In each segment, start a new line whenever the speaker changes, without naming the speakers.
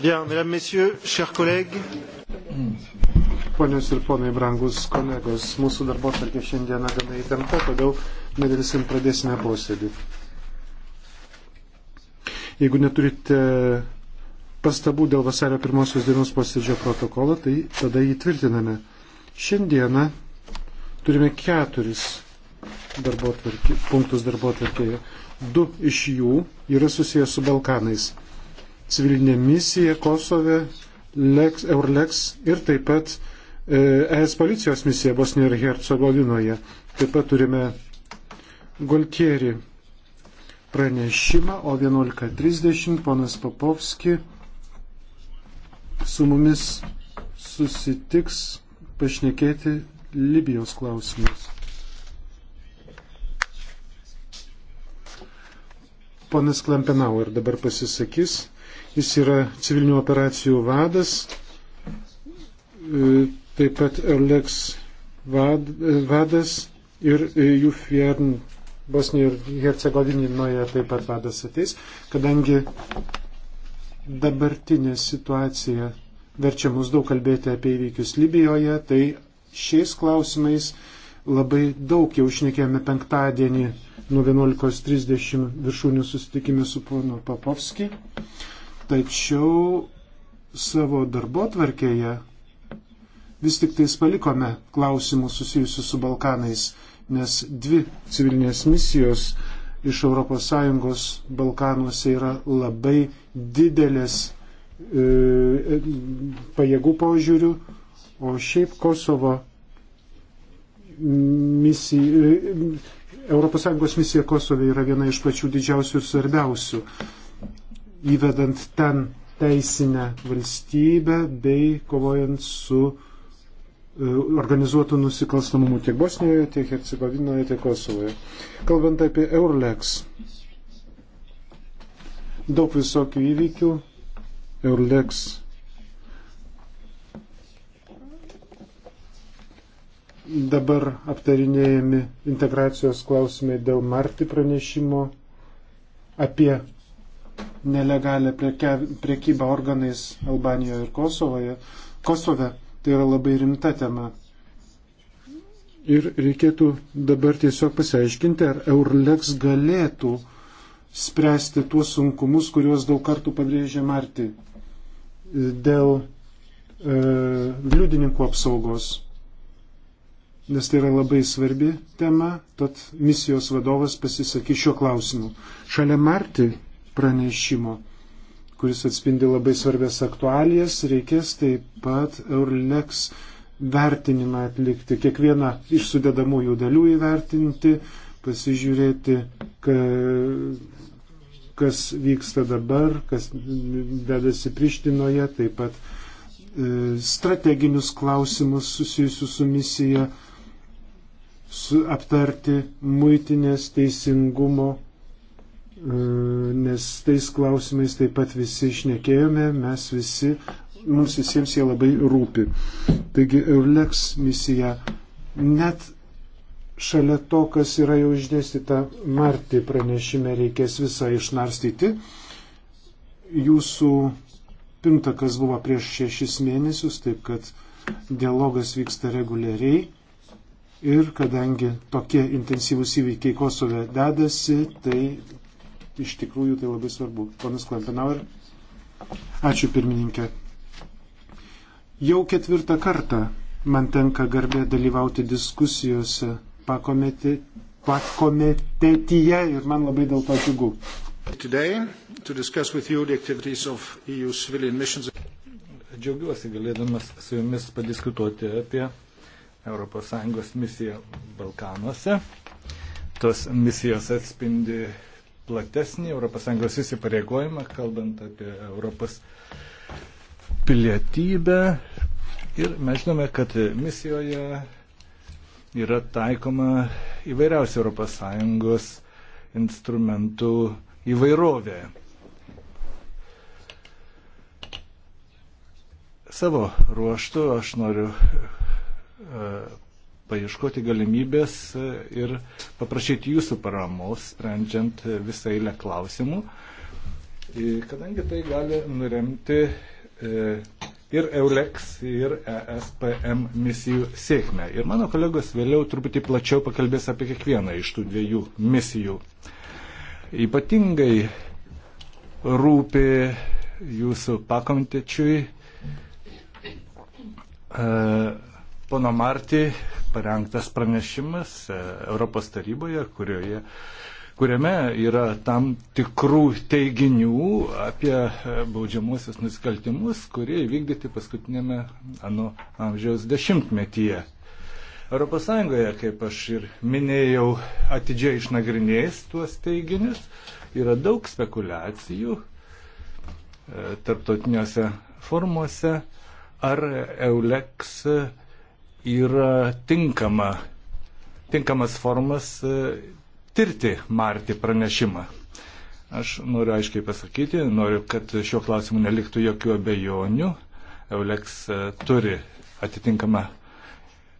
Bien, mesdames, messieurs, chers collègues. Ponios ir ponai, brangus kolegos, mūsų darbo tarkė šiandieną gana įtempta, todėl nedėlisim pradėsime posėdį. Jeigu neturite pastabų dėl vasario pirmosios dienos posėdžio protokolo, tai tada jį tvirtiname. Šiandieną turime keturis darbo tvarkė, punktus darbo tvarkėje. Du iš jų yra susijęs su Balkanais civilinė misija Kosove, Lex, Eurlex ir taip pat ES e policijos misija Bosnijoje ir Hercegovinoje. Taip pat turime Goltieri pranešimą, o 11.30 ponas Popovski su mumis susitiks pašnekėti Libijos klausimus. Ponas Klampenauer dabar pasisakys. Jis yra civilinių operacijų vadas, e, taip pat Eulex vad, e, vadas ir e, Jufjern Bosnijoje ir Hercegovinoje taip pat vadas ateis, kadangi dabartinė situacija verčia mus daug kalbėti apie įvykius Libijoje, tai šiais klausimais labai daug jau išnekėjome penktadienį nuo 11.30 viršūnių susitikime su ponu Papovski. Tačiau savo darbo tvarkėje vis tik tais palikome klausimus susijusius su Balkanais, nes dvi civilinės misijos iš ES Balkanuose yra labai didelės e, e, pajėgų požiūrių, o šiaip Kosovo misija, e, ES misija Kosove yra viena iš pačių didžiausių ir svarbiausių įvedant ten teisinę valstybę bei kovojant su e, organizuotų nusikalstamumų tiek Bosnijoje, tiek Hercegovinoje, tiek Kosovoje. Kalbant apie Eurlex, daug visokių įvykių. Eurlex dabar aptarinėjami integracijos klausimai dėl Marti pranešimo apie nelegalę priekybą organais Albanijoje ir Kosovoje, Kosove, tai yra labai rimta tema. Ir reikėtų dabar tiesiog pasiaiškinti, ar Eurlex galėtų spręsti tuos sunkumus, kuriuos daug kartų pabrėžė Marti dėl e, liudininkų apsaugos. Nes tai yra labai svarbi tema, tad misijos vadovas pasisakys šiuo klausimu. Šalia Marti pranešimo, kuris atspindi labai svarbės aktualijas, reikės taip pat Eurlex vertinimą atlikti, kiekvieną iš sudedamųjų dalių įvertinti, pasižiūrėti, kas vyksta dabar, kas dedasi Prištinoje, taip pat e, strateginius klausimus susijusius su misija, su aptarti muitinės teisingumo E, nes tais klausimais taip pat visi išnekėjome, mes visi, mums visiems jie labai rūpi. Taigi Eurleks misija net šalia to, kas yra jau išdėstyta Marti pranešime, reikės visą išnarstyti. Jūsų pintakas buvo prieš šešis mėnesius, taip kad dialogas vyksta reguliariai. Ir kadangi tokie intensyvūs įvykiai Kosove dedasi, tai iš tikrųjų tai labai svarbu. Ponas Klampenauer, ačiū pirmininkė. Jau ketvirtą kartą man tenka garbė dalyvauti diskusijose pakomitetyje ir man labai dėl to džiugu. E
Džiaugiuosi galėdamas su jumis padiskutuoti apie ES misiją Balkanuose. Tos misijos atspindi platesnį ES įsipareigojimą, kalbant apie Europos pilietybę. Ir mes žinome, kad misijoje yra taikoma įvairiausia ES instrumentų įvairovė. Savo ruoštų aš noriu e, paieškoti galimybės ir paprašyti jūsų paramos, sprendžiant visą eilę klausimų, e, kadangi tai gali nuremti e, ir EULEX, ir ESPM misijų sėkmę. Ir mano kolegos vėliau truputį plačiau pakalbės apie kiekvieną iš tų dviejų misijų. Ypatingai rūpi jūsų pakomitečiui e, pono Marti parengtas pranešimas e, Europos taryboje, kurioje, kuriame yra tam tikrų teiginių apie e, baudžiamuosius nusikaltimus, kurie įvykdyti paskutinėme ano amžiaus dešimtmetyje. Europos Sąjungoje, kaip aš ir minėjau, atidžiai išnagrinės tuos teiginius, yra daug spekulacijų e, tarptautiniuose formuose, ar Euleks yra tinkama, tinkamas formas e, tirti Marti pranešimą. Aš noriu aiškiai pasakyti, noriu, kad šiuo klausimu neliktų jokių abejonių. Euleks e, turi atitinkamą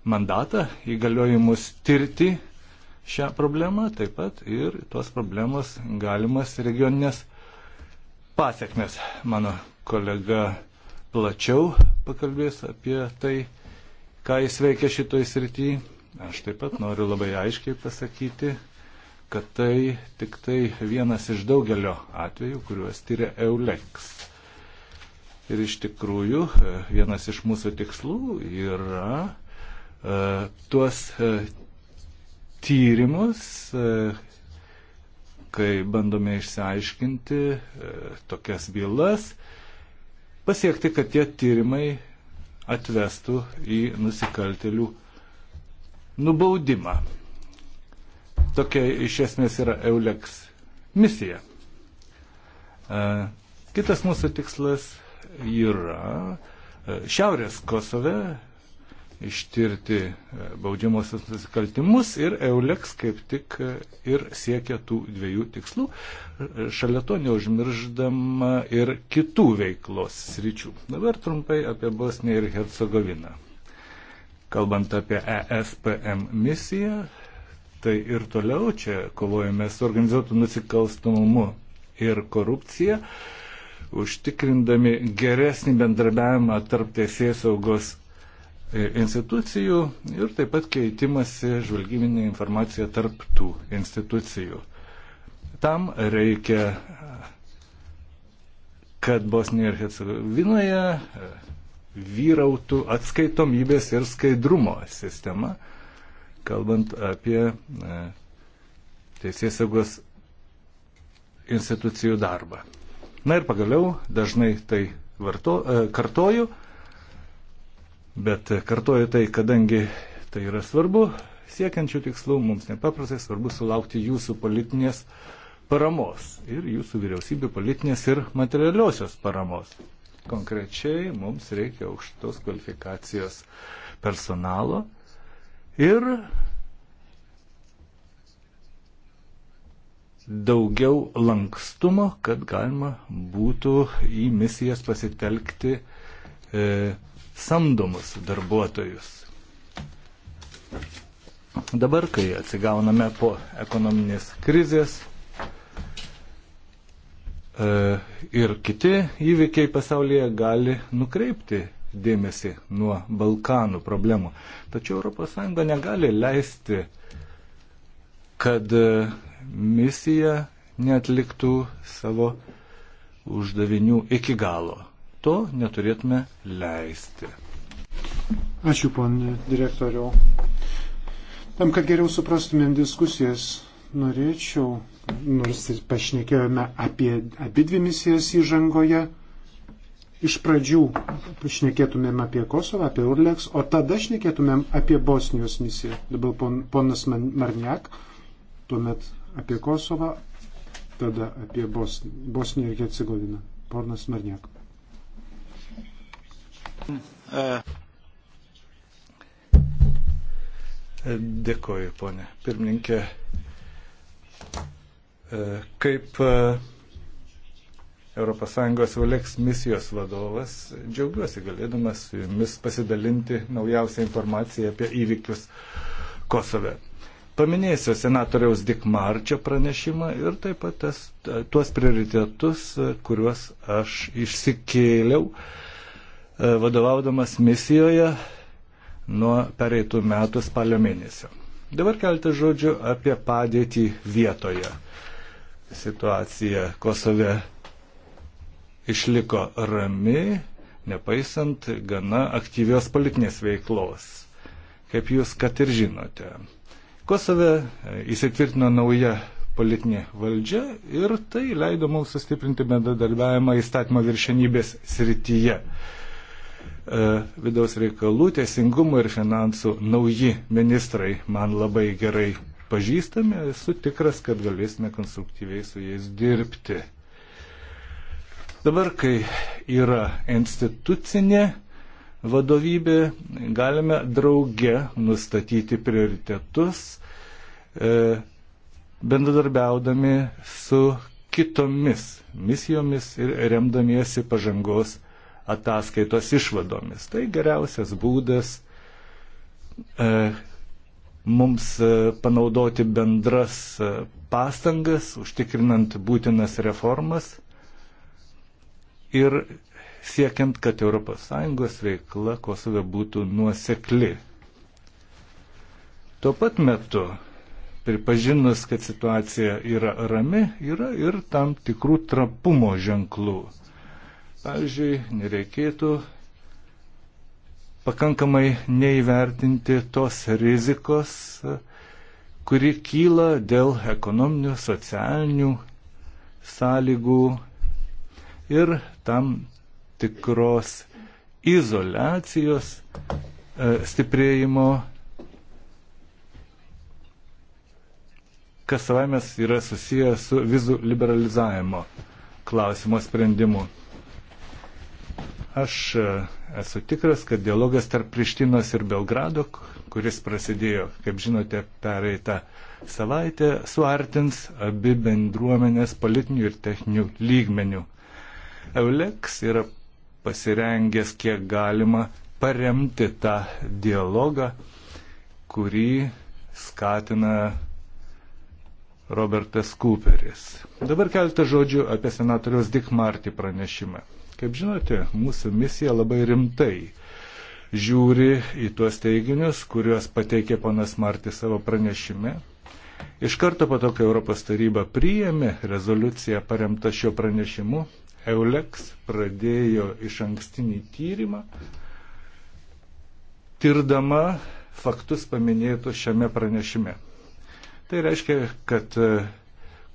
mandatą, įgaliojimus tirti šią problemą, taip pat ir tos problemos galimas regioninės pasiekmes. Mano kolega plačiau pakalbės apie tai ką jis veikia šitoj srityje. Aš taip pat noriu labai aiškiai pasakyti, kad tai tik tai vienas iš daugelio atvejų, kuriuos tyria EULEX. Ir iš tikrųjų e, vienas iš mūsų tikslų yra e, tuos e, tyrimus, e, kai bandome išsiaiškinti e, tokias bylas, pasiekti, kad tie tyrimai atvestų į nusikaltelių nubaudimą. Tokia iš esmės yra Euleks misija. Kitas mūsų tikslas yra Šiaurės Kosove ištirti e, baudžiamosios nusikaltimus ir EULEX kaip tik e, ir siekia tų dviejų tikslų, e, šalia to neužmirždama ir kitų veiklos sričių. Dabar trumpai apie Bosniją ir Hercegoviną. Kalbant apie ESPM misiją, tai ir toliau čia kovojame su organizuotu nusikalstamumu ir korupcija užtikrindami geresnį bendrabiavimą tarp teisėsaugos E, institucijų ir taip pat keitimasi žvalgybinė informacija tarptų institucijų. Tam reikia, kad Bosnijoje ir Hercegovinoje e, vyrautų atskaitomybės ir skaidrumo sistema, kalbant apie e, teisės saugos institucijų darbą. Na ir pagaliau, dažnai tai varto, kartoju, Bet kartuoju tai, kadangi tai yra svarbu, siekiančių tikslų mums nepaprastai svarbu sulaukti jūsų politinės paramos ir jūsų vyriausybių politinės ir materialiosios paramos. Konkrečiai mums reikia aukštos kvalifikacijos personalo ir daugiau lankstumo, kad galima būtų į misijas pasitelkti e, samdomus darbuotojus. Dabar, kai atsigauname po ekonominės krizės e, ir kiti įvykiai pasaulyje gali nukreipti dėmesį nuo Balkanų problemų. Tačiau ES negali leisti, kad e, misija netliktų savo uždavinių iki galo to neturėtume
leisti. Ačiū, ponė direktoriau. Tam, kad geriau suprastumėm diskusijas, norėčiau, nors ir pašnekėjome apie abi dvi misijas įžangoje, iš pradžių šnekėtumėm apie Kosovą, apie Urleks, o tada šnekėtumėm apie Bosnijos misiją. Dabar pon, ponas Marniak, tuomet apie Kosovą, tada apie Bos, Bosniją ir Hercegoviną. Ponas Marniak.
Dėkoju, ponė pirmininkė. E, kaip ES Valex misijos vadovas, džiaugiuosi galėdamas su jumis pasidalinti naujausią informaciją apie įvykius Kosove. Paminėsiu senatoriaus Dikmarčio pranešimą ir taip pat tas, tuos prioritetus, kuriuos aš išsikėliau. Uh, E, vadovaudamas misijoje nuo pereitų metų spalio mėnesio. Dabar keltą žodžių apie padėtį vietoje. Situacija Kosove išliko rami, nepaisant gana aktyvios politinės veiklos, kaip jūs kad ir žinote. Kosove e, įsitvirtino nauja politinė valdžia ir tai leido mums sustiprinti bendradarbiavimą įstatymo viršenybės srityje. E, vidaus reikalų, teisingumo ir finansų nauji ministrai man labai gerai pažįstami, esu tikras, kad galėsime konstruktyviai su jais dirbti. Dabar, kai yra institucinė vadovybė, galime drauge nustatyti prioritetus, e, bendradarbiaudami su kitomis misijomis ir remdamiesi pažangos ataskaitos išvadomis. Tai geriausias būdas e, mums e, panaudoti bendras e, pastangas, užtikrinant būtinas reformas ir siekiant, kad ES veikla Kosove būtų nuosekli. Tuo pat metu, pripažinus, kad situacija yra rami, yra ir tam tikrų trapumo ženklų. Pavyzdžiui, nereikėtų pakankamai neįvertinti tos rizikos, kuri kyla dėl ekonominių, socialinių sąlygų ir tam tikros izolacijos e, stiprėjimo, kas savaimės yra susijęs su vizų liberalizavimo klausimo sprendimu. Aš e, esu tikras, kad dialogas tarp Prištinos ir Belgrado, kuris prasidėjo, kaip žinote, pereitą savaitę, suartins abi bendruomenės politinių ir techninių lygmenių. Euleks yra pasirengęs kiek galima paremti tą dialogą, kurį skatina Robertas Cooperis. Dabar keletą žodžių apie senatoriaus Dick Marty pranešimą. Kaip žinote, mūsų misija labai rimtai žiūri į tuos teiginius, kuriuos pateikė ponas Marti savo pranešime. Iš karto po to, kai Europos taryba priėmė rezoliuciją paremta šio pranešimu, Euleks pradėjo iš ankstinį tyrimą, tirdama faktus paminėtus šiame pranešime. Tai reiškia, kad e,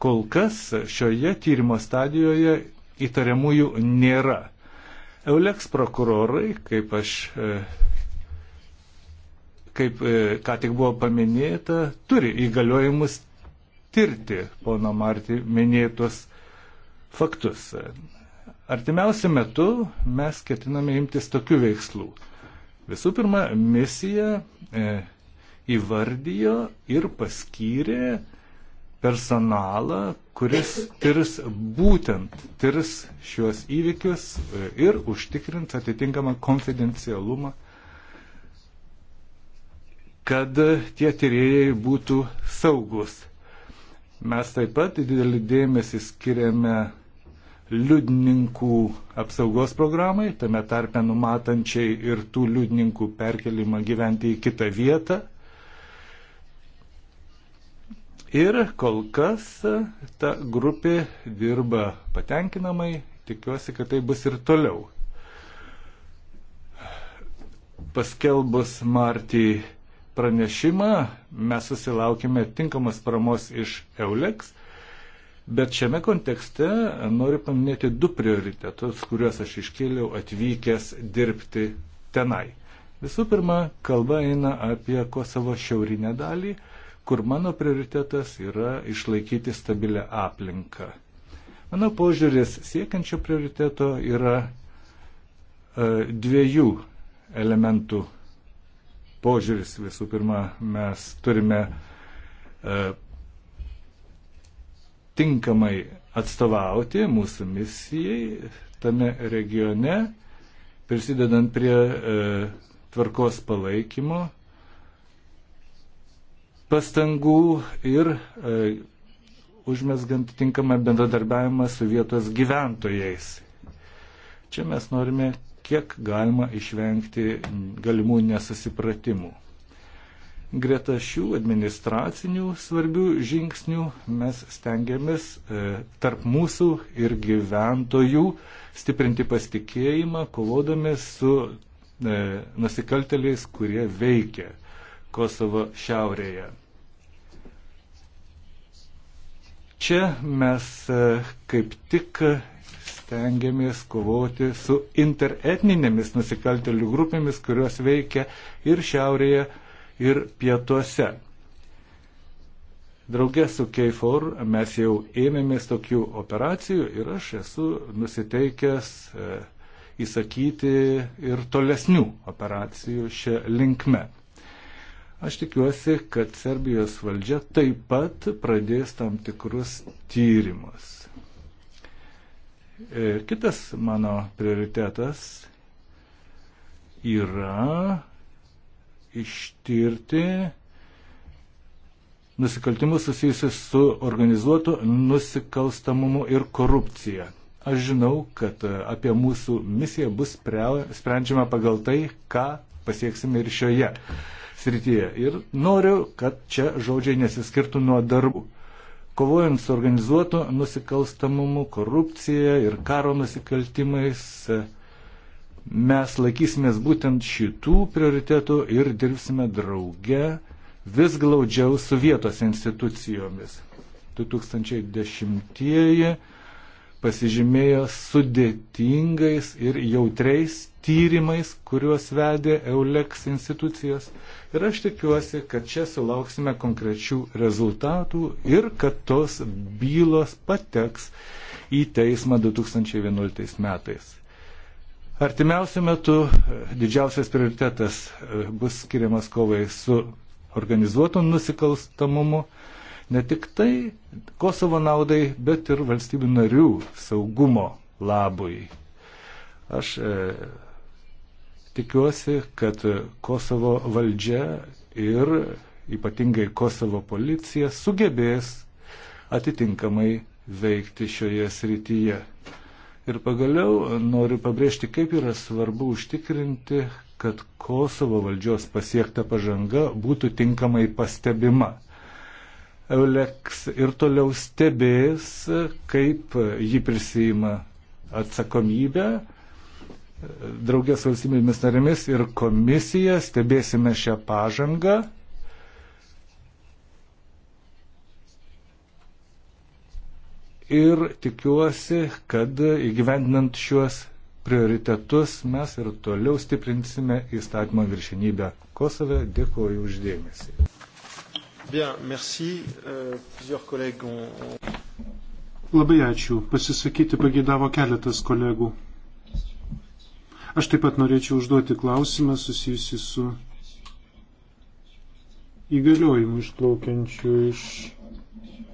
kol kas šioje tyrimo stadijoje įtariamųjų nėra. Euleks prokurorai, kaip aš, e, kaip e, ką tik buvo paminėta, turi įgaliojimus tirti pono Marti minėtos faktus. Artimiausiu metu mes ketiname imtis tokių veikslų. Visų pirma, misija e, įvardijo ir paskyrė personalą, kuris tirs būtent, tirs šiuos įvykius e, ir užtikrins atitinkamą konfidencialumą, kad tie tyrėjai būtų saugus. Mes taip pat didelį dėmesį skiriame liudininkų apsaugos programai, tame tarpe numatančiai ir tų liudininkų perkelimą gyventi į kitą vietą Ir kol kas ta grupė dirba patenkinamai, tikiuosi, kad tai bus ir toliau. Paskelbus Martį pranešimą, mes susilaukime tinkamos paramos iš EULEX, bet šiame kontekste noriu paminėti du prioritetus, kuriuos aš iškėliau atvykęs dirbti tenai. Visų pirma, kalba eina apie Kosovo šiaurinę dalį kur mano prioritetas yra išlaikyti stabilę aplinką. Mano požiūris siekiančio prioriteto yra e, dviejų elementų požiūris. Visų pirma, mes turime e, tinkamai atstovauti mūsų misijai tame regione, prisidedant prie e, tvarkos palaikymo pastangų ir e, užmesgant tinkamą bendradarbiavimą su vietos gyventojais. Čia mes norime kiek galima išvengti galimų nesusipratimų. Greta šių administracinių svarbių žingsnių mes stengiamės e, tarp mūsų ir gyventojų stiprinti pasitikėjimą, kovodami su e, nusikalteliais, kurie veikia Kosovo šiaurėje. Čia mes e, kaip tik stengiamės kovoti su interetninėmis nusikaltelių grupėmis, kurios veikia ir šiaurėje, ir pietuose. Draugė su KFOR mes jau ėmėmės tokių operacijų ir aš esu nusiteikęs e, įsakyti ir tolesnių operacijų šią linkmę. Aš tikiuosi, kad Serbijos valdžia taip pat pradės tam tikrus tyrimus. E, kitas mano prioritetas yra ištirti nusikaltimus susijusius su organizuotu nusikalstamumu ir korupcija. Aš žinau, kad e, apie mūsų misiją bus sprendžiama pagal tai, ką pasieksime ir šioje srityje. Ir noriu, kad čia žodžiai nesiskirtų nuo darbų. Kovojant su organizuotu nusikalstamumu, korupcija ir karo nusikaltimais, mes laikysimės būtent šitų prioritetų ir dirbsime drauge vis glaudžiau su vietos institucijomis. 2010 pasižymėjo sudėtingais ir jautriais tyrimais, kuriuos vedė EULEX institucijos. Ir aš tikiuosi, kad čia sulauksime konkrečių rezultatų ir kad tos bylos pateks į teismą 2011 metais. Artimiausiu metu e, didžiausias prioritetas e, bus skiriamas kovai su organizuotų nusikalstamumu ne tik tai Kosovo naudai, bet ir valstybių narių saugumo labui. Aš e, tikiuosi, kad Kosovo valdžia ir ypatingai Kosovo policija sugebės atitinkamai veikti šioje srityje. Ir pagaliau noriu pabrėžti, kaip yra svarbu užtikrinti, kad Kosovo valdžios pasiekta pažanga būtų tinkamai pastebima. Euleks ir toliau stebės, kaip jį prisima atsakomybę draugės valstybėmis narėmis ir komisija, stebėsime šią pažangą. Ir tikiuosi, kad įgyvendinant šiuos prioritetus mes ir toliau stiprinsime įstatymo viršinybę Kosove. Dėkuoju uždėmesį.
Bien, merci. Euh, plusieurs collègues ont... Labai ačiū. Pasisakyti pagėdavo keletas kolegų. Aš taip pat norėčiau užduoti klausimą susijusi su įgaliojimu išplaukiančiu iš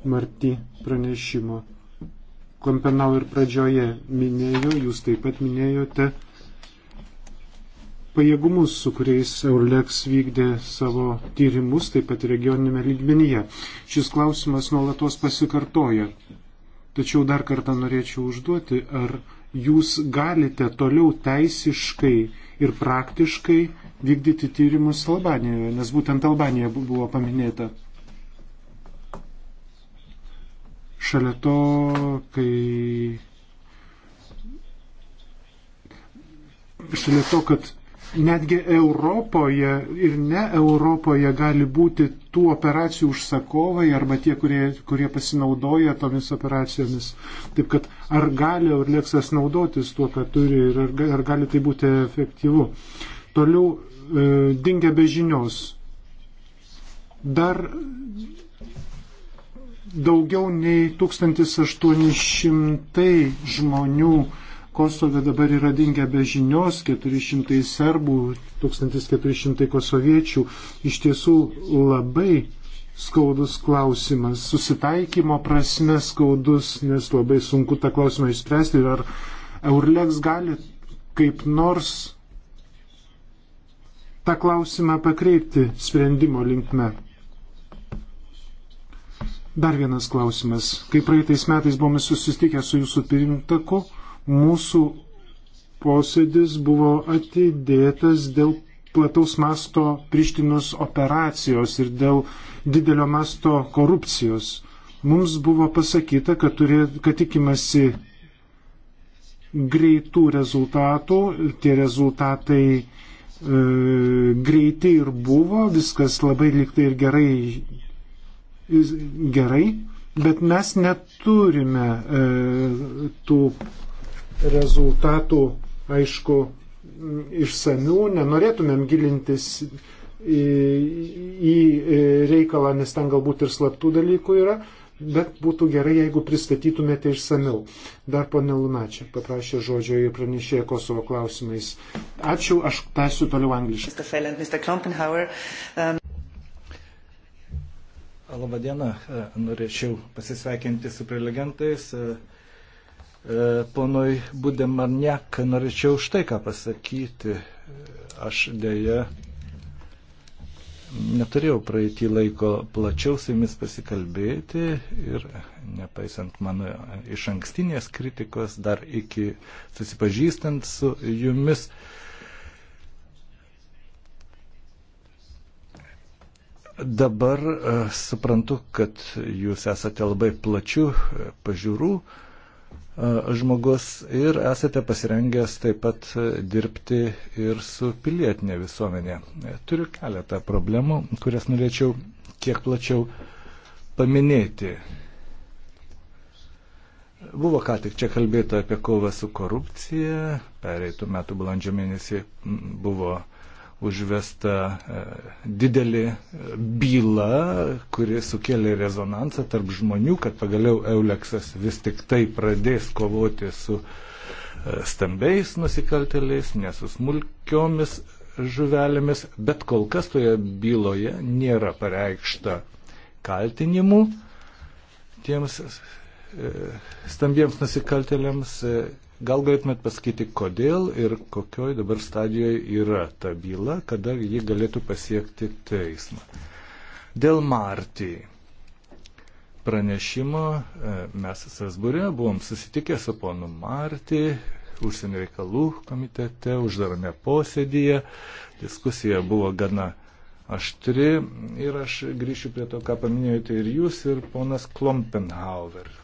Marti pranešimo. Kompenau ir pradžioje minėjo, jūs taip pat minėjote pajėgumus, su kuriais Eurlex vykdė savo tyrimus, taip pat regioninėme lygmenyje. Šis klausimas nuolatos pasikartoja. Tačiau dar kartą norėčiau užduoti, ar jūs galite toliau teisiškai ir praktiškai vykdyti tyrimus Albanijoje, nes būtent Albanija buvo paminėta. Šalia to, kai šalia to, kad netgi Europoje ir ne Europoje gali būti tų operacijų užsakovai arba tie, kurie, kurie pasinaudoja tomis operacijomis. Taip kad ar gali Orleksas naudotis tuo, ką turi ir ar, ar gali tai būti efektyvu. Toliau e, dingia be žinios. Dar daugiau nei 1800 žmonių Kosove dabar yra dingę be žinios 400 serbų, 1400 kosoviečių. Iš tiesų labai skaudus klausimas, susitaikymo prasme skaudus, nes labai sunku tą klausimą išspręsti. Ir ar Eurleks gali kaip nors tą klausimą pakreipti sprendimo linkme? Dar vienas klausimas. Kai praeitais metais buvome susitikę su jūsų pirmtaku, Mūsų posėdis buvo atidėtas dėl plataus masto Prištinos operacijos ir dėl didelio masto korupcijos. Mums buvo pasakyta, kad, turė, kad tikimasi greitų rezultatų, tie rezultatai e, greiti ir buvo, viskas labai liktai ir gerai, gerai, bet mes neturime e, tų rezultatų, aišku, išsamių, nenorėtumėm gilintis į, į reikalą, nes ten galbūt ir slaptų dalykų yra, bet būtų gerai, jeigu pristatytumėte išsamiau. Dar ponė Lunačia paprašė žodžio ir pranešė Kosovo klausimais. Ačiū, aš tęsiu toliau
angliškai. Um,
Labadiena, norėčiau pasisveikinti su prelegentais. Uh, E, ponui Budemarniak norėčiau štai ką pasakyti. Aš dėja neturėjau praeitį laiko plačiau su jumis pasikalbėti ir nepaisant mano iš ankstinės kritikos, dar iki susipažįstant su jumis, dabar e, suprantu, kad jūs esate labai plačių e, pažiūrų žmogus ir esate pasirengęs taip pat dirbti ir su pilietinė visuomenė. Turiu keletą problemų, kurias norėčiau kiek plačiau paminėti. Buvo ką tik čia kalbėta apie kovą su korupcija. Pereitų metų balandžio mėnesį buvo uh, užvesta e, didelė e, byla, kuri sukėlė rezonansą tarp žmonių, kad pagaliau Euleksas vis tik tai pradės kovoti su e, stambiais nusikalteliais, ne su smulkiomis žuvelėmis, bet kol kas toje byloje nėra pareikšta kaltinimų tiems stambiems nusikaltėliams Gal galėtumėt pasakyti, kodėl ir kokioj dabar stadijoje yra ta byla, kada ji galėtų pasiekti teismą. Dėl Martį pranešimo e, mes Sasbūrė buvom susitikę su ponu Martį užsienio reikalų komitete, uždarame posėdyje. Diskusija buvo gana aštri ir aš grįšiu prie to, ką paminėjote ir jūs, ir ponas Klompenhauer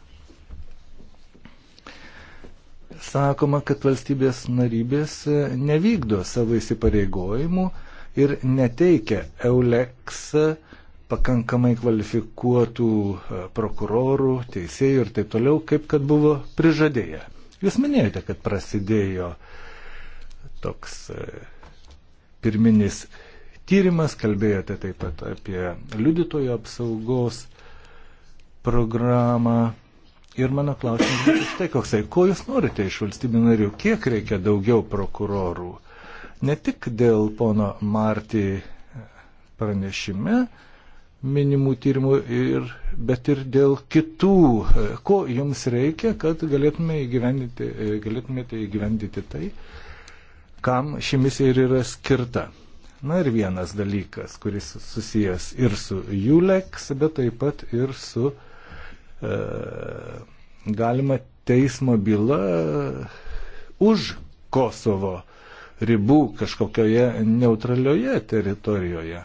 sakoma, kad valstybės narybės e, nevykdo savo įsipareigojimų ir neteikia EULEX pakankamai kvalifikuotų e, prokurorų, teisėjų ir taip toliau, kaip kad buvo prižadėję. Jūs minėjote, kad prasidėjo toks e, pirminis tyrimas, kalbėjote taip pat apie liudytojo apsaugos programą. Ir mano klausimas būtų štai koksai, ko jūs norite iš valstybių narių, kiek reikia daugiau prokurorų? Ne tik dėl pono Marti pranešime minimų tyrimų, ir, bet ir dėl kitų, ko jums reikia, kad galėtume įgyvendyti, galėtumėte įgyvendyti tai, kam ši misija ir yra skirta. Na ir vienas dalykas, kuris susijęs ir su Juleks, bet taip pat ir su uh, E, galima teismo byla už Kosovo ribų kažkokioje neutralioje teritorijoje.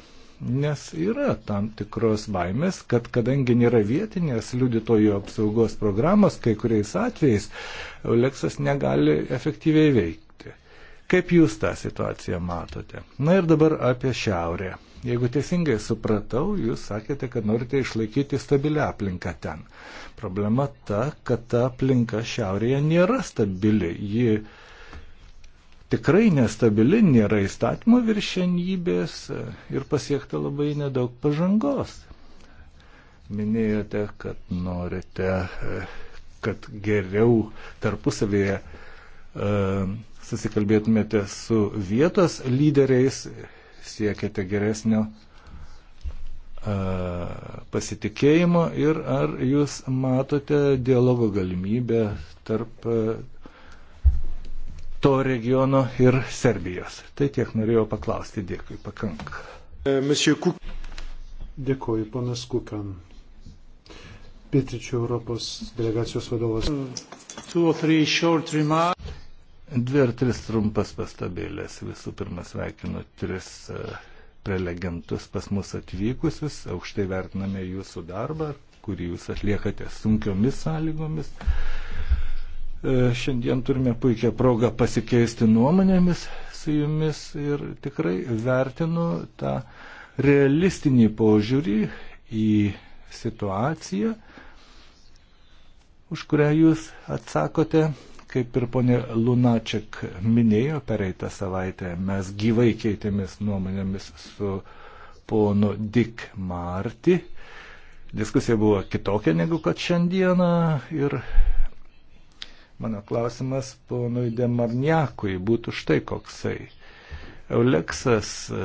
Nes yra tam tikros baimės, kad kadangi nėra vietinės liudytojų apsaugos programos, kai kuriais atvejais Oleksas negali efektyviai veikti. Kaip jūs tą situaciją matote? Na ir dabar apie šiaurę. Jeigu teisingai supratau, jūs sakėte, kad norite išlaikyti stabilią aplinką ten. Problema ta, kad ta aplinka šiaurėje nėra stabili. Ji tikrai nestabili, nėra įstatymo viršenybės ir pasiekta labai nedaug pažangos. Minėjote, kad norite, kad geriau tarpusavėje e, susikalbėtumėte su vietos lyderiais siekiate geresnio pasitikėjimo ir ar jūs matote dialogo galimybę tarp to regiono ir Serbijos. Tai tiek norėjau paklausti. Dėkui, pakank.
E, Dėkuoju, ponas Kukan. Pietričių Europos delegacijos vadovas. Two or three short remarks
dvi ar tris trumpas pastabėlės. Visų pirma, sveikinu tris e, prelegentus pas mus atvykusius. Aukštai vertiname jūsų darbą, kurį jūs atliekate sunkiomis sąlygomis. E, šiandien turime puikią progą pasikeisti nuomonėmis su jumis ir tikrai vertinu tą realistinį požiūrį į situaciją, už kurią jūs atsakote Kaip ir ponė Lunaček minėjo, pereitą savaitę mes gyvai keitėmis nuomonėmis su ponu Dick Marti. Diskusija buvo kitokia negu kad šiandieną ir mano klausimas ponui Demarniakui būtų štai koksai. Euleksas e,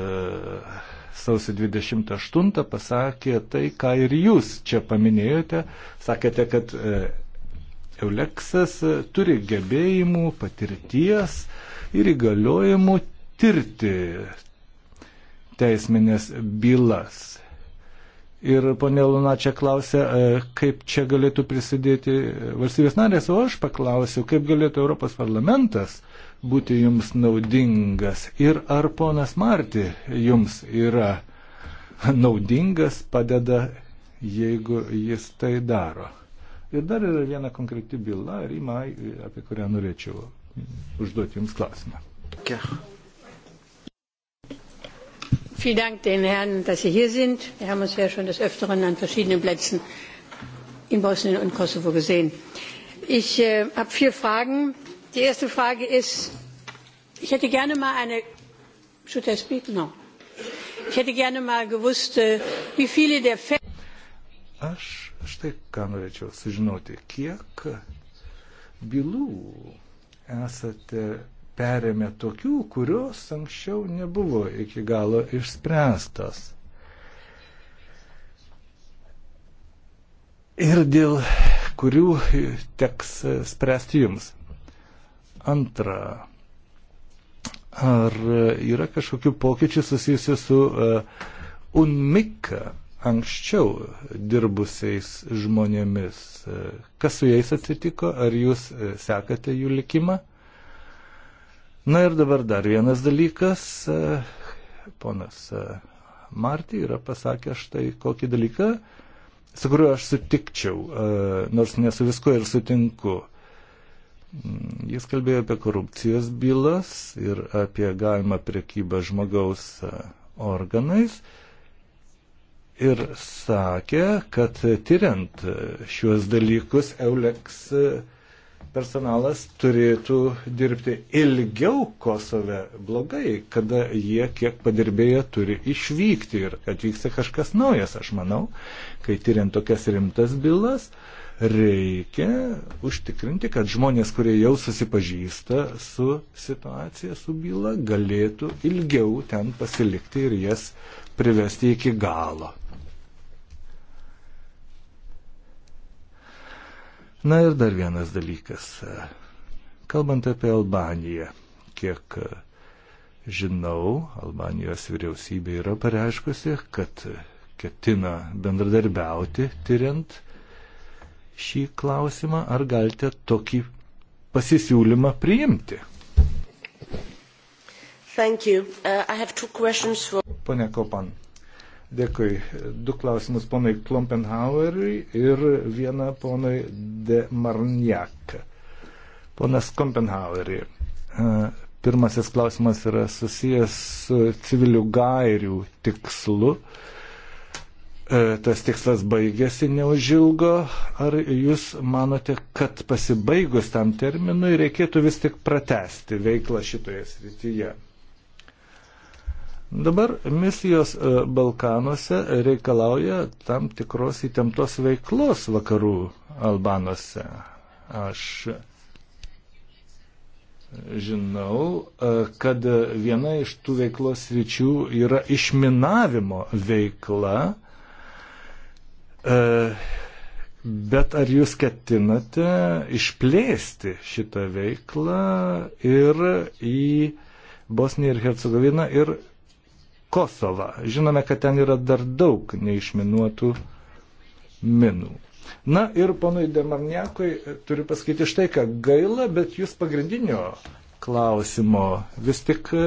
sausio 28 pasakė tai, ką ir jūs čia paminėjote. Sakėte, kad e, Euleksas turi gebėjimų, patirties ir įgaliojimų tirti teisminės bylas. Ir ponė Luna čia klausė, e, kaip čia galėtų prisidėti valstybės narės, o aš paklausiau, kaip galėtų Europos parlamentas būti jums naudingas ir ar ponas Marti jums yra naudingas, padeda, jeigu jis tai daro. Ir dar yra viena konkreti byla, Rima, apie kurią norėčiau mm, užduoti Jums klausimą.
Vielen Dank den Herren, dass Sie hier sind. Wir haben uns ja schon des Öfteren an verschiedenen Plätzen in Bosnien und Kosovo gesehen. Ich äh, habe vier Fragen. Die erste Frage ist, ich hätte gerne mal eine, should I speak? No. Ich hätte gerne mal gewusst, äh, wie viele der Fälle
Aš štai ką norėčiau sužinoti, kiek bylų esate perėmė tokių, kurios anksčiau nebuvo iki galo išspręstos. Ir dėl kurių teks spręsti jums. Antra, ar yra kažkokių pokyčių susijusių su uh, UNMIK anksčiau dirbusiais žmonėmis. Kas su jais atsitiko, ar jūs sekate jų likimą? Na ir dabar dar vienas dalykas. Ponas Marti yra pasakęs štai kokį dalyką, su kuriuo aš sutikčiau, nors nesu visko ir sutinku. Jis kalbėjo apie korupcijos bylas ir apie galimą priekybą žmogaus organais ir sakė, kad tyriant šiuos dalykus Euleks personalas turėtų dirbti ilgiau Kosove blogai, kada jie kiek padirbėję turi išvykti ir atvyksta kažkas naujas, aš manau, kai tyriant tokias rimtas bylas, reikia užtikrinti, kad žmonės, kurie jau susipažįsta su situacija, su byla, galėtų ilgiau ten pasilikti ir jas privesti iki galo. Na ir dar vienas dalykas. Kalbant apie Albaniją, kiek žinau, Albanijos vyriausybė yra pareiškusi, kad ketina bendradarbiauti tyriant šį klausimą, ar galite tokį pasisiūlymą priimti?
Uh, for...
Pone Kopan, Dėkui. Du klausimus ponai Klompenhaueriui ir vieną ponai De Marniak. Ponas Klompenhaueriui. E, pirmasis klausimas yra susijęs su civilių gairių tikslu. E, tas tikslas baigėsi neužilgo. Ar jūs manote, kad pasibaigus tam terminui reikėtų vis tik pratesti veiklą šitoje srityje? Dabar misijos e, Balkanuose reikalauja tam tikros įtemptos veiklos vakarų Albanuose. Aš žinau, e, kad viena iš tų veiklos ryčių yra išminavimo veikla. E, bet ar jūs ketinate išplėsti šitą veiklą ir į Bosniją ir Hercegoviną ir Kosovą. Žinome, kad ten yra dar daug neišminuotų minų. Na ir ponui Demarniakui turiu pasakyti štai, kad gaila, bet jūs pagrindinio klausimo vis tik e,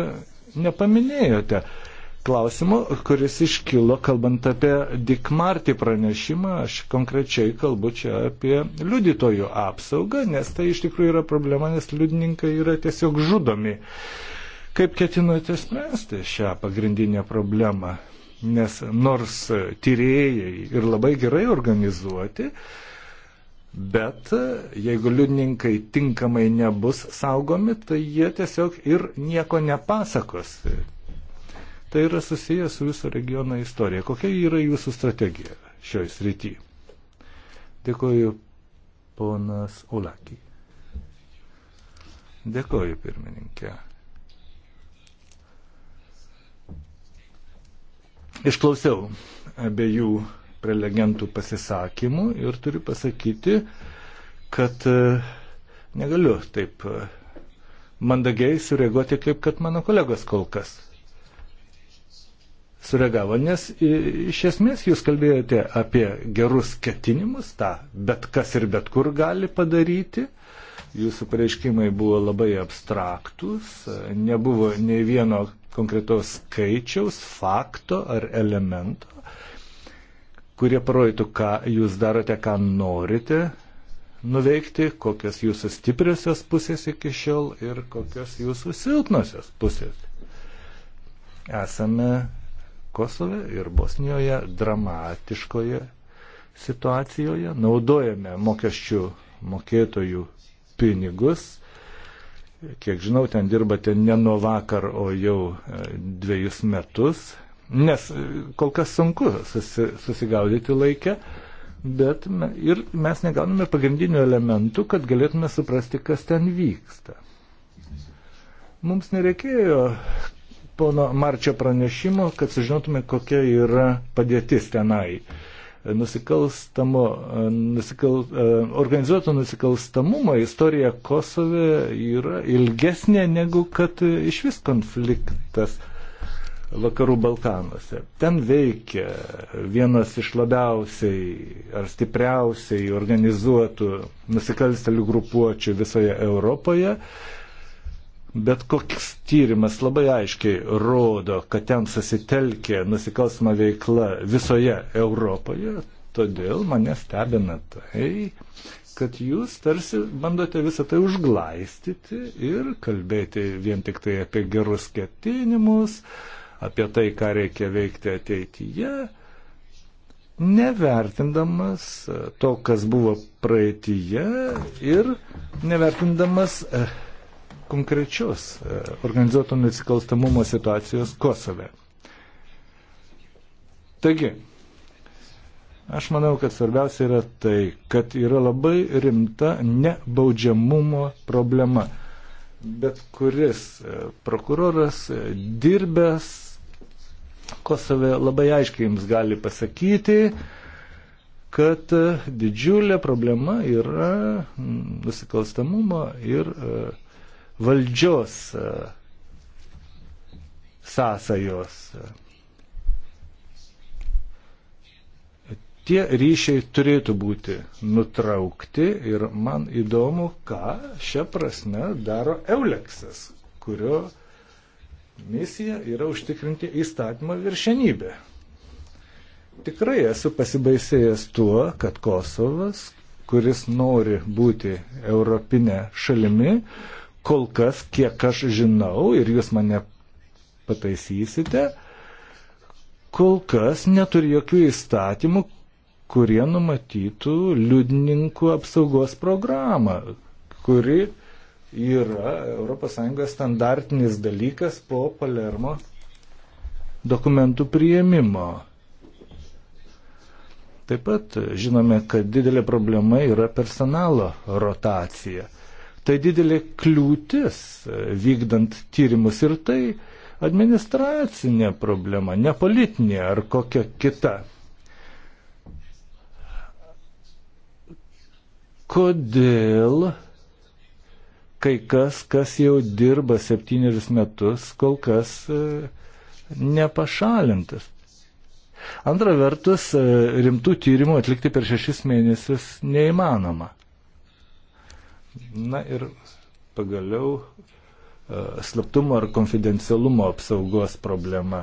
nepaminėjote. Klausimo, kuris iškilo, kalbant apie Dikmartį pranešimą, aš konkrečiai kalbu čia apie liudytojų apsaugą, nes tai iš tikrųjų yra problema, nes liudininkai yra tiesiog žudomi. Uh, Kaip ketinate spręsti šią pagrindinę problemą? Nes nors tyrėjai ir labai gerai organizuoti, bet jeigu liudininkai tinkamai nebus saugomi, tai jie tiesiog ir nieko nepasakos. Tai yra susijęs su viso regiono istorija. Kokia yra jūsų strategija šioje srityje? Dėkuoju ponas Ulakį. Dėkoju pirmininkė. Išklausiau abiejų prelegentų pasisakymų ir turiu pasakyti, kad e, negaliu taip e, mandagiai sureaguoti, kaip kad mano kolegos kol kas sureagavo, nes e, iš esmės jūs kalbėjote apie gerus ketinimus, tą bet kas ir bet kur gali padaryti. Jūsų pareiškimai buvo labai abstraktus, nebuvo nei vieno konkretaus skaičiaus, fakto ar elemento, kurie parodytų, ką jūs darote, ką norite nuveikti, kokios jūsų stipriosios pusės iki šiol ir kokios jūsų silpnosios pusės. Esame Kosove ir Bosnijoje dramatiškoje situacijoje, naudojame mokesčių mokėtojų pinigus Kiek žinau, ten dirbate ne nuo vakar, o jau e, dviejus metus, nes e, kol kas sunku susi, susigaudyti laikę, bet me, ir mes negauname pagrindinių elementų, kad galėtume suprasti, kas ten vyksta. Mums nereikėjo pono Marčio pranešimo, kad sužinotume, kokia yra padėtis tenai nusikalstamo, nusikal, e, organizuoto nusikalstamumo istorija Kosove yra ilgesnė negu kad iš vis konfliktas vakarų Balkanuose. Ten veikia vienas iš labiausiai ar stipriausiai organizuotų nusikalstelių grupuočių visoje Europoje Bet koks tyrimas labai aiškiai rodo, kad ten susitelkė nusikalstama veikla visoje Europoje. Todėl mane stebina tai, kad jūs tarsi bandote visą tai užglaistyti ir kalbėti vien tik tai apie gerus ketinimus, apie tai, ką reikia veikti ateityje, nevertindamas to, kas buvo praeityje ir nevertindamas. Eh, konkrečios e, organizuoto nusikalstamumo situacijos Kosove. Taigi, aš manau, kad svarbiausia yra tai, kad yra labai rimta nebaudžiamumo problema. Bet kuris e, prokuroras e, dirbęs Kosove labai aiškiai jums gali pasakyti, kad didžiulė problema yra nusikalstamumo ir uh, valdžios e, sąsajos. Tie ryšiai turėtų būti nutraukti ir man įdomu, ką šią prasme daro Euleksas, kurio misija yra užtikrinti įstatymą viršenybę. Tikrai esu pasibaisėjęs tuo, kad Kosovas, kuris nori būti europinė šalimi, uh, kol kas, kiek aš žinau, ir jūs mane pataisysite, kol kas neturi jokių įstatymų, kurie numatytų liudininkų apsaugos programą, kuri yra ES standartinis dalykas po Palermo dokumentų prieimimo. Taip pat žinome, kad didelė problema yra personalo rotacija. Tai didelė kliūtis e, vykdant tyrimus ir tai administracinė problema, ne politinė ar kokia kita. Kodėl kai kas, kas jau dirba septynerius metus, kol kas e, nepašalintas? Antra vertus, e, rimtų tyrimų atlikti per šešis mėnesius neįmanoma. Na ir pagaliau e, slaptumo ar konfidencialumo apsaugos problema.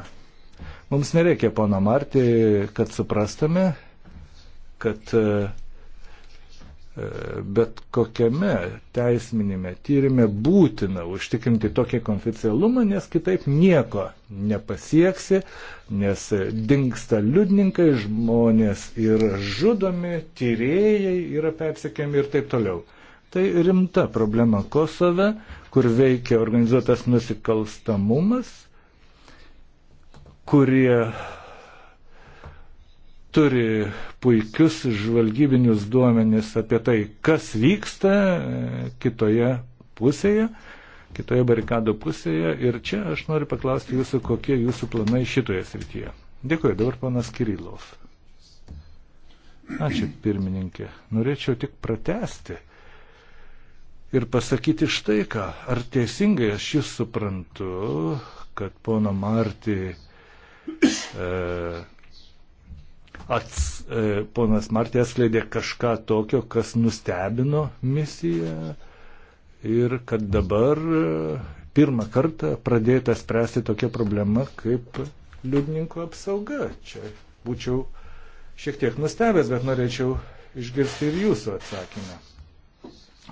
Mums nereikia pono Marti, kad suprastume, kad e, e, bet kokiame teisminėme tyrimė būtina užtikrinti tokį konfidencialumą, nes kitaip nieko nepasieksi, nes dinksta liudininkai, žmonės yra žudomi, tyrėjai yra persekiami ir taip toliau. Tai rimta problema Kosove, kur veikia organizuotas nusikalstamumas, kurie turi puikius žvalgybinius duomenis apie tai, kas vyksta kitoje pusėje, kitoje barikado pusėje. Ir čia aš noriu paklausti jūsų, kokie jūsų planai šitoje srityje. Dėkuoju, dabar panas Kirilov. Ačiū, pirmininkė. Norėčiau tik pratesti ir pasakyti štai ką. Ar teisingai aš jūs suprantu, kad pono Marti e, ats, e, ponas Martė atskleidė kažką tokio, kas nustebino misiją ir kad dabar e, pirmą kartą pradėta spręsti tokia problema kaip liudininkų apsauga. Čia būčiau šiek tiek nustebęs, bet norėčiau išgirsti ir jūsų atsakymą.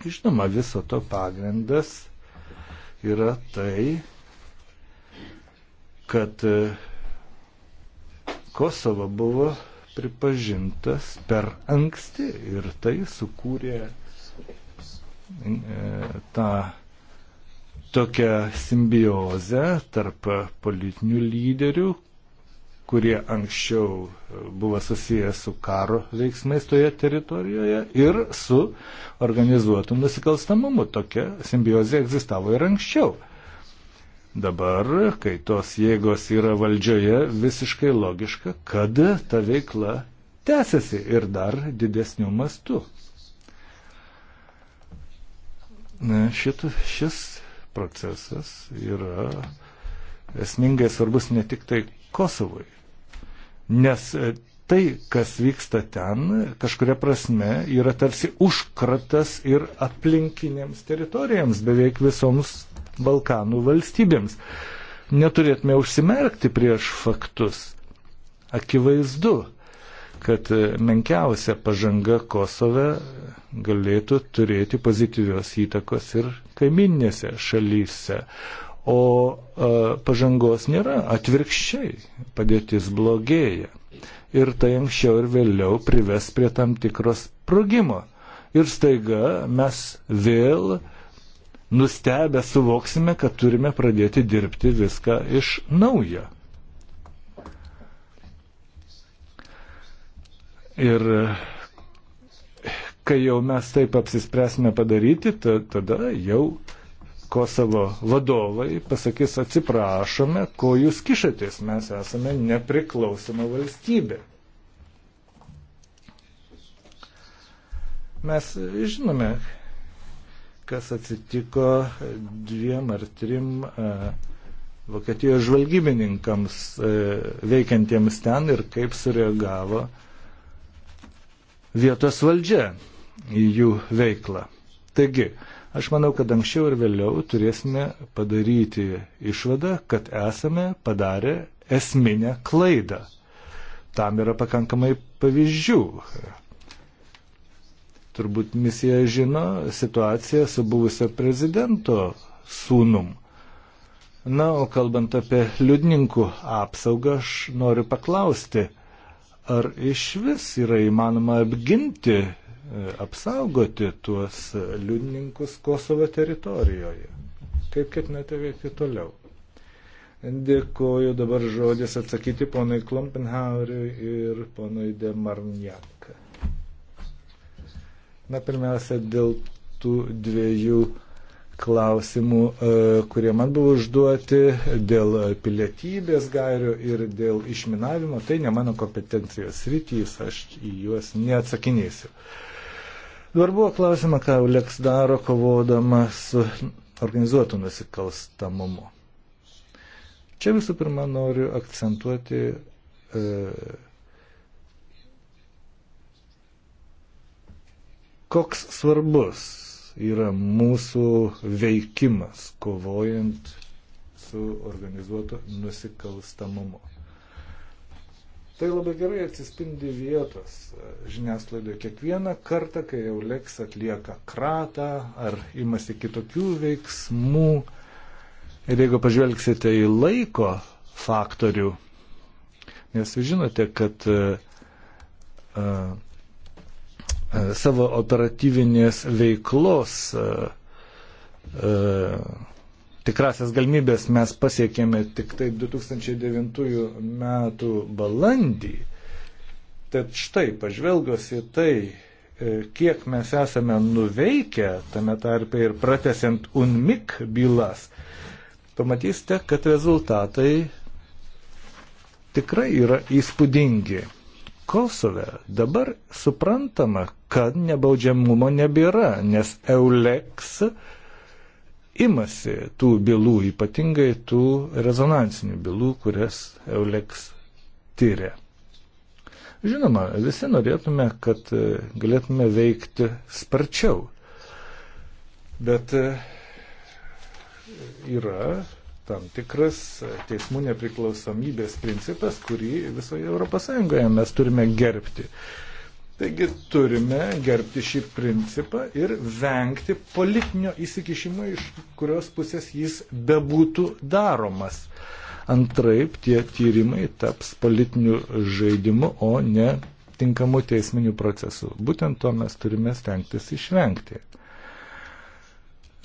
Žinoma, viso to pagrindas yra tai, kad e, Kosovo buvo pripažintas per anksti ir tai sukūrė e, tą tokią simbiozę tarp politinių lyderių, kurie anksčiau e, buvo susijęs su karo veiksmais toje teritorijoje ir su organizuotu nusikalstamumu. Tokia simbiozė egzistavo ir anksčiau. Dabar, kai tos jėgos yra valdžioje, visiškai logiška, kad ta veikla tęsiasi ir dar didesnių mastų. Šit, šis procesas yra esmingai svarbus ne tik tai Kosovui, nes e, tai, kas vyksta ten, kažkuria prasme yra tarsi užkratas ir aplinkinėms teritorijoms, beveik visoms Balkanų valstybėms. Neturėtume užsimerkti prieš faktus. Akivaizdu, kad e, menkiausia pažanga Kosove galėtų turėti pozityvios įtakos ir kaiminėse šalyse o e, pažangos nėra, atvirkščiai padėtis blogėja. Ir tai anksčiau ir vėliau prives prie tam tikros sprogimo. Ir staiga mes vėl nustebę suvoksime, kad turime pradėti dirbti viską iš naujo. Ir kai jau mes taip apsispręsime padaryti, tada jau uh, Kosovo vadovai pasakys atsiprašome, ko jūs kišatės, mes esame nepriklausoma valstybė. Mes žinome, kas atsitiko dviem ar trim e, Vokietijos žvalgybininkams e, veikiantiems ten ir kaip sureagavo vietos valdžia į jų veiklą. Taigi, Aš manau, kad anksčiau ir vėliau turėsime padaryti išvadą, kad esame padarę esminę klaidą. Tam yra pakankamai pavyzdžių. Turbūt misija žino situaciją su buvusio prezidento sūnum. Na, o kalbant apie liudininkų apsaugą, aš noriu paklausti, ar iš vis yra įmanoma apginti E, apsaugoti tuos liudininkus Kosovo teritorijoje? Kaip ketinate veikti toliau? Dėkuoju dabar žodis atsakyti ponai Klompenhauriui ir ponai Demarniak. Na, pirmiausia, dėl tų dviejų klausimų, e, kurie man buvo užduoti dėl pilietybės gairių ir dėl išminavimo, tai ne mano kompetencijos rytys, aš į juos neatsakinėsiu. Uh, Dabar buvo klausima, ką Leks daro kovodama su organizuotų nusikalstamumu. Čia visų pirma noriu akcentuoti e, koks svarbus yra mūsų veikimas kovojant su organizuotu nusikalstamumu. Tai labai gerai atsispindi vietos e, žiniasklaidoje. Kiekvieną kartą, kai Euleks atlieka kratą ar imasi kitokių veiksmų, ir jeigu pažvelgsite į laiko faktorių, nes jūs žinote, kad a, e, a, e, savo operatyvinės veiklos a, a, tikrasias galimybės mes pasiekėme tik tai 2009 metų balandį. Tad štai, pažvelgus į tai, e, kiek mes esame nuveikę tame tarpe ir pratesiant UNMIK bylas, pamatysite, kad rezultatai tikrai yra įspūdingi. Kosove dabar suprantama, kad nebaudžiamumo nebėra, nes EULEX uh, imasi tų bylų, ypatingai tų rezonansinių bylų, kurias Euleks tyria. Žinoma, visi norėtume, kad e, galėtume veikti sparčiau, bet e, yra tam tikras teismų nepriklausomybės principas, kurį visoje ES mes turime gerbti. Taigi turime gerbti šį principą ir vengti politinio įsikišimo, iš kurios pusės jis bebūtų daromas. Antraip tie tyrimai taps politiniu žaidimu, o ne tinkamu teisminiu procesu. Būtent to mes turime stengtis išvengti.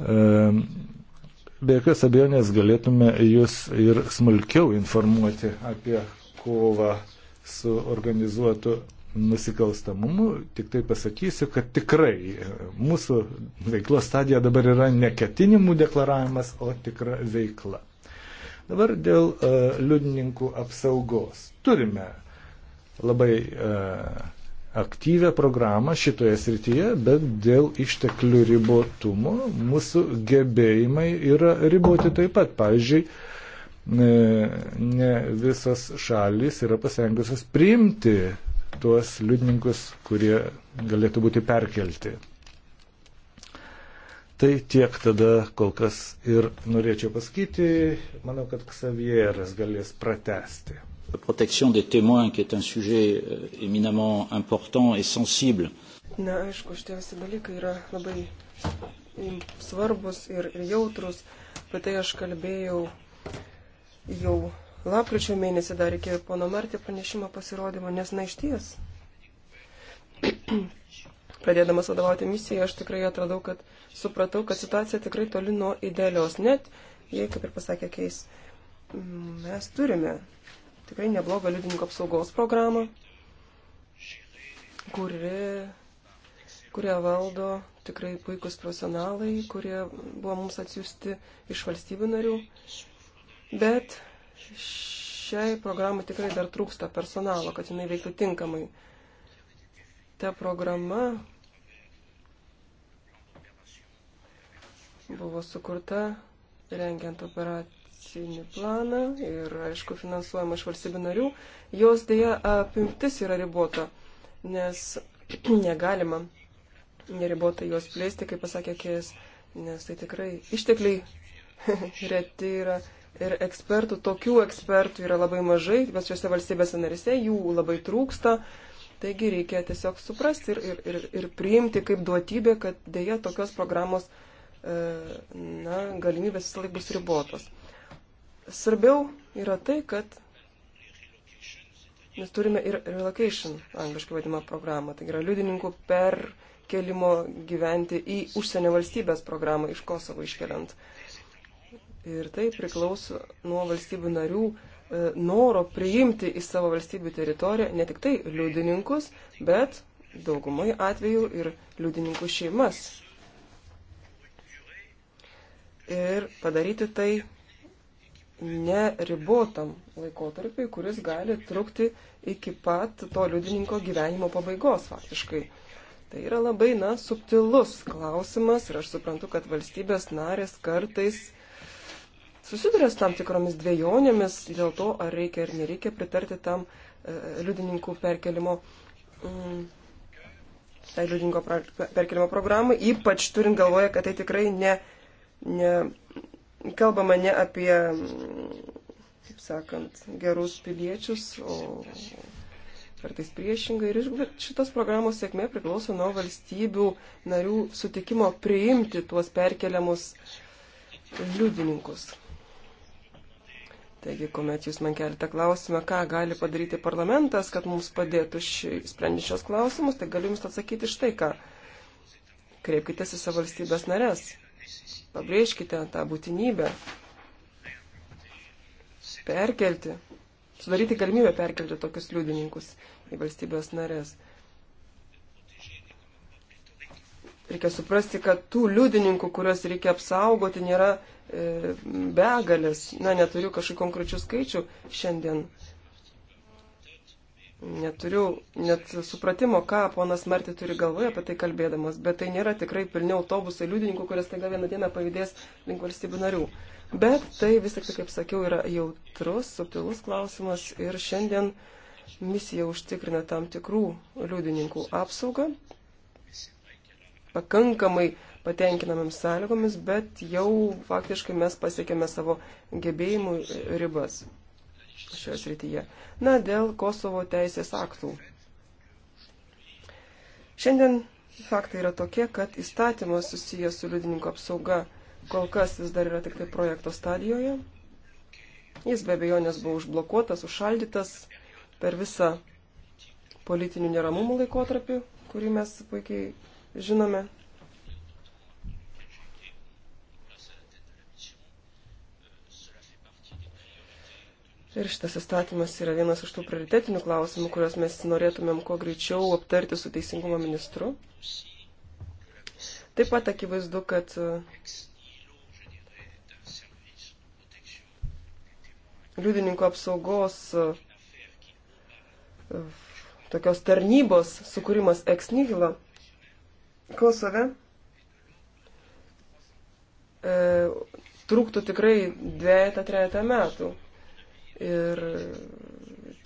Ehm, be jokios abejonės galėtume jūs ir smulkiau informuoti apie kovą su organizuotu nusikalstamumu, tik tai pasakysiu, kad tikrai e, mūsų veiklos stadija dabar yra ne ketinimų deklaravimas, o tikra veikla. Dabar dėl uh, liudininkų apsaugos. Turime labai uh, aktyvę programą šitoje srityje, bet dėl išteklių ribotumo mūsų gebėjimai yra riboti taip pat. Pavyzdžiui, ne, ne visas šalis yra pasengusios priimti tuos liudininkus, kurie galėtų būti perkelti. Tai tiek tada kol kas ir norėčiau pasakyti, manau, kad Ksavieras galės pratesti. Protection des témoins, qui est un sujet euh, éminemment important et sensible.
Na, aišku, šitie visi dalykai yra labai svarbus ir, ir jautrus, bet tai aš kalbėjau jau lapkričio mėnesį dar iki pono Martė pranešimo pasirodymo, nes na išties. Pradėdamas vadovauti misijai, aš tikrai atradau, kad supratau, kad situacija tikrai toli nuo idealios. Net, jei, kaip ir pasakė Keis, mes turime tikrai neblogą liudininkų apsaugos programą, kuri, kurią valdo tikrai puikus profesionalai, kurie buvo mums atsiųsti iš valstybių narių. Bet šiai programai tikrai dar trūksta personalo, kad jinai veiktų tinkamai. Ta programa buvo sukurta rengiant operacinį planą ir, aišku, finansuojama iš valstybių narių. Jos dėja apimtis yra ribota, nes negalima neribotai jos plėsti, kaip pasakė Kėjas, nes tai tikrai ištekliai reti yra Ir ekspertų, tokių ekspertų yra labai mažai, bet šiuose valstybėse narise jų labai trūksta. Taigi reikia tiesiog suprasti ir, ir, ir, ir priimti kaip duotybė, kad dėja tokios programos e, na, galimybės visą laiką bus ribotos. Svarbiau yra tai, kad mes turime ir relocation, angliškai vadimą programą, tai yra liudininkų perkelimo gyventi į užsienio valstybės programą iš Kosovo iškeliant. Uh, Ir tai priklauso nuo valstybių narių e, noro priimti į savo valstybių teritoriją ne tik tai liudininkus, bet daugumai atvejų ir liudininkų šeimas. Ir padaryti tai neribotam laikotarpiai, kuris gali trukti iki pat to liudininko gyvenimo pabaigos faktiškai. Tai yra labai, na, subtilus klausimas ir aš suprantu, kad valstybės narės kartais susiduria su tam tikromis dviejonėmis dėl to, ar reikia ar nereikia pritarti tam e, liudininkų perkelimo, mm, tai liudininko perkelimo programai, ypač turint galvoje, kad tai tikrai ne, ne kalbama ne apie, mm, kaip sakant, gerus piliečius, o kartais priešingai. Ir šitos programos sėkmė priklauso nuo valstybių narių sutikimo priimti tuos perkeliamus liudininkus. Taigi, kuomet jūs man kelite klausimą, ką gali padaryti parlamentas, kad mums padėtų sprendžiant šios klausimus, tai galiu jums atsakyti štai ką. Kreipkitės į savo valstybės narės. Pabrėžkite tą būtinybę. Perkelti. Sudaryti galimybę perkelti tokius liudininkus į valstybės narės. Reikia suprasti, kad tų liudininkų, kuriuos reikia apsaugoti, nėra E, begalės, na, neturiu kažkokių konkrečių skaičių šiandien. Neturiu net supratimo, ką ponas Marti turi galvoje apie tai kalbėdamas, bet tai nėra tikrai pilni autobusai liudininkų, kurias taiga vieną dieną pavydės link valstybių narių. Bet tai vis tik, kaip sakiau, yra jautrus, subtilus klausimas ir šiandien misija užtikrina tam tikrų liudininkų apsaugą. Pakankamai uh, patenkinamėms sąlygomis, bet jau faktiškai mes pasiekėme savo gebėjimų ribas šioje srityje. Na, dėl Kosovo teisės aktų. Šiandien faktai yra tokie, kad įstatymas susijęs su liudininko apsauga kol kas vis dar yra tik tai projekto stadijoje. Jis be abejonės buvo užblokuotas, užšaldytas per visą politinių neramumų laikotarpį, kurį mes puikiai žinome. Ir šitas įstatymas yra vienas iš tų prioritetinių klausimų, kuriuos mes norėtumėm kuo greičiau aptarti su teisingumo ministru. Taip pat akivaizdu, kad e, liudininko apsaugos e, tokios tarnybos sukūrimas eksnygila Kosove e, trūktų tikrai dviejata, trejata metų. Ir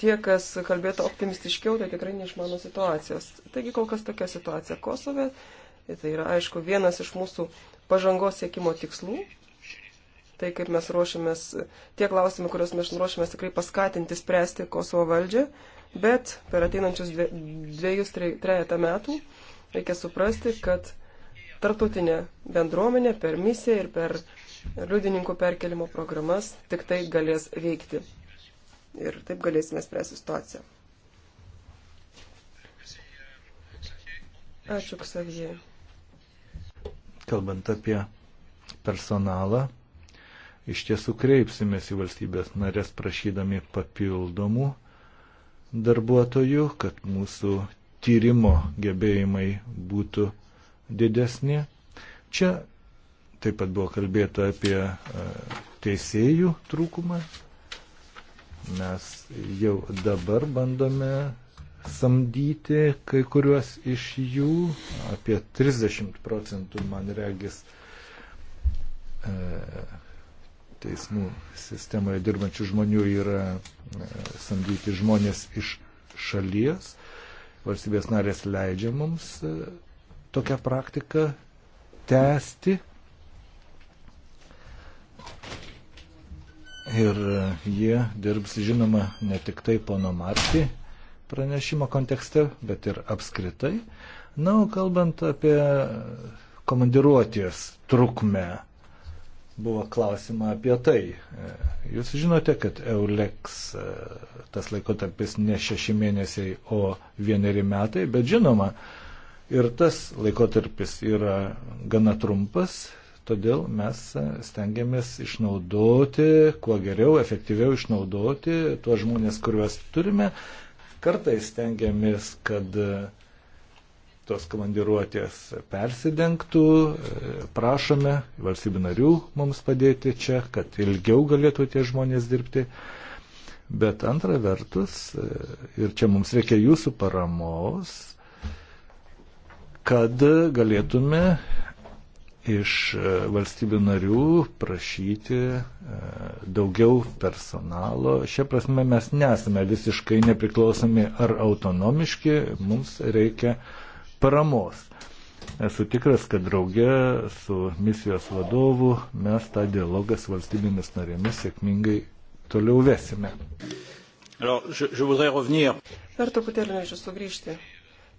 tie, kas kalbėtų optimistiškiau, tai tikrai neišmano situacijos. Taigi kol kas tokia situacija Kosove. Tai yra, aišku, vienas iš mūsų pažangos siekimo tikslų. Tai kaip mes ruošiamės, tie klausimai, kuriuos mes ruošiamės tikrai paskatinti spręsti Kosovo valdžią, bet per ateinančius dviejus, trejata metų reikia suprasti, kad tartutinė bendruomenė per misiją ir per liudininkų perkelimo programas tik tai galės veikti ir taip galėsime spręsti situaciją. Ačiū, Ksavžiai.
Kalbant apie personalą, iš tiesų kreipsimės į valstybės narės prašydami papildomų darbuotojų, kad mūsų tyrimo gebėjimai būtų didesnė. Čia taip pat buvo kalbėta apie e, teisėjų trūkumą, Mes jau dabar bandome samdyti kai kuriuos iš jų, apie 30 procentų, man regis, e, teismų sistemoje dirbančių žmonių yra e, samdyti žmonės iš šalies. Valstybės narės leidžia mums e, tokią praktiką tęsti ir e, jie dirbs, žinoma, ne tik tai pono Marti pranešimo kontekste, bet ir apskritai. Na, o kalbant apie komandiruotės trukmę, buvo klausima apie tai. E, jūs žinote, kad Euleks e, tas laikotarpis ne šeši mėnesiai, o vieneri metai, bet žinoma, ir tas laikotarpis yra gana trumpas, Todėl mes e, stengiamės išnaudoti, kuo geriau, efektyviau išnaudoti tuos žmonės, kuriuos turime. Kartais stengiamės, kad e, tos komandiruotės persidengtų, e, prašome valstybių narių mums padėti čia, kad ilgiau galėtų tie žmonės dirbti. Bet antra vertus, ir čia mums reikia jūsų paramos, kad galėtume iš e, valstybių narių prašyti e, daugiau personalo. Šia prasme mes nesame visiškai nepriklausomi ar autonomiški, mums reikia paramos. Esu tikras, kad drauge su misijos vadovu mes tą dialogą su valstybėmis narėmis sėkmingai toliau vesime.
Dar truputėlį norėčiau sugrįžti,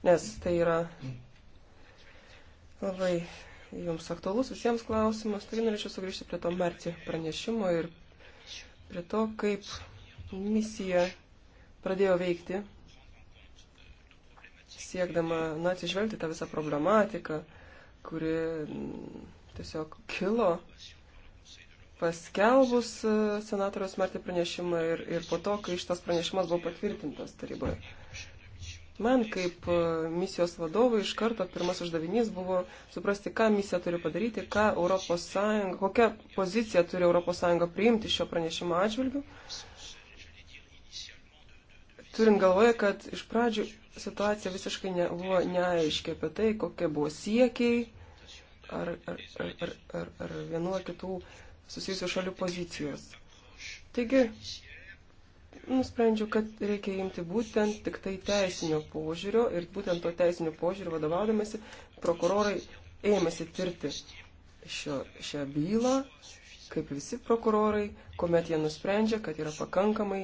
nes tai yra labai jums aktualus visiems klausimas. Taigi norėčiau sugrįžti prie to Marti pranešimo ir prie to, kaip misija pradėjo veikti, siekdama, na, atsižvelgti tą visą problematiką, kuri tiesiog kilo paskelbus e, senatoriaus Marti pranešimą ir, ir po to, kai šitas pranešimas buvo patvirtintas taryboje. Man kaip e, misijos vadovui iš karto pirmas uždavinys buvo suprasti, ką misija turi padaryti, ką Europos Sąjunga, kokią poziciją turi Europos Sąjunga priimti šio pranešimo atžvilgiu. Turint galvoje, kad iš pradžių situacija visiškai ne, buvo neaiški apie tai, kokie buvo siekiai ar, ar, ar, ar, ar vienu ar kitų susijusių šalių pozicijos. Taigi, nusprendžiau, kad reikia imti būtent tik tai teisinio požiūrio ir būtent to teisinio požiūrio vadovaudamasi prokurorai ėmėsi tirti šio, šią bylą, kaip visi prokurorai, kuomet jie nusprendžia, kad yra pakankamai,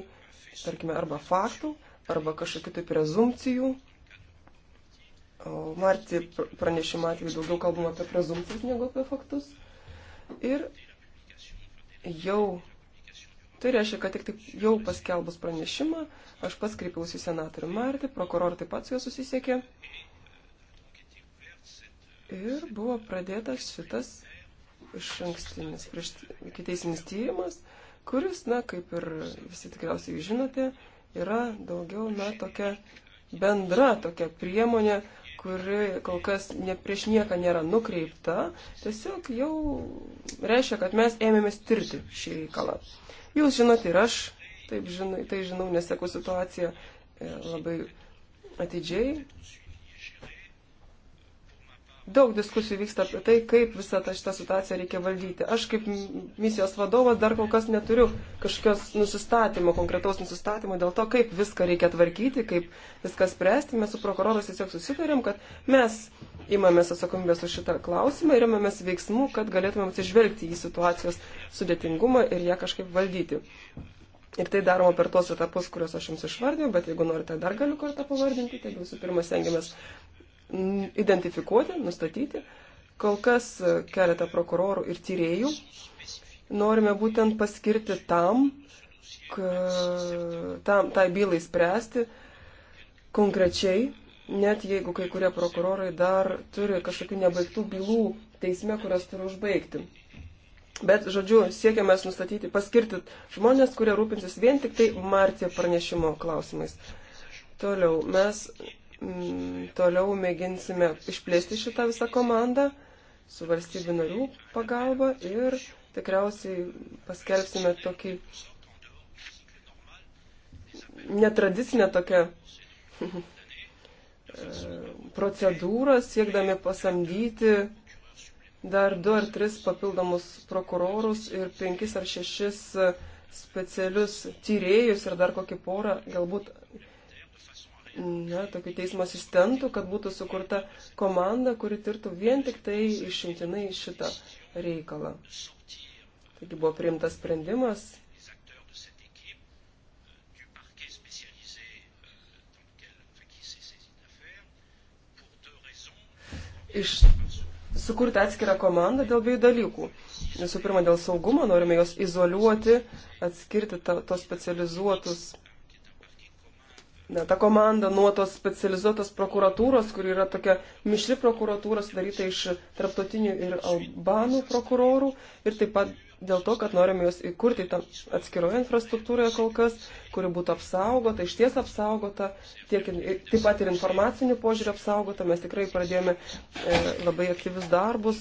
tarkime, arba faktų, arba kažkokių tai prezumcijų. O Marti pranešimą atveju daugiau kalbama apie prezumcijas negu apie faktus. Ir jau Tai reiškia, kad tik taip jau paskelbus pranešimą, aš pats kreipiausi į senatorių Martį, prokuror taip pat su juo susisiekė. Ir buvo pradėtas šitas iš ankstinis, prieš kiteisinis tyrimas, kuris, na, kaip ir visi tikriausiai žinote, yra daugiau, na, tokia bendra tokia priemonė, kuri kol kas ne prieš nieką nėra nukreipta, tiesiog jau reiškia, kad mes ėmėmės tirti šį reikalą. Jūs žinot ir aš, taip žinai, tai žinau, neseku situaciją e, labai atidžiai. Daug diskusijų vyksta apie tai, kaip visą tą šitą situaciją reikia valdyti. Aš kaip misijos vadovas dar kol kas neturiu kažkokios nusistatymo, konkretaus nusistatymo dėl to, kaip viską reikia tvarkyti, kaip viską spręsti. Mes su prokuroras tiesiog susitarėm, kad mes imamės atsakomybės už šitą klausimą ir imamės veiksmų, kad galėtumėm atsižvelgti į situacijos sudėtingumą ir ją kažkaip valdyti. Ir tai daroma per tuos etapus, kuriuos aš jums išvardėjau, bet jeigu norite, dar galiu kartą pavardinti. Taigi visų pirma, stengiamės identifikuoti, nustatyti. Kol kas e, keletą prokurorų ir tyriejų norime būtent paskirti tam, tam tai bylai spręsti konkrečiai, net jeigu kai kurie prokurorai dar turi kažkokių nebaigtų bylų teisme, kurias turi užbaigti. Bet, žodžiu, siekiame nustatyti, paskirti žmonės, kurie rūpinsis vien tik tai Martė pranešimo klausimais. Toliau, mes Mm, toliau mėginsime išplėsti šitą visą komandą su valstybių narių pagalba ir tikriausiai paskelbsime tokį netradicinę tokią procedūrą, siekdami pasamdyti dar du ar tris papildomus prokurorus ir penkis ar šešis specialius tyrėjus ir dar kokį porą galbūt na, tokių teismo asistentų, kad būtų sukurta komanda, kuri tirtų vien tik tai išimtinai šitą reikalą. Taigi buvo priimtas sprendimas. Iš sukurti atskirą komandą dėl dviejų dalykų. Visų pirma, dėl saugumo norime juos izoliuoti, atskirti ta, tos specializuotus na, ta komanda nuo tos specializuotos prokuratūros, kur yra tokia mišri prokuratūra sudaryta iš tarptautinių ir albanų prokurorų ir taip pat dėl to, kad norime juos įkurti atskiroje infrastruktūroje kol kas, kuri būtų apsaugota, iš ties apsaugota, tiek, taip pat ir informacinių požiūrį apsaugota. Mes tikrai pradėjome e, labai aktyvius darbus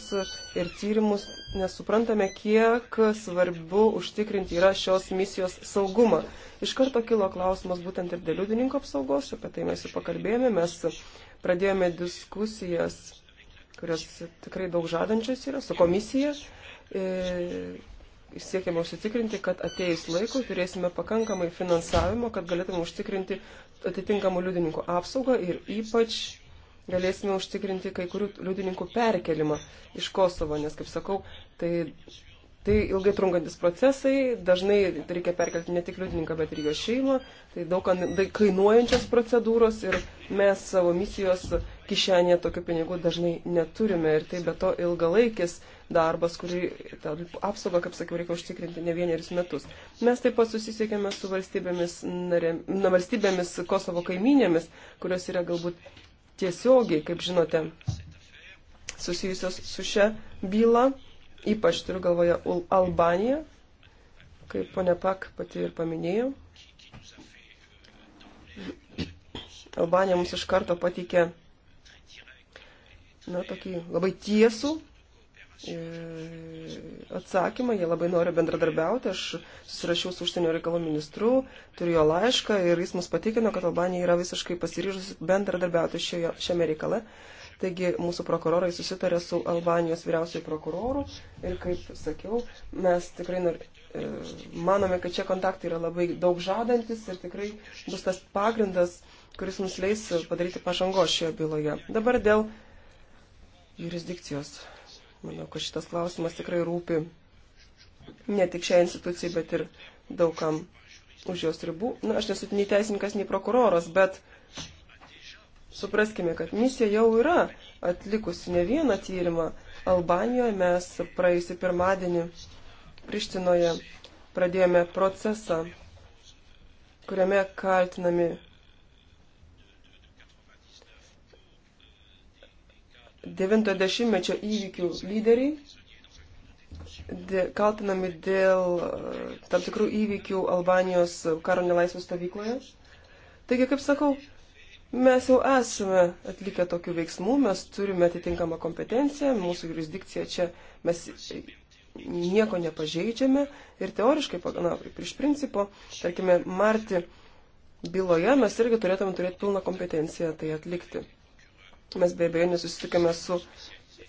ir tyrimus, nes suprantame, kiek svarbu užtikrinti yra šios misijos saugumą. Iš karto kilo klausimas būtent ir dėl liudininko apsaugos, apie tai mes jau pakalbėjome, mes pradėjome diskusijas kurios tikrai daug žadančios yra, su komisija E, siekiame užsitikrinti, kad ateis laikui turėsime pakankamai finansavimo, kad galėtume užtikrinti atitinkamų liudininkų apsaugą ir ypač galėsime užtikrinti kai kurių liudininkų perkelimą iš Kosovo, nes, kaip sakau, tai Tai ilgai trunkantis procesai, dažnai reikia perkelti ne tik liudininką, bet ir jo šeimą. Tai daug kainuojančios procedūros ir mes savo misijos kišenėje tokių pinigų dažnai neturime. Ir tai be to ilgalaikis darbas, kurį tą apsaugą, kaip sakiau, reikia užtikrinti ne vienerius metus. Mes taip pat susisiekėme su valstybėmis, narė, na, valstybėmis Kosovo kaiminėmis, kurios yra galbūt tiesiogiai, kaip žinote, susijusios su šia byla Ypač turiu galvoje Albaniją, kaip ponia Pak pati ir paminėjo. Albanija mums iš karto patikė na, tokį labai tiesų e, atsakymą, jie labai nori bendradarbiauti, aš susirašiau su užsienio reikalų ministru, turiu jo laišką ir jis mus patikino, kad Albanija yra visiškai pasiryžusi bendradarbiauti šioje, šiame reikale. Taigi mūsų prokurorai susitarė su Albanijos vyriausiai prokuroru ir, kaip sakiau, mes tikrai nor... E, manome, kad čia kontaktai yra labai daug žadantis ir tikrai bus tas pagrindas, kuris mums leis padaryti pažangos šioje byloje. Dabar dėl jurisdikcijos. Manau, kad šitas klausimas tikrai rūpi ne tik šiai institucijai, bet ir daugam už jos ribų. Na, aš nesu nei teisininkas, nei prokuroras, bet uh, Supraskime, kad misija jau yra atlikusi ne vieną tyrimą. Albanijoje mes praėjusį pirmadienį Prištinoje pradėjome procesą, kuriame kaltinami 90-mečio įvykių lyderiai, dė, kaltinami dėl e, tam tikrų įvykių Albanijos karo nelaisvės stovykloje. Taigi, kaip sakau, Mes jau esame atlikę tokių veiksmų, mes turime atitinkamą kompetenciją, mūsų jurisdikcija čia mes nieko nepažeidžiame ir teoriškai, na, iš principo, tarkime, Marti byloje mes irgi turėtume turėti pilną kompetenciją tai atlikti. Mes be abejo nesusitikame su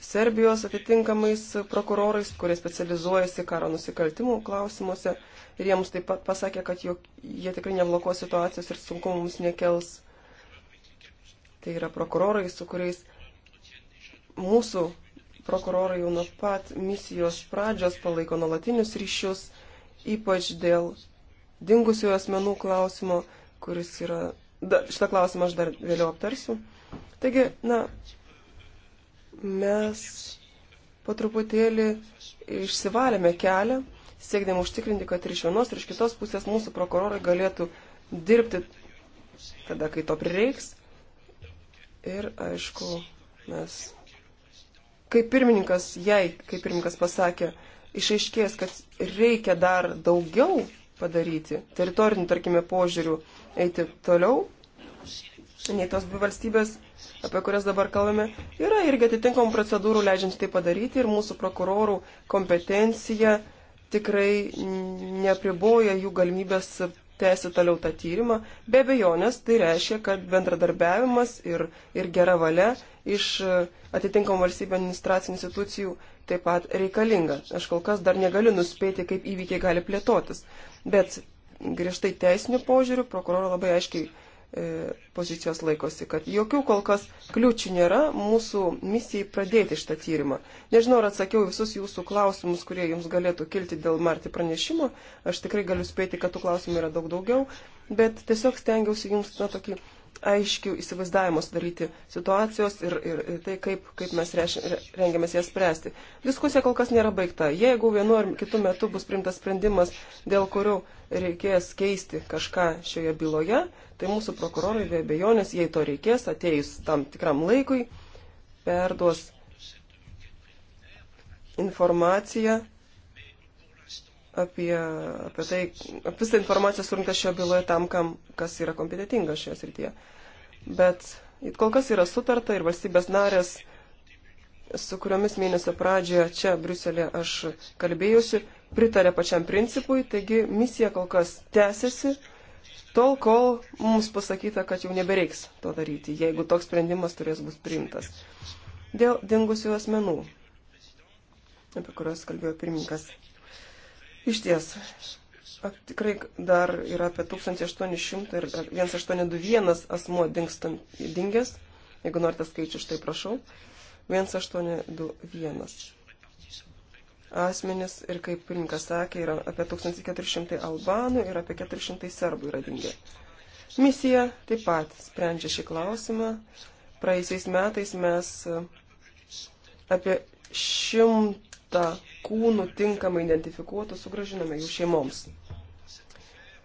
Serbijos atitinkamais prokurorais, kurie specializuojasi karo nusikaltimų klausimuose ir jie mums taip pat pasakė, kad jie tikrai neblokuos situacijos ir sunkumų mums nekels tai yra prokurorai, su kuriais mūsų prokurorai jau nuo pat misijos pradžios palaiko nuolatinius ryšius, ypač dėl dingusių asmenų klausimo, kuris yra. Da, šitą klausimą aš dar vėliau aptarsiu. Taigi, na, mes po truputėlį išsivalėme kelią, siekdami užtikrinti, kad ir iš vienos, ir iš kitos pusės mūsų prokurorai galėtų dirbti tada, kai to prireiks, Ir aišku, mes, kaip pirmininkas, jei, kaip pirmininkas pasakė, išaiškės, kad reikia dar daugiau padaryti, teritorinių, tarkime, požiūrių eiti toliau, nei tos dvi valstybės, apie kurias dabar kalbame, yra irgi atitinkamų procedūrų leidžiant tai padaryti ir mūsų prokurorų kompetencija tikrai nepriboja jų galimybės tęsti toliau tą tyrimą. Be abejonės, tai reiškia, kad bendradarbiavimas ir, ir gera valia iš e, atitinkamų valstybių administracinių institucijų taip pat reikalinga. Aš kol kas dar negaliu nuspėti, kaip įvykiai gali plėtotis. Bet griežtai teisinių požiūrių prokuroro labai aiškiai E, pozicijos laikosi, kad jokių kol kas kliūčių nėra mūsų misijai pradėti šitą tyrimą. Nežinau, ar atsakiau visus jūsų klausimus, kurie jums galėtų kilti dėl Marti pranešimo. Aš tikrai galiu spėti, kad tų klausimų yra daug daugiau, bet tiesiog stengiausi jums na, tokį aiškių įsivaizdavimų sudaryti situacijos ir, ir, ir tai, kaip, kaip mes reš, rengiamės jas spręsti. Diskusija kol kas nėra baigta. Jeigu vienu ar kitu metu bus primtas sprendimas, dėl kurio reikės keisti kažką šioje byloje, tai mūsų prokurorai be abejonės, jei to reikės, atėjus tam tikram laikui, perduos informaciją apie, apie tai, apie visą informaciją surinktą šioje byloje tam, kam, kas yra kompetitinga šioje srityje. Bet kol kas yra sutarta ir valstybės narės, su kuriomis mėnesio pradžioje čia Briuselė aš kalbėjusi, pritarė pačiam principui, taigi misija kol kas tęsiasi, tol kol mums pasakyta, kad jau nebereiks to daryti, jeigu toks sprendimas turės bus priimtas. Dėl dingusių asmenų, apie kuriuos kalbėjo pirmininkas. Iš ties, tikrai dar yra apie 1800 ir 1821 asmuo dingstam, dingęs. Jeigu norite skaičių, štai prašau. 1821. Asmenis ir kaip pirmininkas sakė, yra apie 1400 albanų ir apie 400 serbų yra dingę. Misija taip pat sprendžia šį klausimą. Praeisiais metais mes e, apie šimt keletą kūnų tinkamai identifikuotų sugražiname jų šeimoms.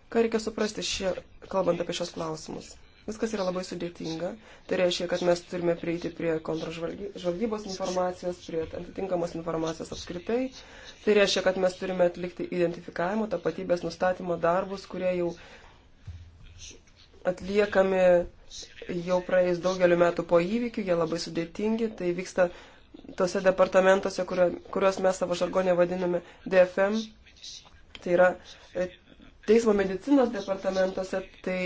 Ką reikia suprasti, šie, kalbant apie šios klausimus? Viskas yra labai sudėtinga. Tai reiškia, kad mes turime prieiti prie kontražvalgybos informacijos, prie atitinkamos informacijos apskritai. Tai reiškia, kad mes turime atlikti identifikavimo, tapatybės nustatymo darbus, kurie jau atliekami jau praėjus daugeliu metų po įvykių, jie labai sudėtingi, tai vyksta tose departamentuose, kuriuos mes savo žargonė vadiname DFM, tai yra e, teismo medicinos departamentuose, tai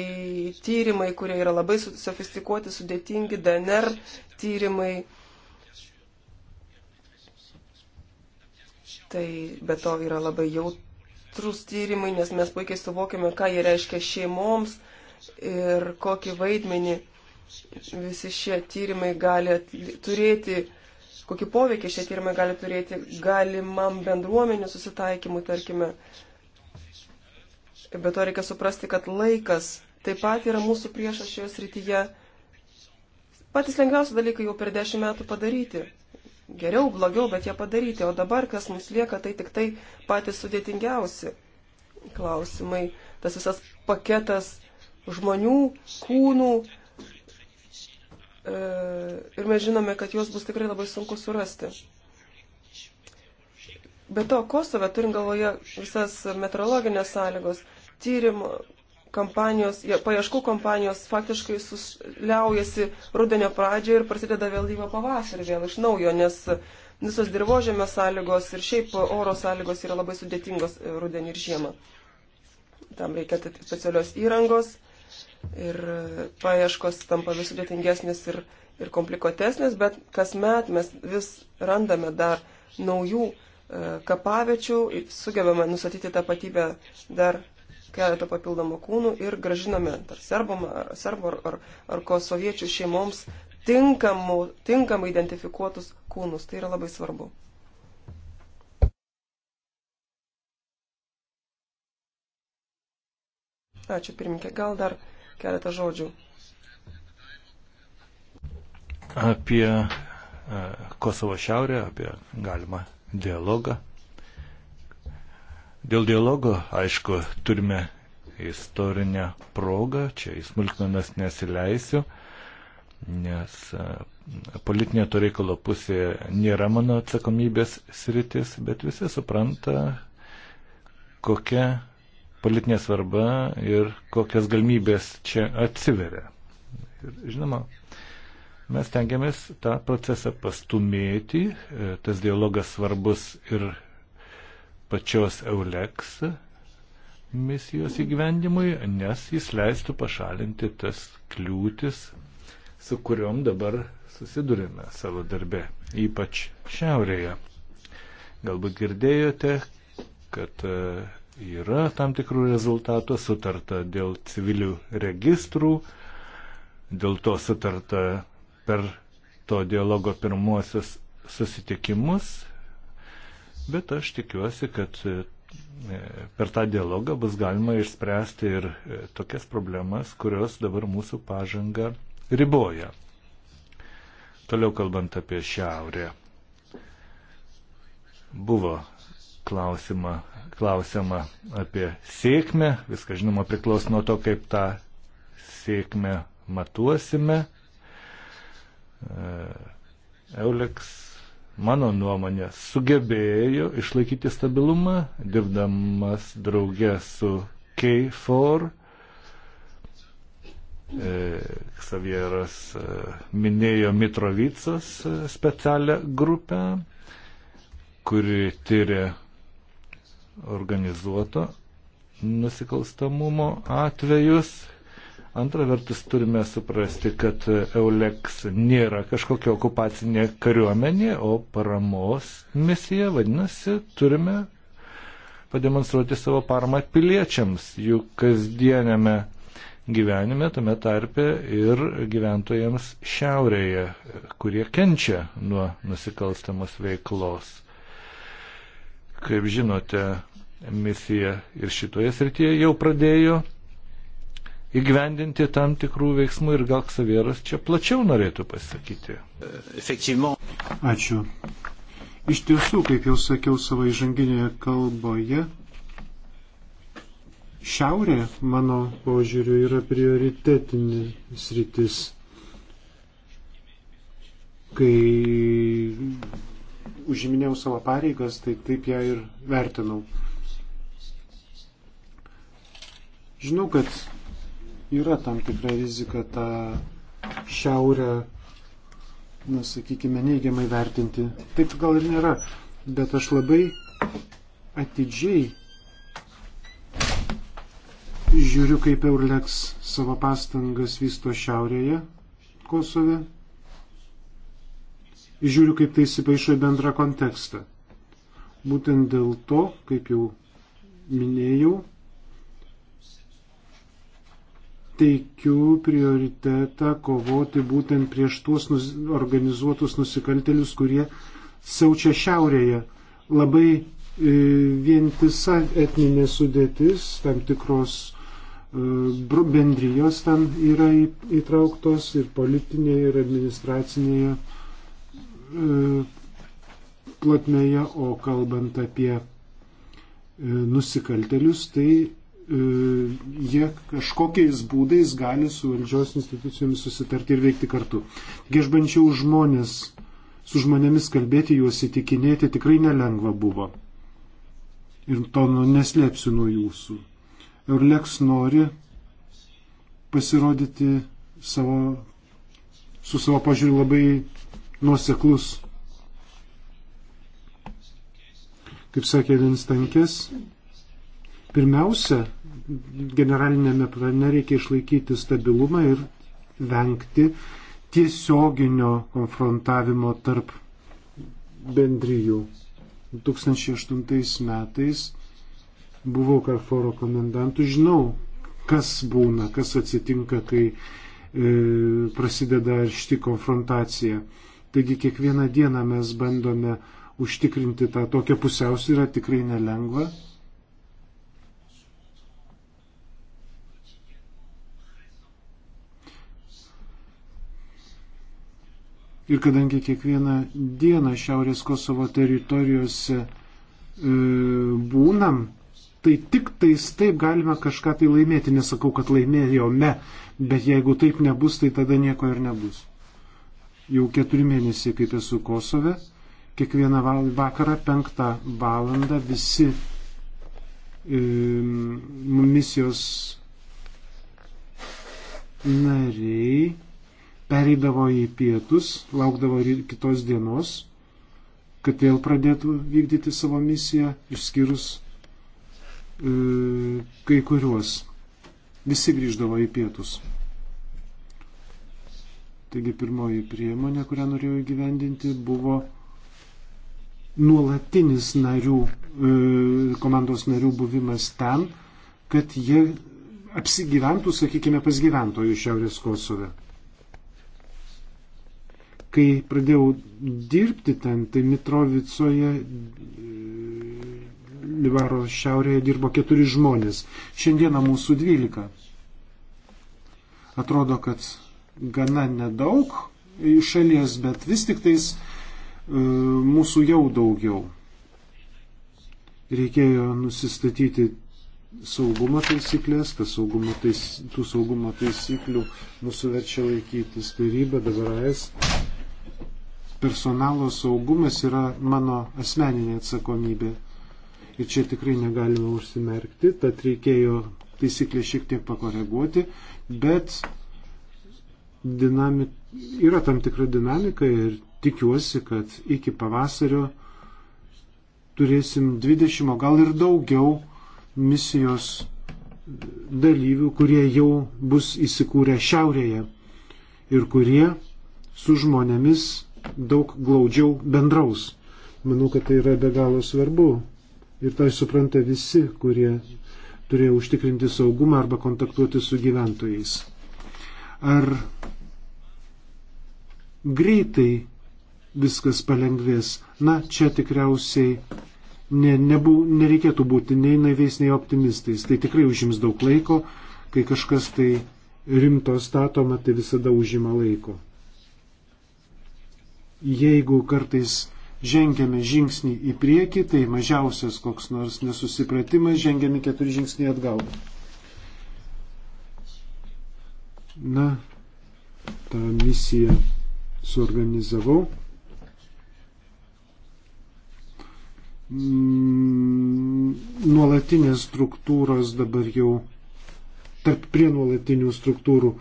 tyrimai, kurie yra labai sofistikuoti, sudėtingi, DNR tyrimai. Tai be to yra labai jautrus tyrimai, nes mes puikiai suvokiame, ką jie reiškia šeimoms ir kokį vaidmenį visi šie tyrimai gali turėti kokį poveikį šie tyrimai gali turėti galimam bendruomenių susitaikymui, tarkime. Bet to reikia suprasti, kad laikas taip pat yra mūsų priešas šioje srityje. Patys lengviausi dalykai jau per dešimt metų padaryti. Geriau, blogiau, bet jie padaryti. O dabar, kas mums lieka, tai tik tai patys sudėtingiausi klausimai. Tas visas paketas žmonių, kūnų, E, ir mes žinome, kad juos bus tikrai labai sunku surasti. Be to, Kosove, turint galvoje visas meteorologinės sąlygos, tyrimo kampanijos, paieškų kampanijos faktiškai susliaujasi rudenio pradžioje ir prasideda vėl lyvo pavasarį vėl iš naujo, nes visos dirbožėmio sąlygos ir šiaip oro sąlygos yra labai sudėtingos e, rudenį ir žiemą. Tam reikia specialios įrangos ir paieškos tampa vis sudėtingesnės ir, ir komplikuotesnės, bet kasmet mes vis randame dar naujų e, kapavečių, sugebame nustatyti tapatybę dar keletą papildomų kūnų ir gražiname ar serbom, ar, serbo, ar, ar kosoviečių šeimoms tinkamų, tinkamai identifikuotus kūnus. Tai yra labai svarbu. Ačiū pirmininkė. Gal dar keletą žodžių.
Apie e, Kosovo šiaurę, apie galimą dialogą. Dėl dialogo, aišku, turime istorinę progą, čia į smulkmenas nesileisiu, nes e, politinė to reikalo pusė nėra mano atsakomybės sritis, bet visi supranta, kokia politinė svarba ir kokias galimybės čia atsiveria. Ir, žinoma, mes tengiamės tą procesą pastumėti, e, tas dialogas svarbus ir pačios Euleks misijos įgyvendimui, nes jis leistų pašalinti tas kliūtis, su kuriuom dabar susidurime savo darbe, ypač šiaurėje. Galbūt girdėjote, kad e, yra tam tikrų rezultatų, sutarta dėl civilių registrų, dėl to sutarta per to dialogo pirmuosius susitikimus, bet aš tikiuosi, kad e, per tą dialogą bus galima išspręsti ir e, tokias problemas, kurios dabar mūsų pažanga riboja. Toliau kalbant apie šiaurę. Buvo klausimą, klausimą apie sėkmę. Viskas, žinoma, priklauso nuo to, kaip tą sėkmę matuosime. E, Euleks, mano nuomonė, sugebėjo išlaikyti stabilumą, dirbdamas draugė su K4. Ksavieras e, e, minėjo Mitrovicos specialią grupę, kuri tyrė organizuoto nusikalstamumo atvejus. Antra vertus turime suprasti, kad Euleks nėra kažkokia okupacinė kariuomenė, o paramos misija, vadinasi, turime pademonstruoti savo paramą piliečiams, jų kasdienėme gyvenime, tame tarpe ir gyventojams šiaurėje, kurie kenčia nuo nusikalstamos veiklos. Kaip žinote, misija ir šitoje srityje jau pradėjo įgyvendinti tam tikrų veiksmų ir gal Ksavieras čia plačiau norėtų pasakyti.
Ačiū. Iš tiesų, kaip jau sakiau savo įžanginėje kalboje, šiaurė mano požiūriu yra prioritetinė sritis. Kai užiminėjau savo pareigas, tai taip ją ir vertinau. Žinau, kad yra tam tikra rizika tą šiaurę, na, sakykime, neigiamai vertinti. Taip gal ir nėra, bet aš labai atidžiai žiūriu, kaip Eurleks savo pastangas vysto šiaurėje Kosove. Žiūriu, kaip tai įsipaišo į bendrą kontekstą. Būtent dėl to, kaip jau minėjau, teikiu prioritetą kovoti būtent prieš tuos organizuotus nusikaltelius, kurie siaučia šiaurėje. Labai e, vientisa etninė sudėtis, tam tikros e, bendrijos ten yra įtrauktos ir politinėje, ir administracinėje e, plotmėje, o kalbant apie nusikaltelius, tai jie kažkokiais būdais gali su valdžios institucijomis susitarti ir veikti kartu. Taigi aš bandžiau žmonės, su žmonėmis kalbėti, juos įtikinėti tikrai nelengva buvo. Ir to nu, neslėpsiu nuo jūsų. Ir Leks nori pasirodyti savo, su savo pažiūriu labai nuoseklus. Kaip sakė Vinstankės, pirmiausia, generalinėme plane reikia išlaikyti stabilumą ir vengti tiesioginio konfrontavimo tarp bendryjų. 2008 metais buvau Karforo komendantų, žinau, kas būna, kas atsitinka, kai e, prasideda aršti konfrontacija. Taigi kiekvieną dieną mes bandome užtikrinti tą tokią pusiausvyrą, tikrai nelengva, Ir kadangi kiekvieną dieną Šiaurės Kosovo teritorijose e, būnam, tai tik tais taip galime kažką tai laimėti. Nesakau, kad laimėjome, bet jeigu taip nebus, tai tada nieko ir nebus. Jau keturi mėnesiai, kaip esu Kosove, kiekvieną vakarą penktą valandą visi e, misijos nariai pereidavo į pietus, laukdavo kitos dienos, kad vėl pradėtų vykdyti savo misiją, išskyrus e, kai kuriuos. Visi grįždavo į pietus. Taigi pirmoji priemonė, kurią norėjau įgyvendinti, buvo nuolatinis narių, e, komandos narių buvimas ten, kad jie apsigyventų, sakykime, pas gyventojų Šiaurės Kosove. Kai pradėjau dirbti ten, tai Mitrovicoje, e, Libaro šiaurėje dirbo keturi žmonės. Šiandieną mūsų dvylika. Atrodo, kad gana nedaug iš šalies, bet vis tik tais e, mūsų jau daugiau. Reikėjo nusistatyti saugumo taisyklės, tas saugumo tais, tų saugumo taisyklių mūsų verčia laikytis taryba, dabar es personalo saugumas yra mano asmeninė atsakomybė. Ir čia tikrai negalima užsimerkti, tad reikėjo taisyklę šiek tiek pakoreguoti, bet dinamik, yra tam tikra dinamika ir tikiuosi, kad iki pavasario turėsim 20, o gal ir daugiau misijos dalyvių, kurie jau bus įsikūrę šiaurėje ir kurie su žmonėmis daug glaudžiau bendraus. Manau, kad tai yra be galo svarbu. Ir tai supranta visi, kurie turėjo užtikrinti saugumą arba kontaktuoti su gyventojais. Ar greitai viskas palengvės? Na, čia tikriausiai ne, nebu, nereikėtų būti nei naiviais, nei optimistais. Tai tikrai užims daug laiko, kai kažkas tai rimto statoma, tai visada užima laiko jeigu kartais žengiame žingsnį į priekį, tai mažiausias koks nors nesusipratimas, žengiame keturi žingsniai atgal. Na, tą misiją suorganizavau. Mm, nuolatinės struktūros dabar jau tarp prie nuolatinių struktūrų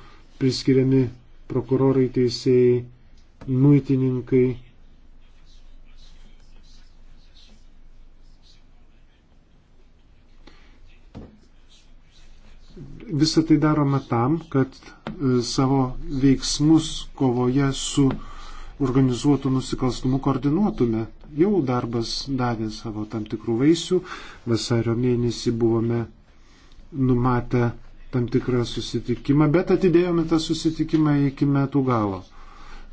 priskiriami prokurorai, teisėjai, muitininkai. Visą tai daroma tam, kad e, savo veiksmus kovoje su organizuotų nusikalstumų koordinuotume. Jau darbas davė savo tam tikrų vaisių. Vasario mėnesį buvome numatę tam tikrą susitikimą, bet atidėjome tą susitikimą iki metų galo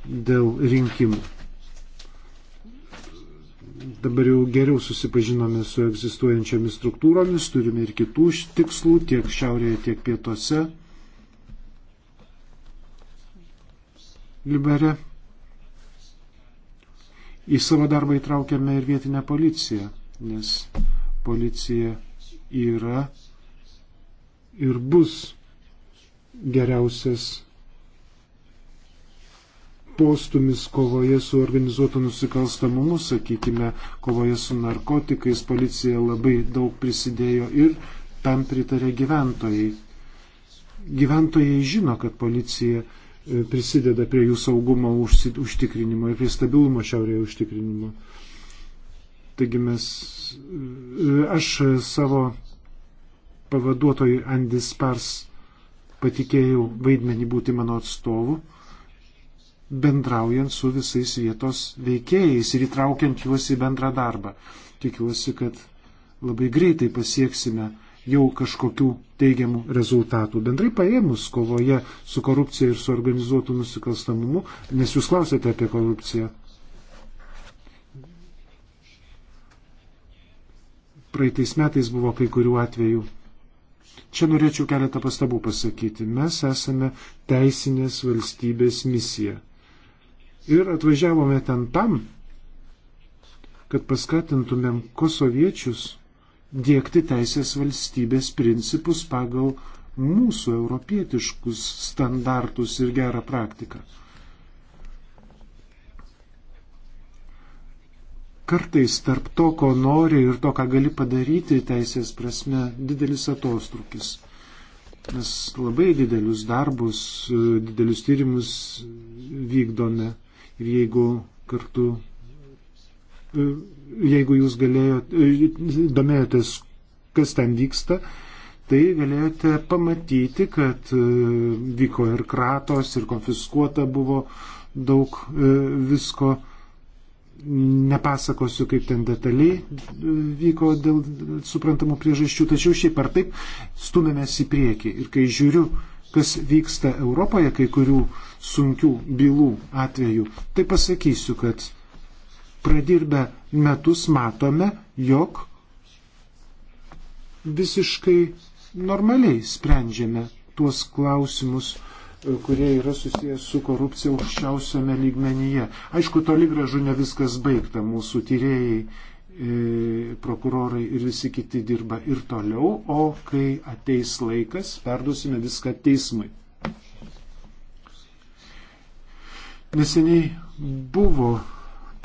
dėl rinkimų. Dabar jau geriau susipažinome su egzistuojančiomis struktūromis, turime ir kitų tikslų tiek šiaurėje, tiek pietuose. Libere. Į savo darbą įtraukiame ir vietinę policiją, nes policija yra ir bus geriausias postumis kovoje su organizuotu nusikalstamumu, sakykime, kovoje su narkotikais, policija labai daug prisidėjo ir tam pritarė gyventojai. Gyventojai žino, kad policija e, prisideda prie jų saugumo užtikrinimo ir prie stabilumo šiaurėje užtikrinimo. Taigi mes, e, aš savo pavaduotojui Andis Pars patikėjau vaidmenį būti mano atstovu bendraujant su visais vietos veikėjais ir įtraukiant juos į bendrą darbą. Tikiuosi, kad labai greitai pasieksime jau kažkokių teigiamų rezultatų. Bendrai paėmus kovoje su korupcija ir su organizuotu nusikalstamumu, nes jūs klausėte apie korupciją. Praeitais metais buvo kai kurių atvejų. Čia norėčiau keletą pastabų pasakyti. Mes esame teisinės valstybės misija. Ir atvažiavome ten tam, kad paskatintumėm kosoviečius dėkti teisės valstybės principus pagal mūsų europietiškus standartus ir gerą praktiką. Kartais tarp to, ko nori ir to, ką gali padaryti teisės prasme, didelis atotrukis. Mes labai didelius darbus, e, didelius tyrimus vykdome Ir jeigu kartu, e, jeigu jūs galėjote, domėjotės, kas ten vyksta, tai galėjote pamatyti, kad e, vyko ir kratos, ir konfiskuota buvo daug e, visko. Nepasakosiu, kaip ten detaliai vyko dėl suprantamų priežasčių, tačiau šiaip ar taip stumėmės į priekį. Ir kai žiūriu, kas vyksta Europoje, kai kurių sunkių bylų atveju, tai pasakysiu, kad pradirbę metus matome, jog visiškai normaliai sprendžiame tuos klausimus, e, kurie yra susijęs su korupcija aukščiausiame lygmenyje. Aišku, toli gražu ne viskas baigta, mūsų tyrėjai, e, prokurorai ir visi kiti dirba ir toliau, o kai ateis laikas, perduosime viską teismui. Neseniai buvo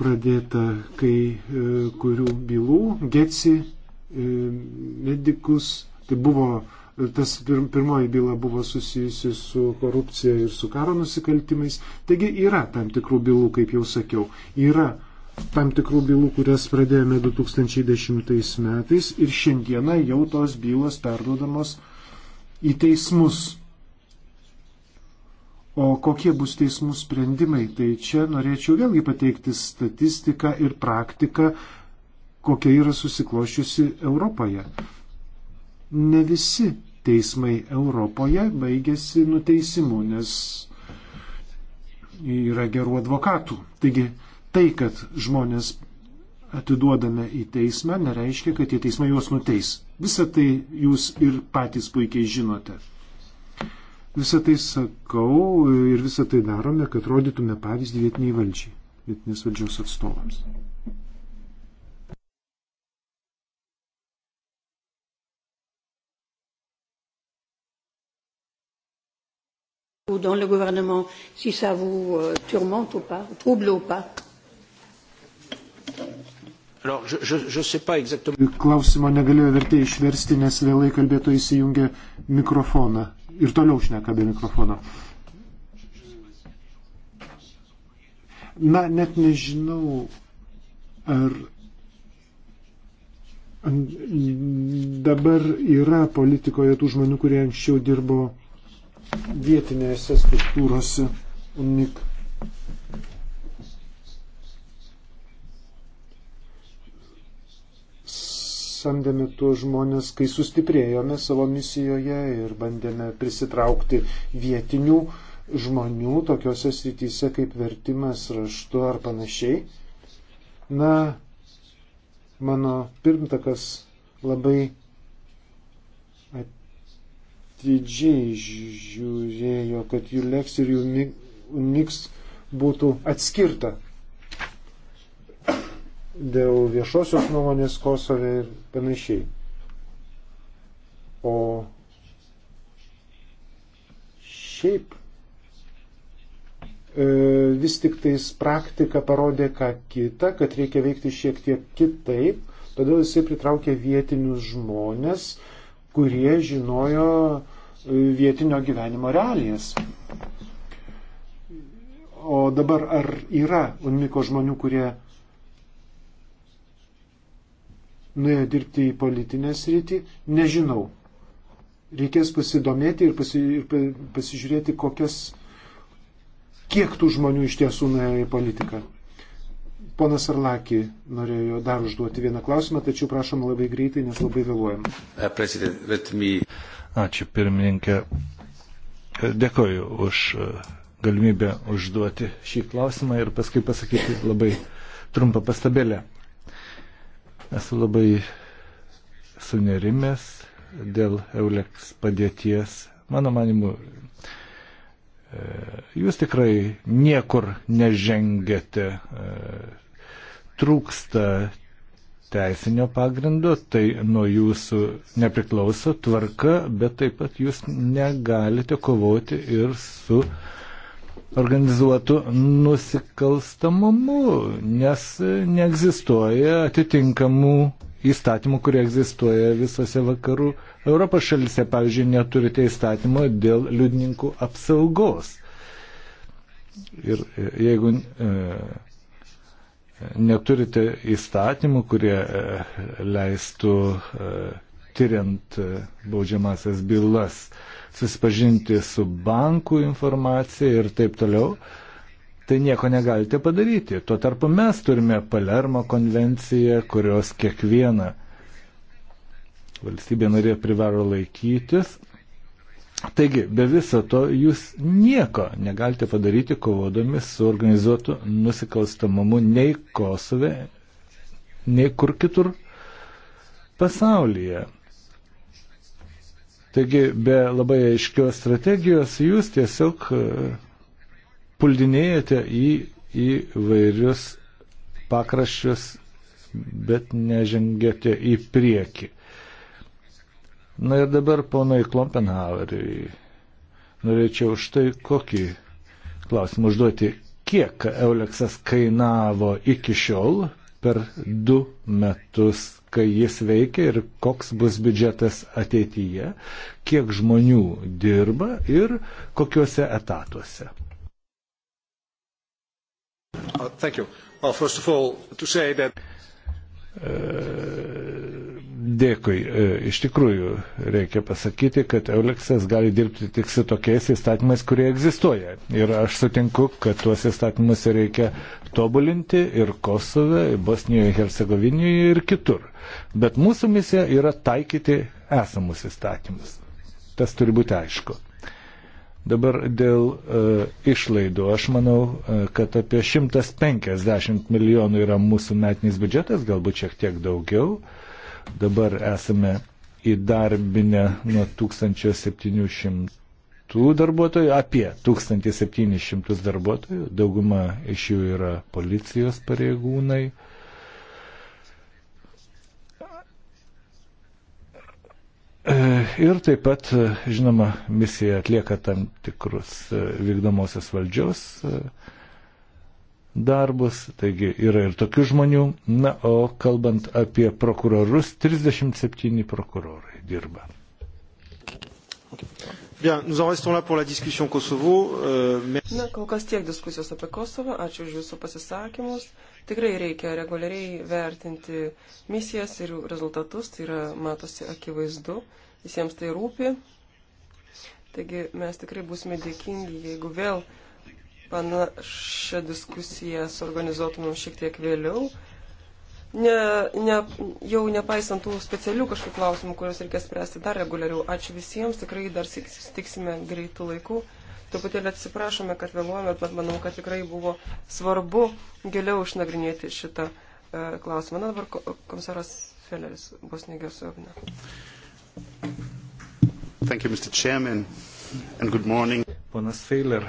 pradėta kai e, kurių bylų, Getsi, e, medikus, tai buvo e, tas pirmoji byla buvo susijusi su korupcija ir su karo nusikaltimais. Taigi yra tam tikrų bylų, kaip jau sakiau, yra tam tikrų bylų, kurias pradėjome 2010 metais ir šiandieną jau tos bylos perdodamos į teismus. O kokie bus teismų sprendimai, tai čia norėčiau vėlgi pateikti statistiką ir praktiką, kokia yra susiklošiusi Europoje. Ne visi teismai Europoje baigėsi nuteisimu, nes yra gerų advokatų. Taigi tai, kad žmonės atiduodame į teismą, nereiškia, kad tie teismai juos nuteis. Visą tai jūs ir patys puikiai žinote. Visą tai sakau ir visą tai darome, kad rodytume pavyzdį vietiniai valdžiai, vietinės valdžios atstovams.
ou dans le gouvernement, si ça vous euh, tourmente ou pas, trouble ou pas.
Alors, je, je, je sais pas exactement. Klausimo negalėjo vertėjai išversti, nes vėlai kalbėtojai įsijungė mikrofoną ir toliau šneka be mikrofono. Na, net nežinau, ar dabar yra politikoje tų žmonių, kurie anksčiau dirbo vietinėse struktūrose. Unik. samdėme tuos žmonės, kai sustiprėjome savo misijoje ir bandėme prisitraukti vietinių žmonių tokiuose srityse kaip vertimas raštu ar panašiai. Na, mano pirmtakas labai atidžiai žiūrėjo, kad jų leks ir jų miks būtų atskirta dėl viešosios nuomonės Kosove ir panašiai. O šiaip e, vis tik tais praktika parodė ką kitą, kad reikia veikti šiek tiek kitaip, todėl jisai pritraukė vietinius žmonės, kurie žinojo e, vietinio gyvenimo realijas. O dabar ar yra UNMIKO žmonių, kurie nuėjo dirbti į politinę sritį, nežinau. Reikės pasidomėti ir, pasi, ir pasižiūrėti, kokias, kiek tų žmonių iš tiesų nuėjo į politiką. Ponas Arlaki norėjo dar užduoti vieną klausimą, tačiau prašom labai greitai, nes labai vėluojam.
Ačiū pirmininkė. Dėkoju už e, galimybę užduoti šį klausimą ir paskui pasakyti labai trumpą pastabėlę. Esu labai sunerimęs dėl Euleks padėties. Mano manimu, e, jūs tikrai niekur nežengėte. E, trūksta teisinio pagrindo, tai nuo jūsų nepriklauso tvarka, bet taip pat jūs negalite kovoti ir su uh, organizuotų nusikalstamumu, nes neegzistuoja atitinkamų įstatymų, kurie egzistuoja visose vakarų Europos šalise. Pavyzdžiui, neturite įstatymo dėl liudininkų apsaugos. Ir e, jeigu e, neturite įstatymų, kurie e, leistų e, tyriant e, baudžiamasias bylas, e, susipažinti su bankų informacija ir taip toliau, tai nieko negalite padaryti. Tuo tarpu mes turime Palermo konvenciją, kurios kiekviena valstybė narė privaro laikytis. Taigi, be viso to jūs nieko negalite padaryti kovodami su organizuotu nusikalstamumu nei Kosove, nei kur kitur pasaulyje. Taigi be labai aiškios strategijos jūs tiesiog e, puldinėjate į įvairius pakraščius, bet nežengėte į priekį. Na ir dabar ponai Klompenhaveriui norėčiau štai kokį klausimą užduoti. Kiek Euleksas kainavo iki šiol per du metus kai jis veikia ir koks bus biudžetas ateityje, kiek žmonių dirba ir kokiuose etatuose.
Uh, well, that...
Uh, Dėkui. E, iš tikrųjų, reikia pasakyti, kad Euleksas gali dirbti tik su tokiais įstatymais, kurie egzistuoja. Ir aš sutinku, kad tuos įstatymus reikia tobulinti ir Kosove, ir Bosnijoje, Hercegovinijoje ir kitur. Bet mūsų misija yra taikyti esamus įstatymus. Tas turi būti aišku. Dabar dėl uh, išlaidų. Aš manau, uh, kad apie 150 milijonų yra mūsų metinis biudžetas, galbūt šiek tiek daugiau. Uh, Dabar esame įdarbinę nuo 1700 darbuotojų, apie 1700 darbuotojų, dauguma iš jų yra policijos pareigūnai. E, ir taip pat, žinoma, misija atlieka tam tikrus e, vykdomosios valdžios e, darbus, taigi yra ir tokių žmonių. Na, o kalbant apie prokurorus, 37 prokurorai dirba.
Bien, nous en restons là pour la discussion Kosovo. Euh, merci. Na, kol kas tiek diskusijos apie Kosovą. Ačiū už jūsų pasisakymus. Tikrai reikia reguliariai vertinti misijas ir jų rezultatus. Tai yra, matosi, akivaizdu. Visiems tai rūpi. Taigi mes tikrai būsime dėkingi, jeigu vėl panašią diskusiją suorganizuotumėm šiek tiek vėliau. Ne, ne, jau nepaisant tų specialių kažkokių klausimų, kuriuos reikės spręsti dar reguliariau. Ačiū visiems, tikrai dar susitiksime greitų laikų. Truputėlį atsiprašome, kad vėluojame, bet manau, kad tikrai buvo svarbu giliau išnagrinėti šitą e, klausimą. Na dabar komisaras Feleris bus negiosiovina.
Thank you, Mr. Chairman, and good morning.
Ponas Feiler,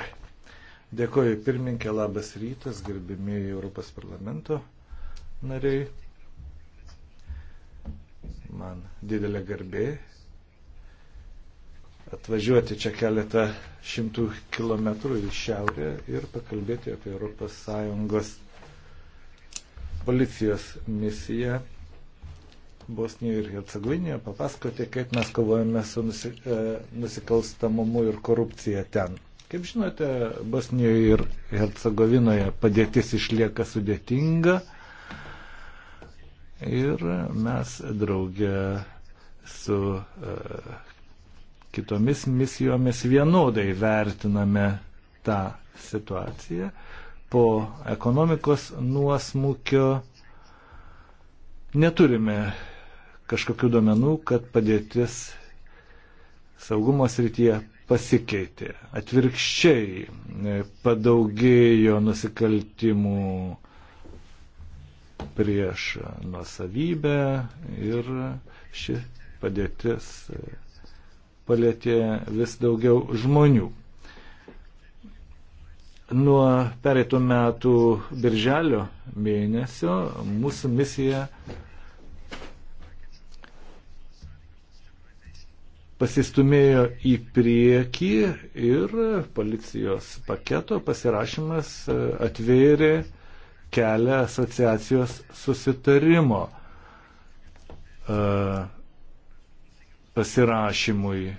Dėkoju pirmininkė, labas rytas, gerbimieji Europos parlamento nariai. Man didelė garbė atvažiuoti čia keletą šimtų kilometrų į šiaurę ir pakalbėti apie ES policijos misiją Bosnijoje ir Hercegovinėje, papasakoti, kaip mes kovojame su e, nusikalstamumu ir korupcija ten. Kaip žinote, Bosnijoje ir Hercegovinoje padėtis išlieka sudėtinga ir mes draugė su uh, kitomis misijomis vienodai vertiname tą situaciją. Po ekonomikos nuosmukio neturime kažkokių duomenų, kad padėtis saugumo srityje pasikeitė. Atvirkščiai e, padaugėjo nusikaltimų prieš nusavybę ir ši padėtis e, palėtė vis daugiau žmonių. Nuo pereitų metų birželio mėnesio mūsų misija pasistumėjo į priekį ir policijos paketo pasirašymas e, atvėrė kelią asociacijos susitarimo e, pasirašymui e,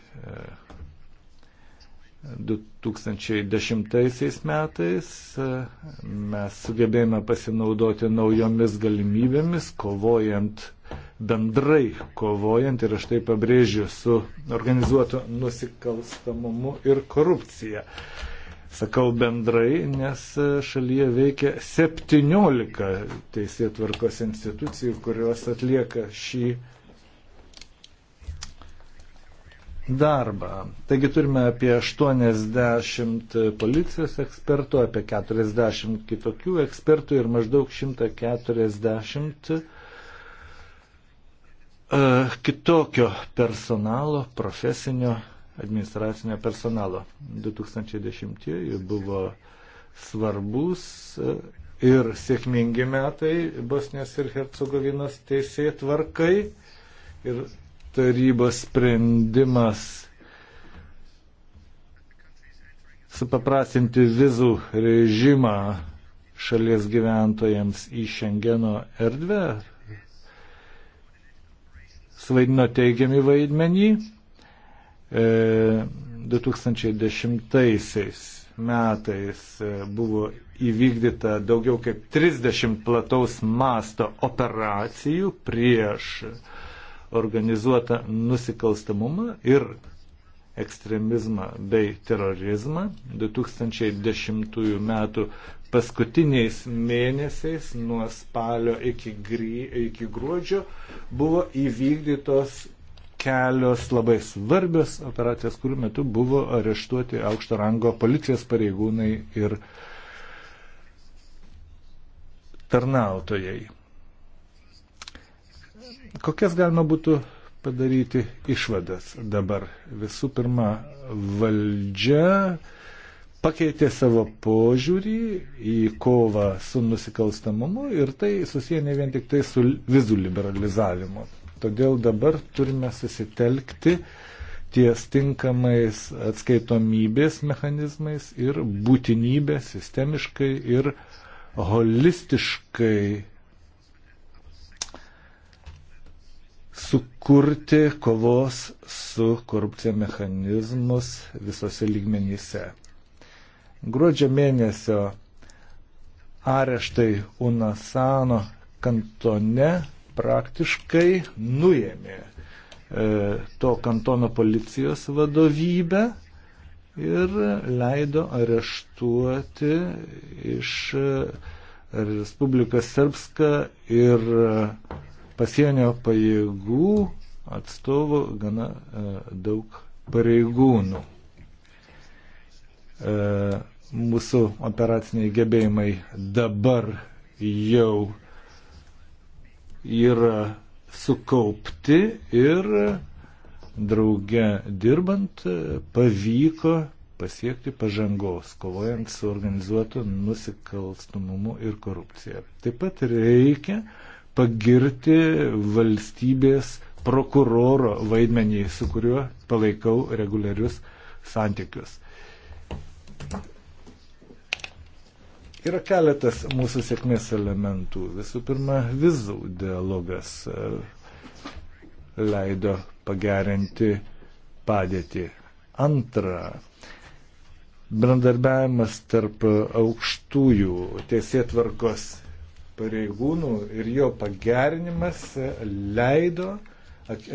2010 metais mes sugebėjome pasinaudoti naujomis galimybėmis, kovojant bendrai kovojant ir aš tai pabrėžiu su organizuotu nusikalstamumu ir korupcija. Sakau bendrai, nes šalyje veikia 17 teisėtvarkos institucijų, kurios atlieka šį darbą. Taigi turime apie 80 policijos ekspertų, apie 40 kitokių ekspertų ir maždaug 140 e, kitokio personalo, profesinio administracinio personalo. 2010-ieji buvo svarbus e, ir sėkmingi metai Bosnijos ir Hercegovinos teisėjai tvarkai ir tarybos sprendimas supaprastinti vizų režimą šalies gyventojams į Šengeno erdvę suvaidino teigiami vaidmenį e, 2010 metais e, buvo įvykdyta daugiau kaip 30 plataus masto operacijų prieš e, organizuotą nusikalstamumą ir ekstremizmą bei terorizmą. 2010 m. paskutiniais mėnesiais nuo spalio iki, gry, iki gruodžio buvo įvykdytos kelios labai svarbios operacijos, kurių metu buvo areštuoti aukšto rango policijos pareigūnai ir tarnautojai. Kokias galima būtų padaryti išvadas dabar? Visų pirma, valdžia pakeitė savo požiūrį į kovą su nusikalstamumu ir tai susiję ne vien tik tai su vizų liberalizavimu. Todėl dabar turime susitelkti ties tinkamais atskaitomybės mechanizmais ir būtinybė sistemiškai ir holistiškai sukurti kovos su korupcija mechanizmus visose lygmenyse. Gruodžio mėnesio areštai Unasano kantone praktiškai nuėmė e, to kantono policijos vadovybę ir leido areštuoti iš e, Respublikas Serbska ir pasienio pajėgų atstovų gana e, daug pareigūnų. E, mūsų operaciniai gebėjimai dabar jau yra sukaupti ir drauge dirbant e, pavyko pasiekti pažangos, kovojant su organizuotu nusikalstumumu ir korupcija. Taip pat reikia uh, pagirti valstybės prokuroro vaidmenį, su kuriuo palaikau reguliarius santykius. Yra keletas mūsų sėkmės elementų. Visų pirma, vizų dialogas e, leido pagerinti padėtį. Antra, brandarbiavimas tarp aukštųjų teisėtvarkos pareigūnų ir jo pagerinimas leido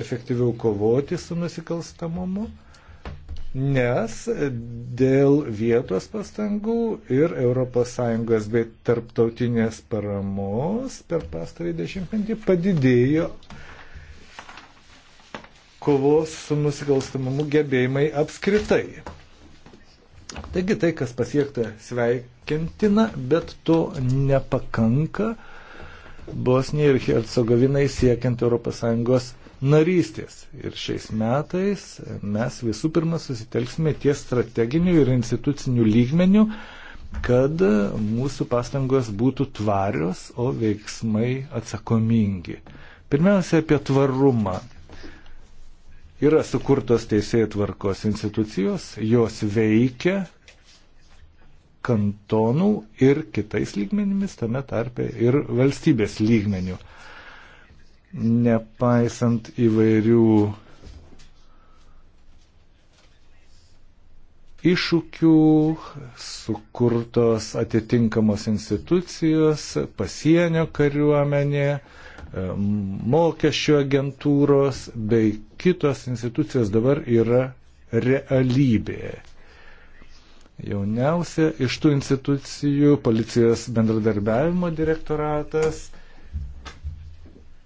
efektyviau kovoti su nusikalstamumu, nes dėl vietos pastangų ir ES bei tarptautinės paramos per pastarį dešimtmetį padidėjo kovos su nusikalstamumu gebėjimai apskritai. Taigi tai, kas pasiekta sveikintina, bet to nepakanka Bosnijai ir Hercegovinai siekiant ES narystės. Ir šiais metais mes visų pirma susitelksime ties strateginiu ir instituciniu lygmeniu, kad mūsų pastangos būtų tvarios, o veiksmai atsakomingi. Pirmiausia, apie tvarumą. Yra sukurtos teisėjų tvarkos institucijos, jos veikia kantonų ir kitais lygmenimis, tame tarpe ir valstybės lygmenių. Nepaisant įvairių iššūkių, sukurtos atitinkamos institucijos, pasienio kariuomenė, e, mokesčio agentūros bei kitos institucijos dabar yra realybė. Jauniausia iš tų institucijų policijos bendradarbiavimo direktoratas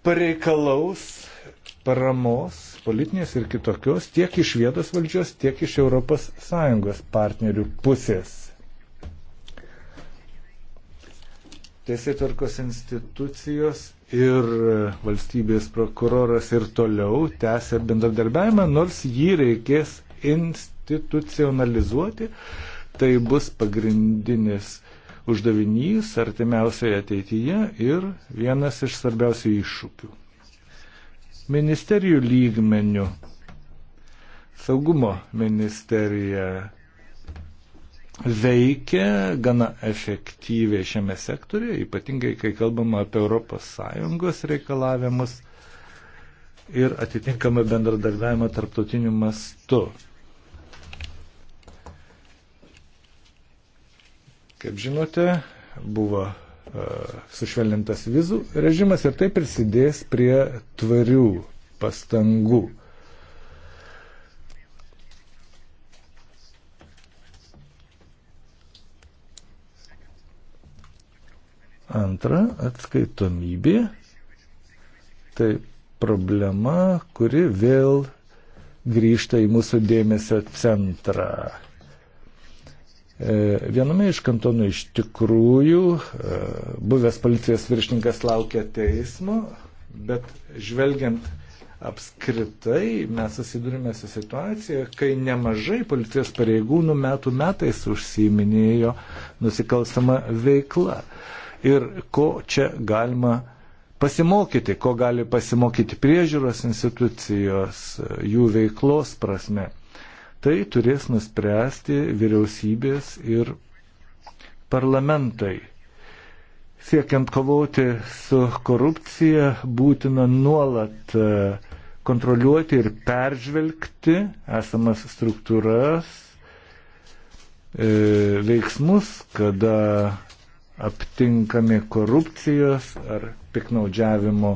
pareikalaus paramos politinės ir kitokios, tiek iš vietos valdžios, tiek iš ES partnerių pusės. Teisėtvarkos institucijos ir valstybės prokuroras ir toliau tęsia bendradarbiavimą, nors jį reikės institucionalizuoti. Tai bus pagrindinis uždavinys artimiausioje ateityje ir vienas iš svarbiausių iššūkių ministerijų lygmenių. Saugumo ministerija veikia gana efektyviai šiame sektoriuje, ypatingai kai kalbama apie ES reikalavimus ir atitinkamą bendradarbiavimą tarptautiniu mastu. Kaip žinote, buvo E, sušvelnintas vizų režimas ir tai prisidės prie tvarių pastangų. Antra, atskaitomybė. Tai problema, kuri vėl grįžta į mūsų dėmesio centrą. E, viename iš kantonų iš tikrųjų e, buvęs policijos viršininkas laukia teismo, bet žvelgiant apskritai mes susidurime su situacija, kai nemažai policijos pareigūnų metų metais užsiminėjo nusikalstama veikla. Ir ko čia galima pasimokyti, ko gali pasimokyti priežiūros institucijos jų veiklos prasme. Tai turės nuspręsti vyriausybės ir parlamentai. Siekiant kovoti su korupcija, būtina nuolat e, kontroliuoti ir peržvelgti esamas struktūras, e, veiksmus, kada aptinkami korupcijos ar piknaudžiavimo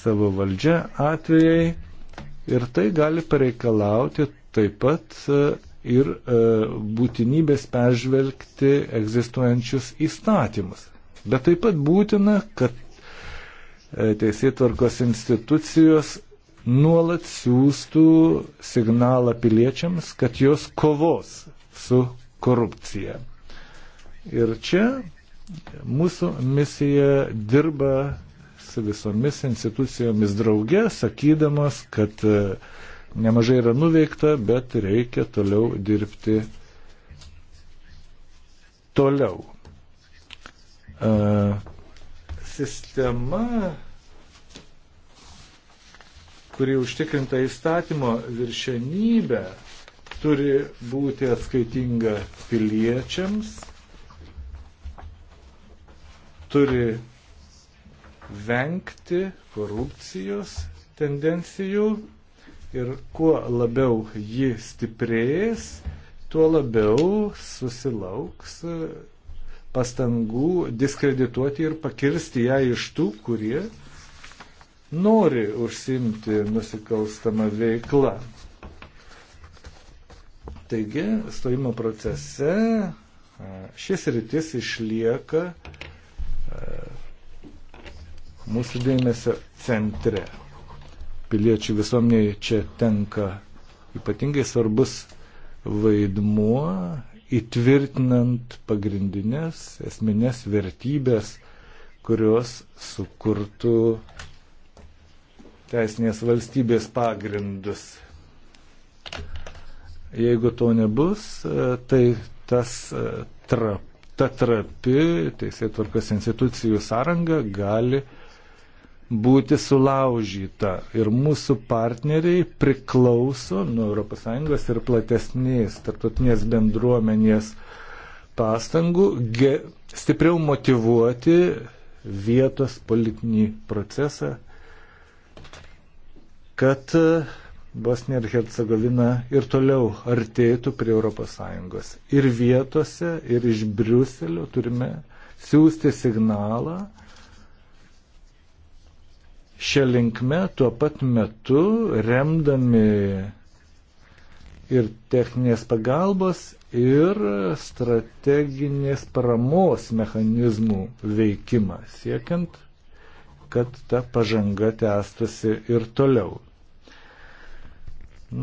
savo valdžia atvejai ir tai gali pareikalauti taip pat e, ir e, būtinybės peržvelgti egzistuojančius įstatymus. Bet taip pat būtina, kad e, teisėtvarkos institucijos nuolat siūstų signalą piliečiams, kad jos kovos su korupcija. Ir čia mūsų misija dirba su visomis institucijomis drauge, sakydamas, kad uh, Nemažai yra nuveikta, bet reikia toliau dirbti toliau. Uh, sistema, kuri užtikrinta įstatymo viršenybę, turi būti atskaitinga piliečiams, turi vengti korupcijos tendencijų Ir kuo labiau ji stiprės, tuo labiau susilauks e, pastangų diskredituoti ir pakirsti ją iš tų, kurie nori užsimti nusikalstamą veiklą. Taigi, stojimo procese e, šis rytis išlieka e, mūsų dėmesio centre piliečių visuomeniai čia tenka ypatingai svarbus vaidmuo įtvirtinant pagrindinės esminės vertybės, kurios sukurtų teisinės valstybės pagrindus. Jeigu to nebus, tai tas e, trap, ta trapi teisėtvarkos institucijų sąranga gali būti sulaužyta. Ir mūsų partneriai priklauso nuo ES ir platesnės tarptautinės bendruomenės pastangų ge, stipriau motivuoti vietos politinį procesą, kad Bosnija ir Hercegovina ir toliau artėtų prie ES. Ir vietose, ir iš Briuselio turime siūsti signalą, Šią linkmę tuo pat metu remdami ir techninės pagalbos, ir strateginės paramos mechanizmų veikimą, siekiant, kad ta pažanga tęstusi ir toliau.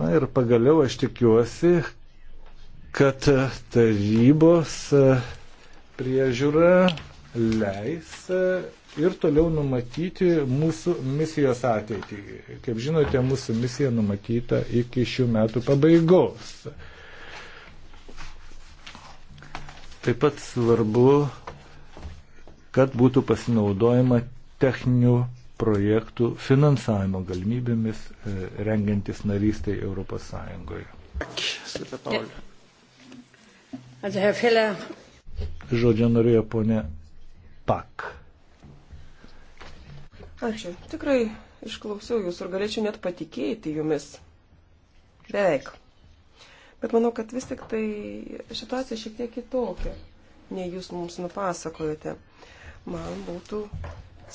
Na ir pagaliau aš tikiuosi, kad tarybos priežiūra leis e, ir toliau numatyti mūsų misijos ateitį. Kaip žinote, mūsų misija numatyta iki šių metų pabaigos. Taip pat svarbu, kad būtų pasinaudojama techninių projektų finansavimo galimybėmis e, rengiantis narystai Europos Sąjungoje. Žodžią norėjo ponė Pak.
Ačiū. Tikrai išklausiau jūs ir galėčiau net patikėti jumis. Beveik. Bet manau, kad vis tik tai situacija šiek tiek kitokia, nei jūs mums nupasakojate. Man būtų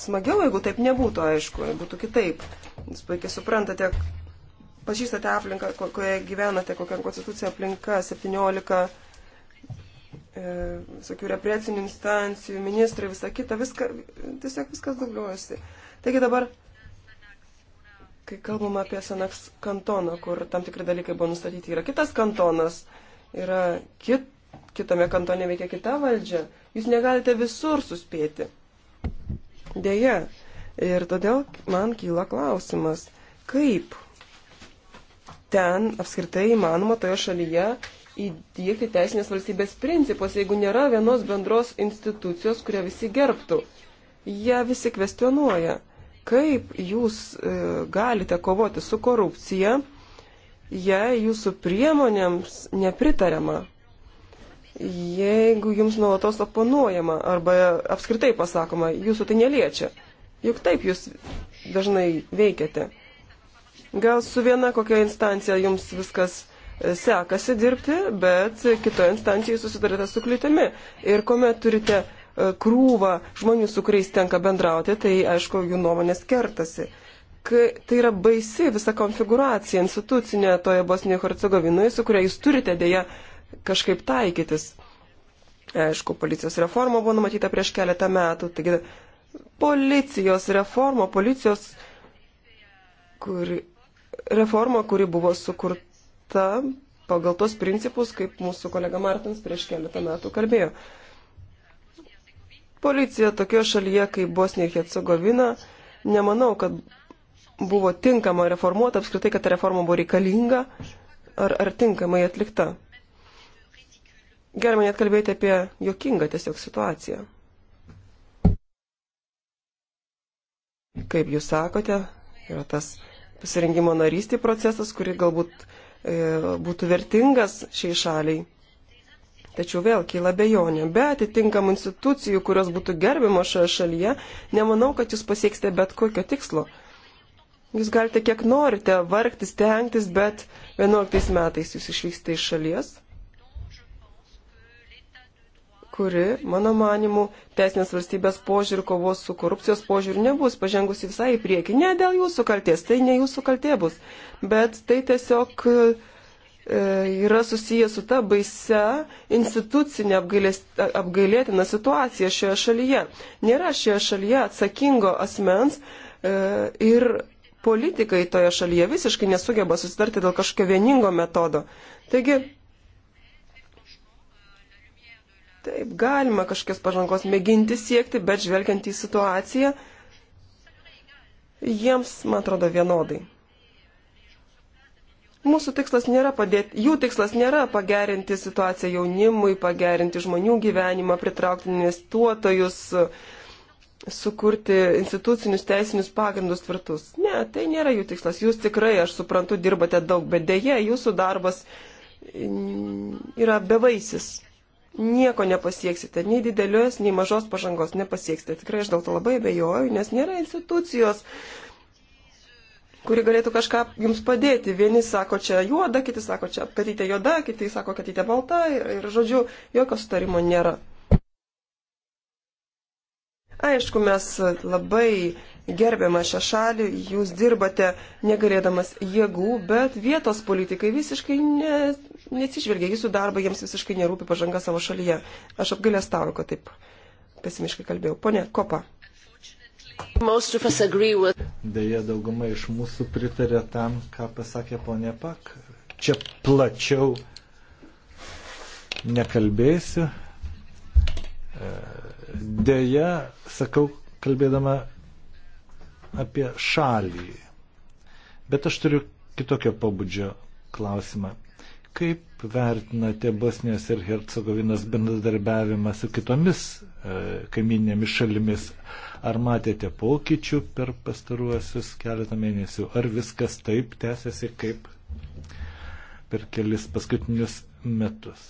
smagiau, jeigu taip nebūtų, aišku, būtų kitaip. Jūs puikiai suprantate, pažįstate aplinką, kurioje gyvenate, kokia konstitucija aplinka, 17 E, visokių represinių instancijų, ministrai, visa kita, viską, tiesiog viskas dubliuojasi. Taigi dabar, kai kalbam apie Sanaks kantoną, kur tam tikri dalykai buvo nustatyti, yra kitas kantonas, yra kit, kitame kantone veikia kita valdžia, jūs negalite visur suspėti. Deja. Ir todėl man kyla klausimas, kaip ten apskritai įmanoma toje šalyje įdėkti teisinės valstybės principus, jeigu nėra vienos bendros institucijos, kurią visi gerbtų. Jie visi kvestionuoja, kaip jūs e, galite kovoti su korupcija, jei jūsų priemonėms nepritariama, jeigu jums nuolatos oponuojama arba apskritai pasakoma, jūsų tai neliečia. Juk taip jūs dažnai veikiate. Gal su viena kokia instancija jums viskas sekasi dirbti, bet kitoje instancijoje susidarėte su kliūtimi. Ir kuomet turite e, krūvą žmonių, su kuriais tenka bendrauti, tai aišku, jų nuomonės kertasi. Kai tai yra baisi visa konfiguracija institucinė toje Bosnijoje Hercegovinoje, su kuria jūs turite dėja kažkaip taikytis. Aišku, policijos reforma buvo numatyta prieš keletą metų, taigi policijos reforma, policijos kuri, reforma, kuri buvo sukurta parengta pagal tos principus, kaip mūsų kolega Martins prieš keletą metų kalbėjo. Policija tokioje šalyje kaip Bosnija ir Hercegovina, nemanau, kad buvo tinkama reformuota, apskritai, kad ta reforma buvo reikalinga ar, ar tinkamai atlikta. Galima net kalbėti apie jokingą tiesiog situaciją. Kaip jūs sakote, yra tas pasirinkimo narystį procesas, kurį galbūt E, būtų vertingas šiai šaliai. Tačiau vėl kyla bejonė. Be atitinkamų institucijų, kurios būtų gerbimo šioje šalyje, nemanau, kad jūs pasieksite bet kokio tikslo. Jūs galite kiek norite vargti, stengtis, bet 11 metais jūs išvyksite iš šalies kuri, mano manimu, teisinės valstybės požiūrį, kovos su korupcijos požiūrį nebus pažengusi visai į priekį. Ne dėl jūsų kalties, tai ne jūsų kaltė bus, bet tai tiesiog e, yra susiję su ta baise institucinė apgailėtina situacija šioje šalyje. Nėra šioje šalyje atsakingo asmens e, ir politikai toje šalyje visiškai nesugeba susitarti dėl kažkokio vieningo metodo. Taigi, Taip, galima kažkokios pažangos mėginti siekti, bet žvelgiant į situaciją, jiems, man atrodo, vienodai. Mūsų tikslas nėra padėti, jų tikslas nėra pagerinti situaciją jaunimui, pagerinti žmonių gyvenimą, pritraukti investuotojus, sukurti institucinius teisinius pagrindus tvirtus. Ne, tai nėra jų tikslas. Jūs tikrai, aš suprantu, dirbate daug, bet dėje jūsų darbas mm, yra bevaisis nieko nepasieksite, nei didelios, nei mažos pažangos nepasieksite. Tikrai aš dėl to labai bejoju, nes nėra institucijos, kuri galėtų kažką jums padėti. Vieni sako čia juoda, kiti sako čia katytė juoda, kiti sako katytė balta ir, ir žodžiu, jokio sutarimo nėra. Aišku, mes labai gerbiamą šią šalį, jūs dirbate negalėdamas jėgų, bet vietos politikai visiškai ne, neatsižvelgia jūsų darbą, jiems visiškai nerūpi pažanga savo šalyje. Aš apgailę stauju, kad taip pesimiškai kalbėjau. Pone, kopa.
Deja, dauguma iš mūsų pritarė tam, ką pasakė ponė Pak. Čia plačiau nekalbėsiu. E, deja, sakau, kalbėdama apie šalį. Bet aš turiu kitokio pabudžio klausimą. Kaip vertinate Bosnijos ir Hercegovinos bendradarbiavimą su kitomis e, kaiminėmis šalimis? Ar matėte pokyčių per pastaruosius keletą mėnesių? Ar viskas taip tęsiasi kaip per kelis paskutinius metus?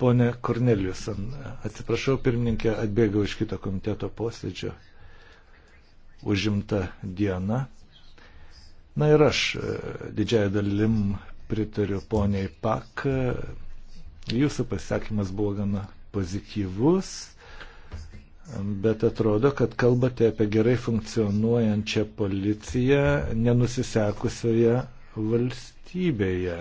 Pone Korneliusan, atsiprašau, pirmininkė atbėgau iš kito komiteto posėdžio. Užimta diena. Na ir aš e, didžiai dalim pritariu poniai Pak. E, jūsų pasisakymas buvo gana pozityvus, bet atrodo, kad kalbate apie gerai funkcionuojančią policiją nenusisekusioje valstybėje.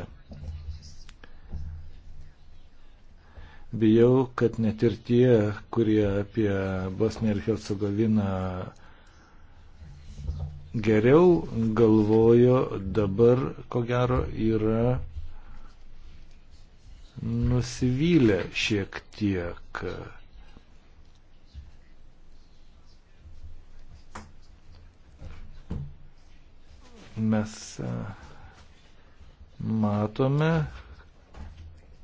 Bijau, kad net ir tie, kurie apie Bosniją ir Hercegoviną geriau galvojo, dabar ko gero yra nusivylę šiek tiek. Mes e, matome,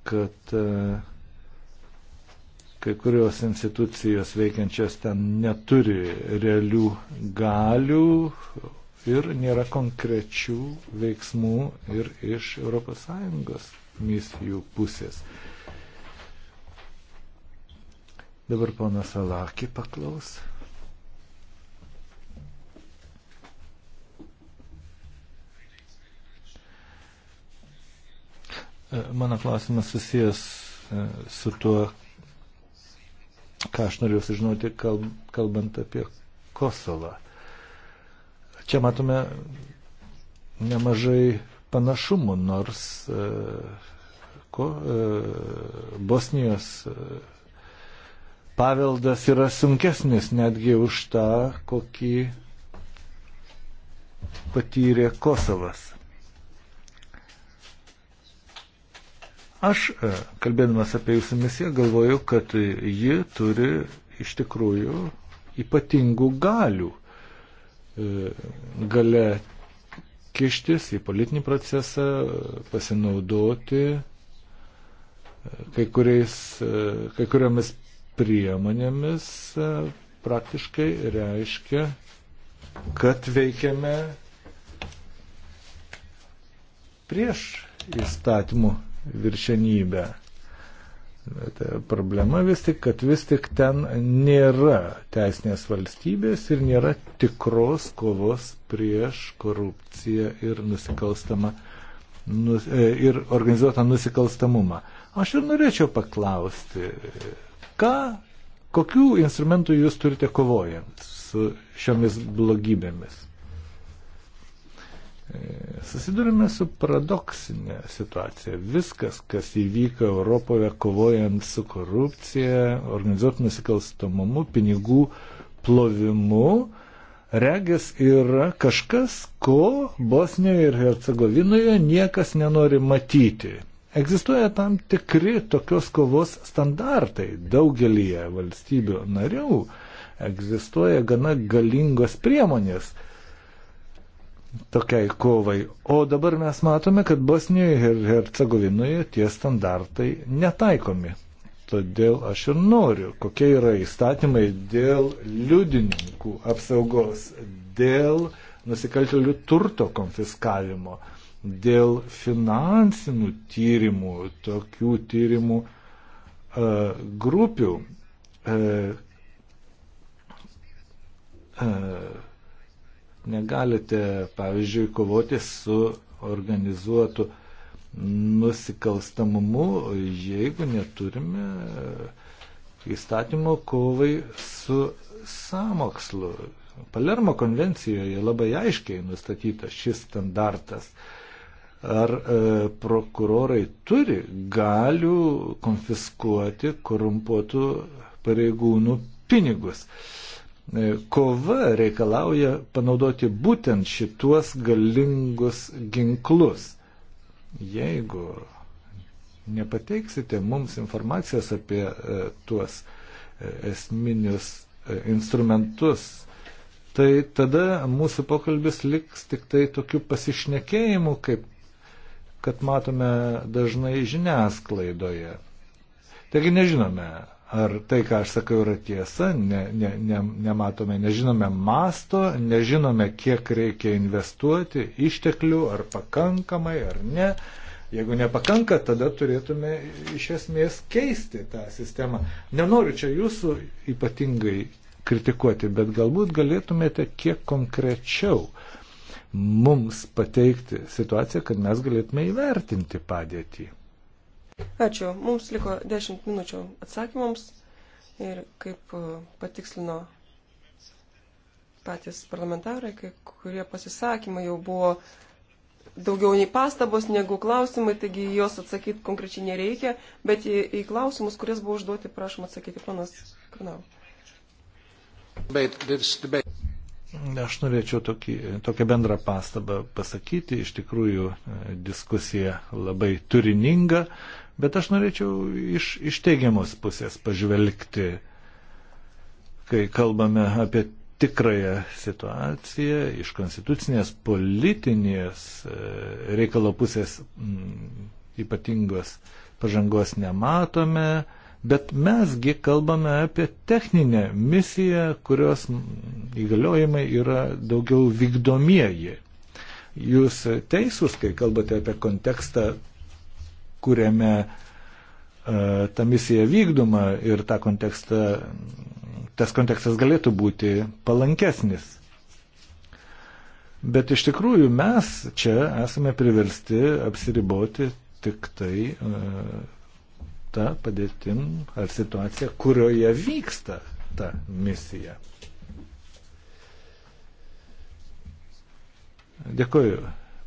kad uh, Kai kurios institucijos veikiančios ten neturi realių galių ir nėra konkrečių veiksmų ir iš ES misijų pusės. Dabar ponas Alaki paklaus. Mano klausimas susijęs e, su tuo, ką aš noriu sužinoti, kalb, kalbant apie Kosovą. Čia matome nemažai panašumų, nors e, ko, e, Bosnijos e, paveldas yra sunkesnis netgi už tą, kokį patyrė Kosovas. Aš, e, kalbėdamas apie jūsų misiją, galvoju, kad ji turi iš tikrųjų ypatingų galių. E, gale kištis į politinį procesą, pasinaudoti e, kai, kuriais, kai kuriomis priemonėmis praktiškai reiškia, kad veikiame prieš įstatymų viršenybę. Bet e, problema vis tik, kad vis tik ten nėra teisinės valstybės ir nėra tikros kovos prieš korupciją ir nusikalstamą nus, e, ir organizuotą nusikalstamumą. Aš ir norėčiau paklausti, ką, kokių instrumentų jūs turite kovojant su šiomis blogybėmis? Susidurime su paradoksinė situacija. Viskas, kas įvyko Europoje kovojant su korupcija, organizuotų nusikalstamumu, pinigų plovimu, regis yra kažkas, ko Bosnijoje ir Hercegovinoje niekas nenori matyti. Egzistuoja tam tikri tokios kovos standartai daugelįje valstybių narių. Egzistuoja gana galingos priemonės tokiai kovai. O dabar mes matome, kad Bosnijoje ir Hercegovinoje tie standartai netaikomi. Todėl aš ir noriu, kokie yra įstatymai dėl liudininkų apsaugos, dėl nusikaltėlių turto konfiskavimo, dėl finansinių tyrimų, tokių tyrimų uh, grupių. Uh, uh, Negalite, pavyzdžiui, kovoti su organizuotu nusikalstamumu, jeigu neturime e, įstatymo kovai su samokslu. Palermo konvencijoje labai aiškiai nustatytas šis standartas. Ar e, prokurorai turi galių konfiskuoti korumpuotų pareigūnų pinigus? E, E, kova reikalauja panaudoti būtent šituos galingus ginklus. Jeigu nepateiksite mums informacijos apie e, tuos e, esminius instrumentus, tai tada mūsų pokalbis liks tik tai tokiu pasišnekėjimu, kaip kad matome dažnai žiniasklaidoje. Taigi nežinome, ar tai, ką aš sakau, yra tiesa, ne, ne, ne, nematome, nežinome masto, nežinome, kiek reikia investuoti išteklių, ar pakankamai, ar ne. Jeigu nepakanka, tada turėtume iš esmės keisti tą sistemą. Nenoriu čia jūsų ypatingai kritikuoti, bet galbūt galėtumėte kiek konkrečiau mums pateikti situaciją, kad mes galėtume įvertinti padėtį.
Ačiū. Mums liko 10 minučių atsakymams ir kaip e, patikslino patys parlamentarai, kai kurie pasisakymai jau buvo daugiau nei pastabos, negu klausimai, taigi jos atsakyti konkrečiai nereikia, bet į, į klausimus, kurias buvo užduoti, prašom atsakyti panas Karnau.
Aš norėčiau tokį, tokią bendrą pastabą pasakyti. Iš tikrųjų, e, diskusija labai turininga, Bet aš norėčiau iš, iš teigiamos pusės pažvelgti, kai kalbame apie tikrąją situaciją iš konstitucinės politinės e, reikalo pusės m, mm, ypatingos pažangos nematome, bet mesgi kalbame apie techninę misiją, kurios mm, įgaliojimai yra daugiau vykdomieji. Jūs teisūs, kai kalbate apie kontekstą kuriame e, ta misija vykdoma ir ta konteksta, tas kontekstas galėtų būti palankesnis. Bet iš tikrųjų mes čia esame priversti apsiriboti tik tai e, ta padėtim ar situacija, kurioje vyksta ta misija. Dėkuoju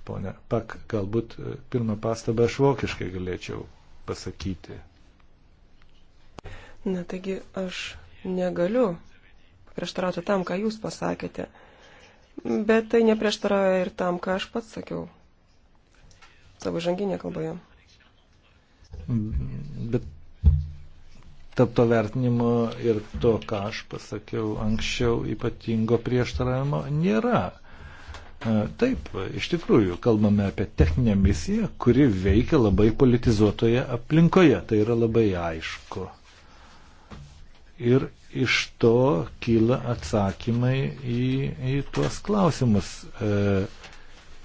ponia Pak, galbūt e, pirmą pastabą aš vokiškai galėčiau pasakyti.
Na taigi aš negaliu prieštarauti tam, ką jūs pasakėte, bet tai neprieštarauja ir tam, ką aš pats sakiau savo žanginė kalboje.
Mm, bet tarp to vertinimo ir to, ką aš pasakiau anksčiau, ypatingo prieštaravimo nėra. E, taip, iš tikrųjų, kalbame apie techninę misiją, kuri veikia labai politizuotoje aplinkoje. Tai yra labai aišku. Ir iš to kyla atsakymai į, į tuos klausimus. E,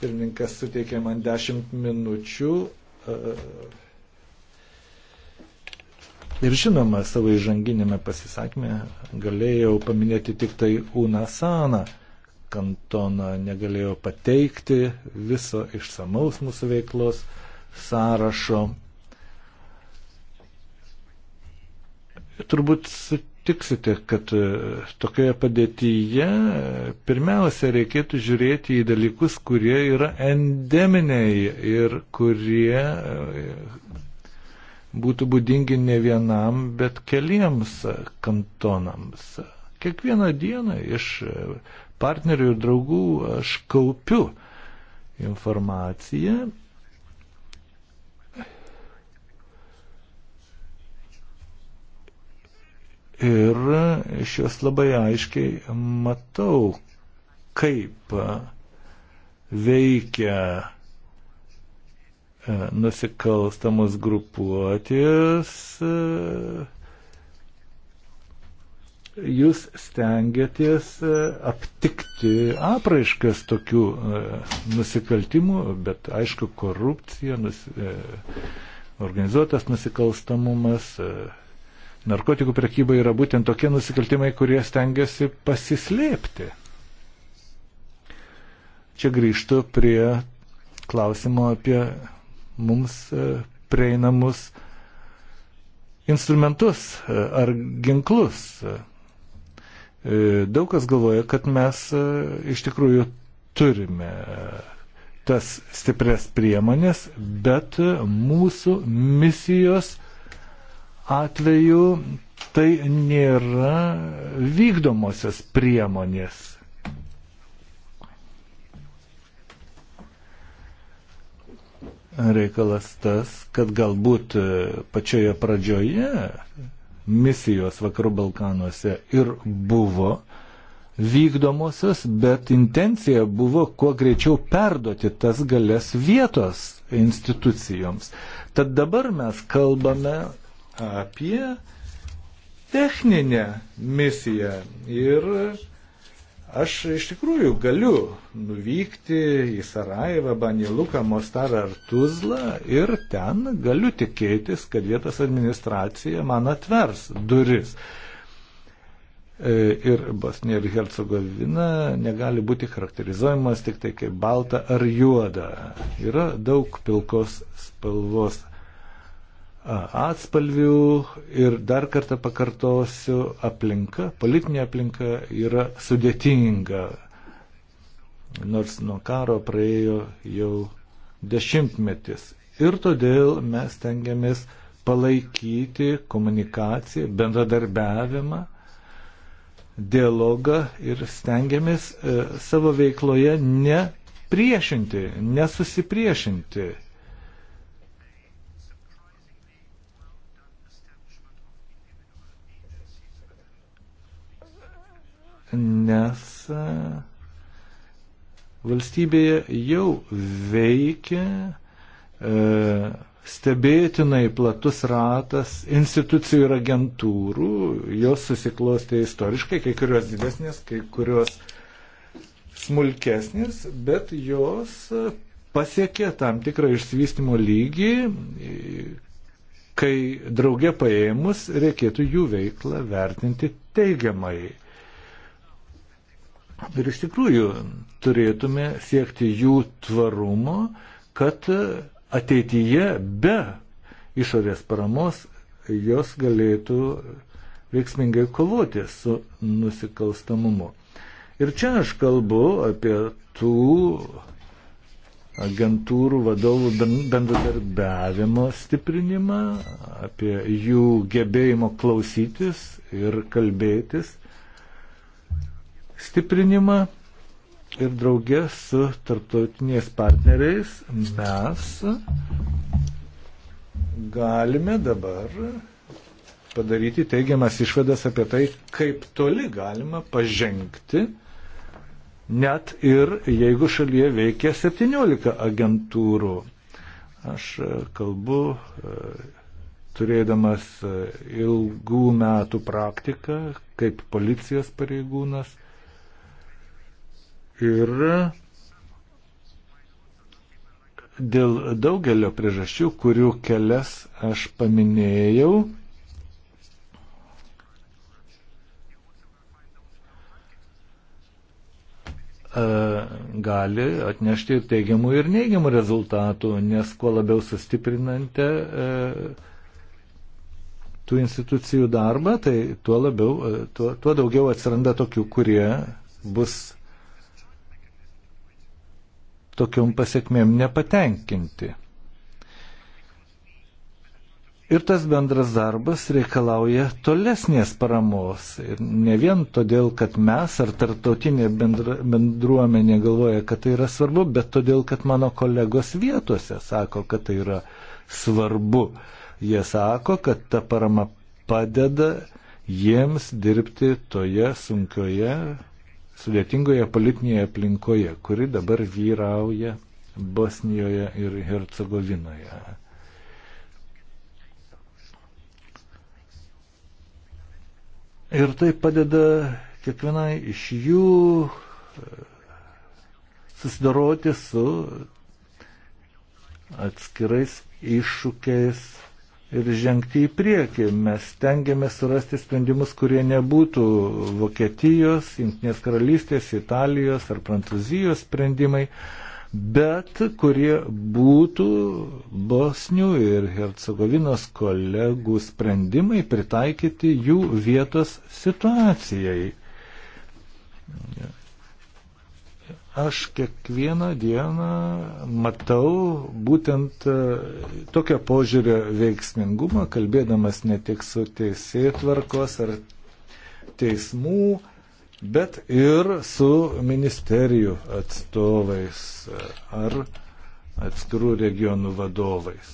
pirmininkas suteikė man 10 minučių. E, ir žinoma, savo įžanginėme pasisakymė galėjau paminėti tik tai Unasaną. E, kantona negalėjo pateikti viso išsamaus mūsų veiklos sąrašo. Turbūt sutiksite, kad e, tokioje padėtyje e, pirmiausia reikėtų žiūrėti į dalykus, kurie yra endeminiai ir kurie e, būtų būdingi ne vienam, bet keliems kantonams. Kiekvieną dieną iš partnerių ir draugų aš kaupiu informaciją. Ir iš jos labai aiškiai matau, kaip veikia e, nusikalstamos grupuotės, e, jūs stengiatės e, aptikti apraiškas tokių e, nusikaltimų, bet aišku, korupcija, nus, e, organizuotas nusikalstamumas, narkotikų prekyba yra būtent tokie nusikaltimai, kurie stengiasi pasislėpti. Čia grįžtu prie klausimo apie mums prieinamus instrumentus ar ginklus. E, daug kas galvoja, kad mes e, iš tikrųjų turime tas stipres priemonės, bet mūsų misijos atveju tai nėra vykdomosios priemonės. Reikalas tas, kad galbūt pačioje pradžioje misijos Vakarų Balkanuose ir buvo vykdomosios, bet intencija buvo kuo greičiau perduoti tas galės vietos institucijoms. Tad dabar mes kalbame apie techninę misiją ir Aš iš tikrųjų galiu nuvykti į Sarajevą, Banjeluką, Mostarą ar Tuzlą ir ten galiu tikėtis, kad vietos administracija man atvers duris. E, ir Bosnija ir Hercegovina negali būti charakterizuojamas tik tai kaip balta ar juoda. Yra daug pilkos spalvos atspalvių ir dar kartą pakartosiu, aplinka, politinė aplinka yra sudėtinga. Nors nuo karo praėjo jau dešimtmetis. Ir todėl mes tengiamės palaikyti komunikaciją, bendradarbiavimą, dialogą ir stengiamės e, savo veikloje nepriešinti, nesusipriešinti nes e, valstybėje jau veikia e, stebėtinai platus ratas institucijų ir agentūrų, jos susiklostė istoriškai, kai kurios didesnės, kai kurios smulkesnės, bet jos pasiekė tam tikrą išsivystimo lygį, kai draugė paėmus reikėtų jų veiklą vertinti teigiamai. Ir iš tikrųjų turėtume siekti jų tvarumo, kad ateityje be išorės paramos jos galėtų veiksmingai kovoti su nusikalstamumu. Ir čia aš kalbu apie tų agentūrų vadovų bendradarbiavimo stiprinimą, apie jų gebėjimo klausytis ir kalbėtis stiprinimą ir draugė su tarptautiniais partneriais mes galime dabar padaryti teigiamas išvadas apie tai, kaip toli galima pažengti, net ir jeigu šalyje veikia 17 agentūrų. Aš e, kalbu e, turėdamas e, ilgų metų praktiką kaip policijos pareigūnas, Ir dėl daugelio priežasčių, kurių kelias aš paminėjau, gali atnešti ir teigiamų, ir neigiamų rezultatų, nes kuo labiau sustiprinate tų institucijų darbą, tai tuo, labiau, e, tuo, tuo daugiau atsiranda tokių, kurie bus tokiom pasiekmėm nepatenkinti. Ir tas bendras darbas reikalauja tolesnės paramos. Ir ne vien todėl, kad mes ar tartautinė bendra, bendruomenė galvoja, kad tai yra svarbu, bet todėl, kad mano kolegos vietose sako, kad tai yra svarbu. Jie sako, kad ta parama padeda jiems dirbti toje sunkioje sudėtingoje politinėje aplinkoje, kuri dabar vyrauja Bosnijoje ir Hercegovinoje. Ir tai padeda kiekvienai iš jų e, susidoroti su atskirais iššūkiais ir žengti į priekį. Mes tengiamės surasti sprendimus, kurie nebūtų Vokietijos, Junktinės karalystės, Italijos ar Prancūzijos sprendimai, bet kurie būtų Bosnių ir Hercegovinos kolegų sprendimai pritaikyti jų vietos situacijai aš kiekvieną dieną matau būtent e, tokio požiūrio veiksmingumą, kalbėdamas ne tik su teisėtvarkos ar teismų, bet ir su ministerijų atstovais e, ar atskirų regionų vadovais.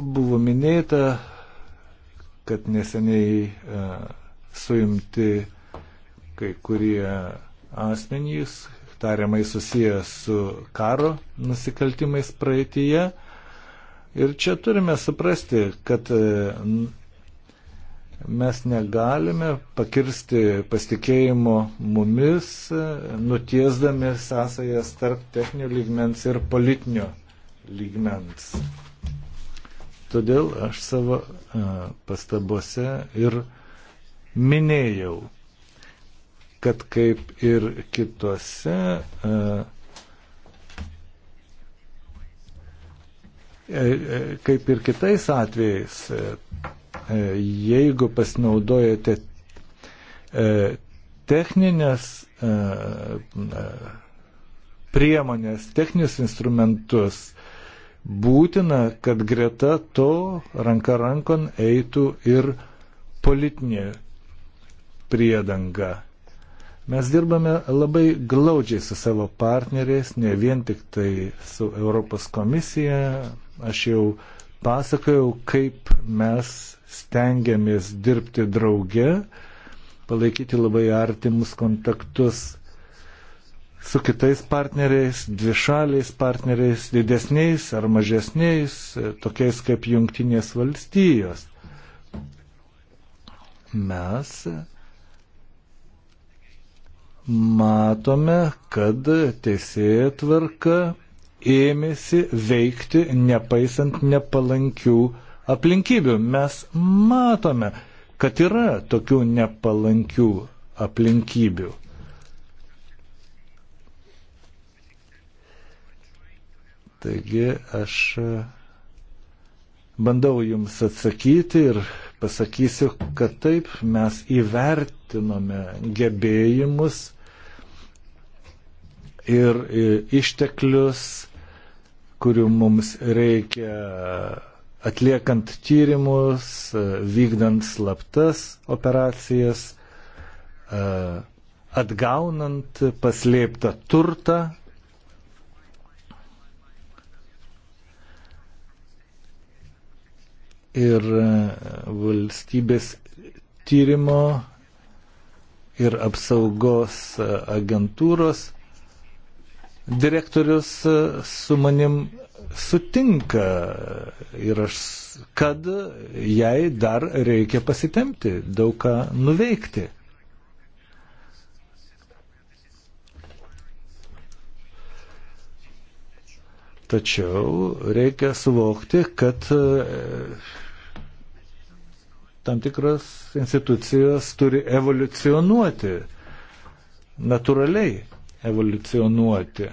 Buvo minėta kad neseniai e, suimti kai kurie asmenys, tariamai susiję su karo nusikaltimais praeitįje. Ir čia turime suprasti, kad e, mes negalime pakirsti pasitikėjimo mumis, e, nutiesdami sąsajas tarp techninio lygmens ir politinio lygmens. Todėl aš savo e, pastabose ir minėjau, kad kaip ir kitose e, e, kaip ir kitais atvejais, jeigu pasinaudojate techninės priemonės, techninius instrumentus, būtina, kad greta to ranka rankon eitų ir politinė priedanga. Mes dirbame labai glaudžiai su savo partneriais, ne vien tik tai su Europos komisija. Aš jau pasakojau, kaip mes stengiamės dirbti drauge, palaikyti labai artimus kontaktus su kitais partneriais, dvišaliais partneriais, didesniais ar mažesniais, e, tokiais kaip Junktinės valstijos. Mes matome, kad teisėja tvarka ėmėsi veikti nepaisant nepalankių aplinkybių. Mes matome, kad yra tokių nepalankių aplinkybių. Taigi aš e, bandau jums atsakyti ir pasakysiu, kad taip mes įvertinome gebėjimus ir e, išteklius, kurių mums reikia atliekant tyrimus, e, vykdant slaptas operacijas, atgaunant paslėptą turtą ir e, valstybės tyrimo ir apsaugos e, agentūros direktorius e, su manim sutinka ir aš, kad jai dar reikia pasitemti, daug ką nuveikti. Tačiau reikia suvokti, kad e, tam tikros institucijos turi evoliucionuoti, natūraliai evoliucionuoti.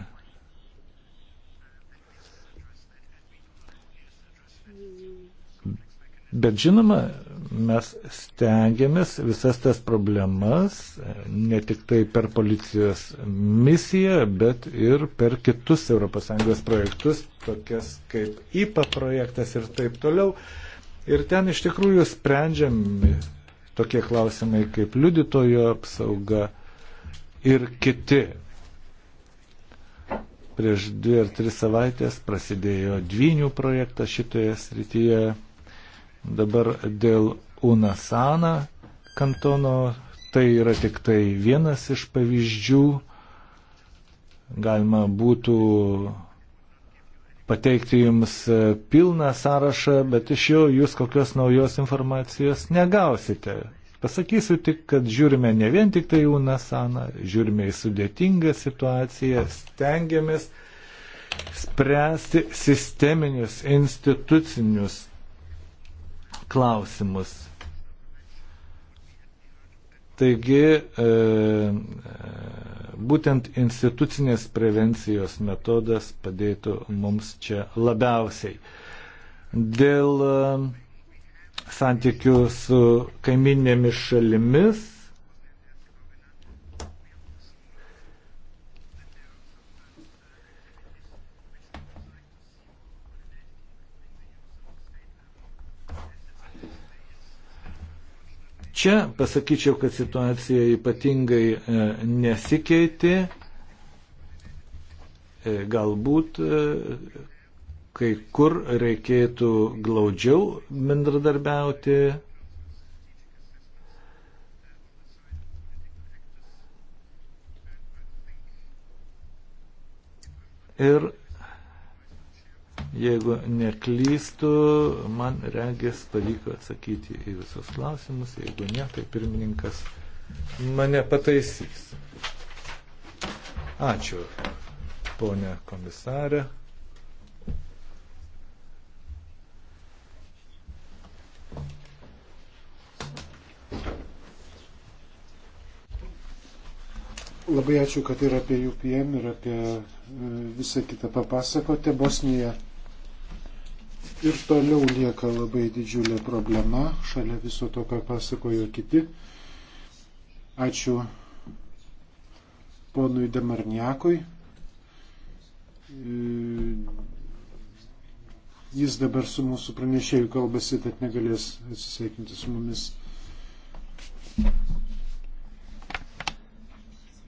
Bet žinoma, mes stengiamės visas tas problemas, ne tik tai per policijos misiją, bet ir per kitus ES projektus, tokias kaip IPA projektas ir taip toliau. Ir ten iš tikrųjų sprendžiami tokie klausimai kaip liudytojo apsauga ir kiti. Prieš dvi ar tris savaitės prasidėjo dvinių projektas šitoje srityje Dabar dėl Unasana kantono tai yra tik tai vienas iš pavyzdžių. Galima būtų pateikti jums pilną sąrašą, bet iš jo jūs kokios naujos informacijos negausite. Pasakysiu tik, kad žiūrime ne vien tik tai UNASANą, žiūrime į sudėtingą situaciją, stengiamės spręsti sisteminius, institucinius klausimus. Taigi, e, būtent institucinės prevencijos metodas padėtų mums čia labiausiai. Dėl e, santykių su kaiminėmis šalimis Čia pasakyčiau, kad situacija ypatingai e, nesikeitė. E, galbūt e, kai kur reikėtų glaudžiau bendradarbiauti. Ir Jeigu neklystu, man regės pavyko atsakyti į visus klausimus, jeigu ne, tai pirmininkas mane pataisys. Ačiū, ponė komisarė.
Labai ačiū, kad ir apie UPM, ir apie e, visą kitą papasakote. Bosnija ir toliau lieka labai didžiulė problema, šalia viso to, ką pasakojo kiti. Ačiū ponui Demarniakui. Jis dabar su mūsų pranešėjų kalbasi, tad negalės atsisveikinti su mumis.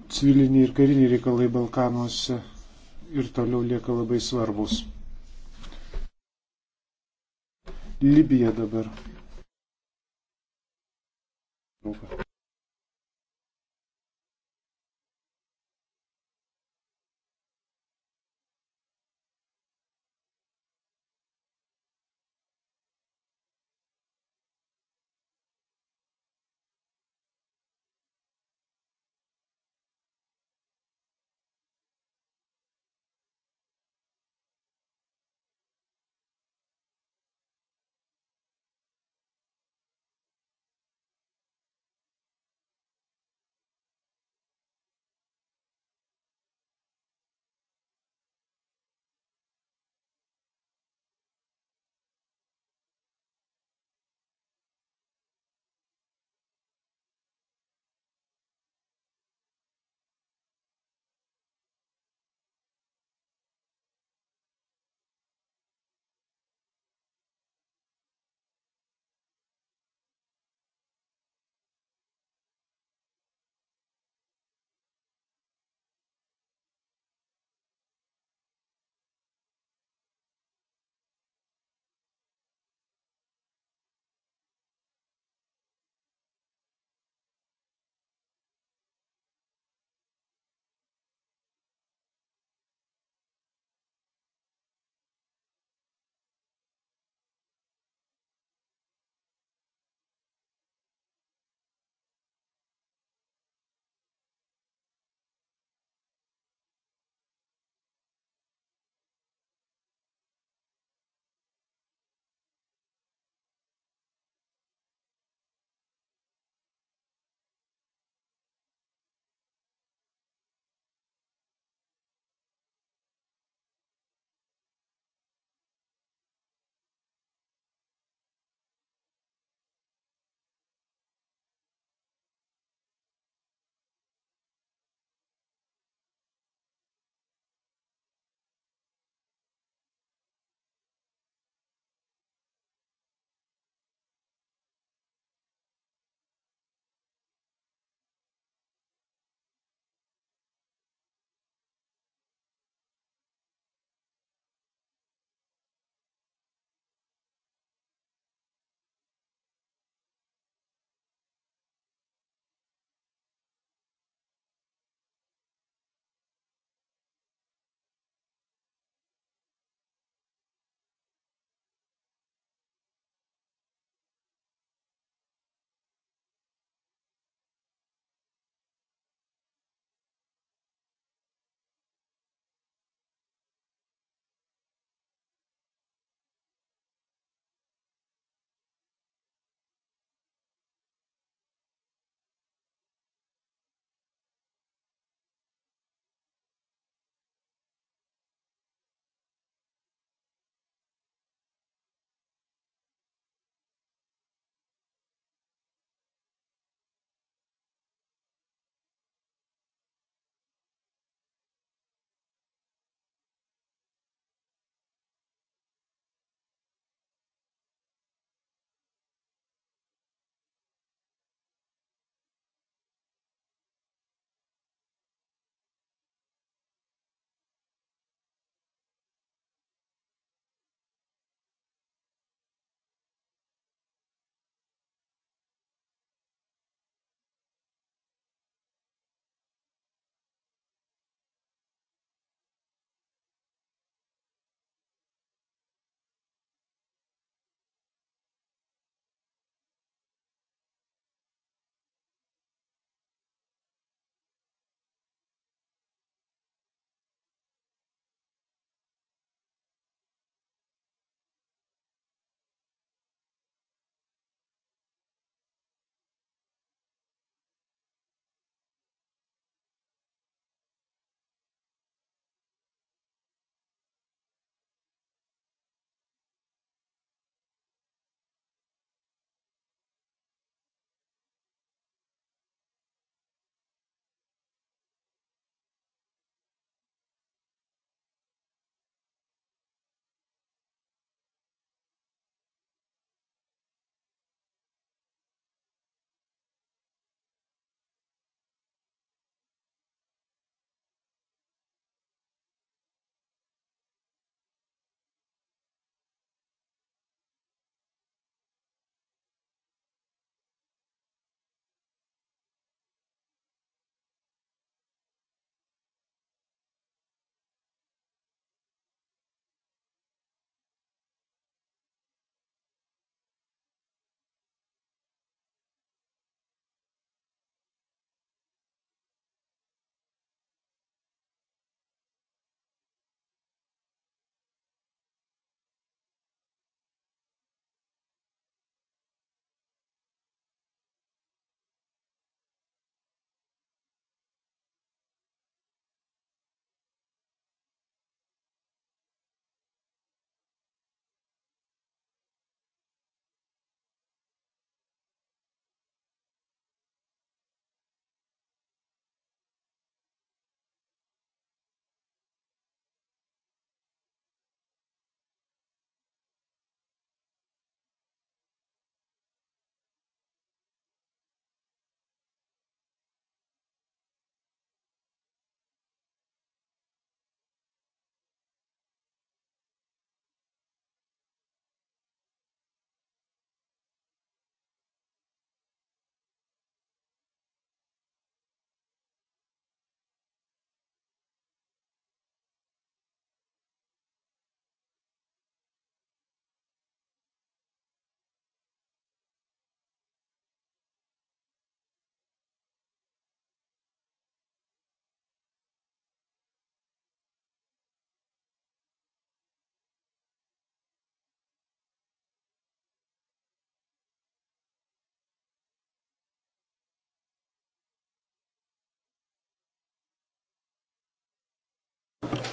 Civiliniai ir kariniai reikalai Balkanuose ir toliau lieka labai svarbus. Libija dabar.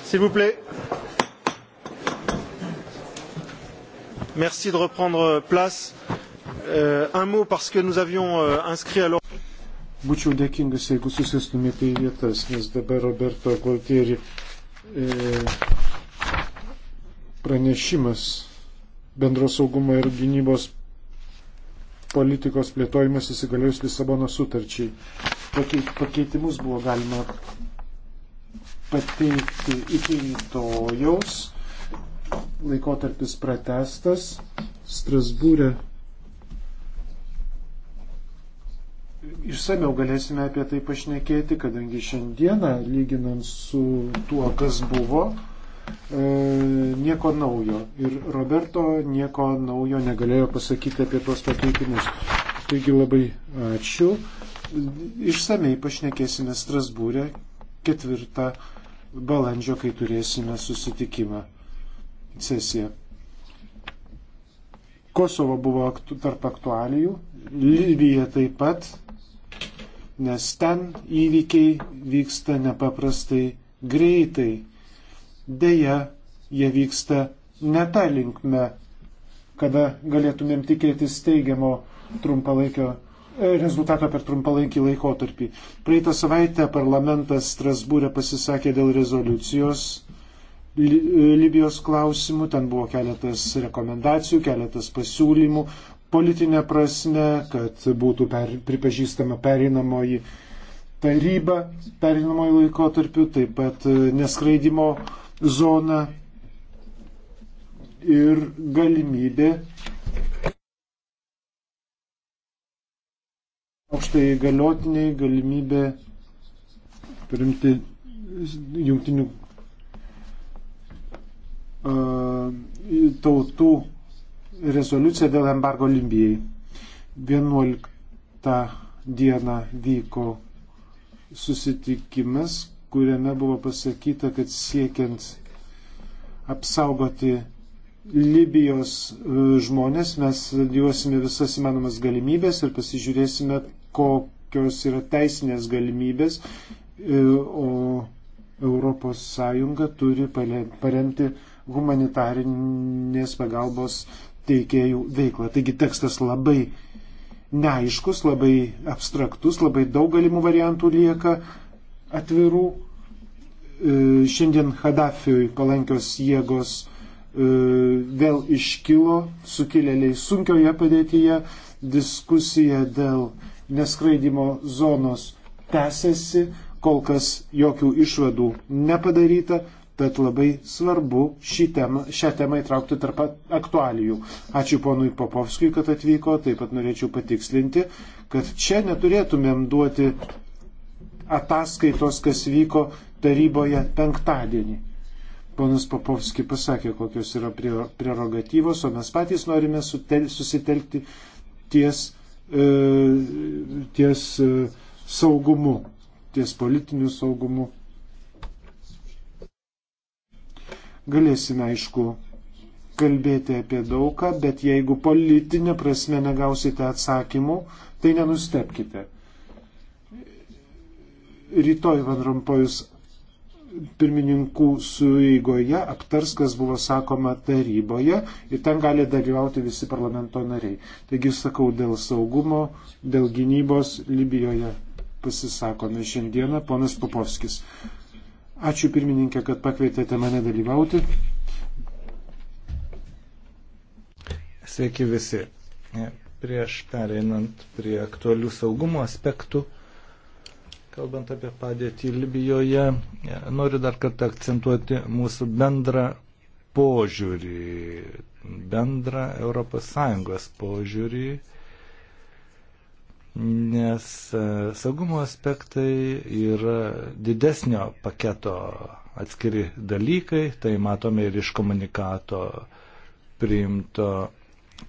S'il vous plaît. Merci de reprendre euh, place. Euh, un mot parce que nous avions euh, inscrit alors. Būčiau dėkingas, jeigu susistumėte į vietas, nes dabar Roberto Gualtieri e, pranešimas bendros saugumo ir gynybos politikos plėtojimas įsigaliojus Lisabono sutarčiai. Pakeitimus buvo galima pateikti iki rytojaus. Laikotarpis pratestas. Strasbūrė išsameu galėsime apie tai pašnekėti, kadangi šiandieną, lyginant su tuo, kas buvo, e, nieko naujo. Ir Roberto nieko naujo negalėjo pasakyti apie tuos pakeitimus. Taigi labai ačiū. Išsamei pašnekėsime Strasbūrė ketvirtą balandžio, kai turėsime susitikimą sesiją. Kosovo buvo aktu, tarp aktualijų, Libija taip pat, nes ten įvykiai vyksta nepaprastai greitai. Deja, jie vyksta ne tą linkme, kada galėtumėm tikėtis teigiamo trumpalaikio E, rezultato per trumpalaikį laikotarpį. Praeitą savaitę parlamentas Strasbūrė pasisakė dėl rezoliucijos e, Libijos klausimų, ten buvo keletas rekomendacijų, keletas pasiūlymų, politinė prasme, kad būtų per, pripažįstama pereinamoji taryba, pereinamoji laikotarpiu, taip pat e, neskraidimo zona ir galimybė aukštai įgaliotiniai galimybė turimti jungtinių tautų rezoliuciją dėl embargo Limbijai. 11 dieną vyko susitikimas, kuriame buvo pasakyta, kad siekiant apsaugoti Libijos e, žmonės mes duosime visas įmanomas galimybės ir pasižiūrėsime, kokios yra teisinės galimybės, e, o ES turi paremti humanitarinės pagalbos teikėjų veiklą. Taigi tekstas labai neaiškus, labai abstraktus, labai daug galimų variantų lieka atvirų. E, šiandien Hadafiui palankios jėgos e, vėl iškilo, sukilėliai sunkioje padėtyje, diskusija dėl neskraidimo zonos tęsiasi, kol kas jokių išvadų nepadaryta, bet labai svarbu temą, šią temą įtraukti tarp aktualijų. Ačiū ponui Popovskijui, kad atvyko, taip pat norėčiau patikslinti, kad čia neturėtumėm duoti ataskaitos, kas vyko taryboje penktadienį. Ponas Popovski pasakė, kokios yra prerogatyvos, o mes patys norime sutel, susitelkti ties E, ties e, saugumu, ties politiniu saugumu. Galėsime, aišku, kalbėti apie daugą, bet jeigu politinė prasme negausite atsakymų, tai nenustepkite. Rytoj Van Rompojus pirmininkų sueigoje aptars, kas buvo sakoma taryboje ir ten gali dalyvauti visi parlamento nariai. Taigi, sakau, dėl saugumo, dėl gynybos Libijoje pasisakome šiandieną, ponas Popovskis. Ačiū pirmininkė, kad pakvietėte mane dalyvauti. Sveiki visi.
Prieš pereinant prie aktualių saugumo aspektų, Kalbant apie padėtį Libijoje, noriu dar kartą akcentuoti mūsų bendrą požiūrį, bendrą ES požiūrį, nes e, saugumo aspektai yra didesnio paketo atskiri dalykai, tai matome ir iš komunikato priimto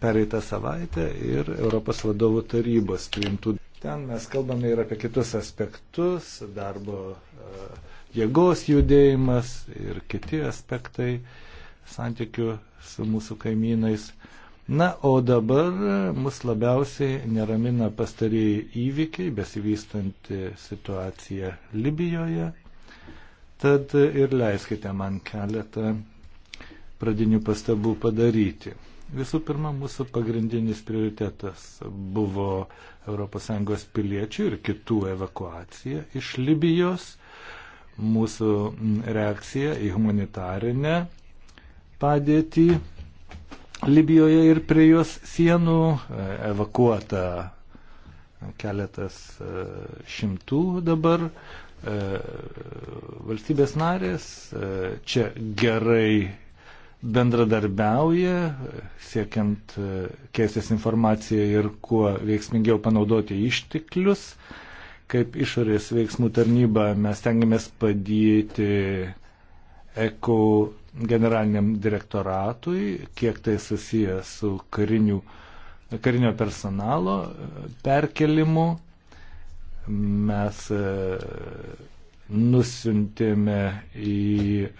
pereitą savaitę ir Europos vadovų tarybos priimtų Ten mes kalbame ir apie kitus aspektus, darbo e, jėgos judėjimas ir kiti aspektai santykių su mūsų kaimynais. Na, o dabar mus labiausiai neramina pastarėjai įvykiai, besivystanti situacija Libijoje. Tad ir leiskite man keletą pradinių pastabų padaryti. Visų pirma, mūsų pagrindinis prioritetas buvo ES piliečių ir kitų evakuaciją iš Libijos. Mūsų reakcija į humanitarinę padėtį Libijoje ir prie jos sienų e, evakuota keletas e, šimtų dabar e, valstybės narės čia gerai bendradarbiauja, siekiant e, keistis informaciją ir kuo veiksmingiau panaudoti išteklius. Kaip išorės veiksmų tarnyba mes tengiamės padėti ECO generaliniam direktoratui, kiek tai susiję su karinių, karinio personalo perkelimu. Mes e, nusintėme į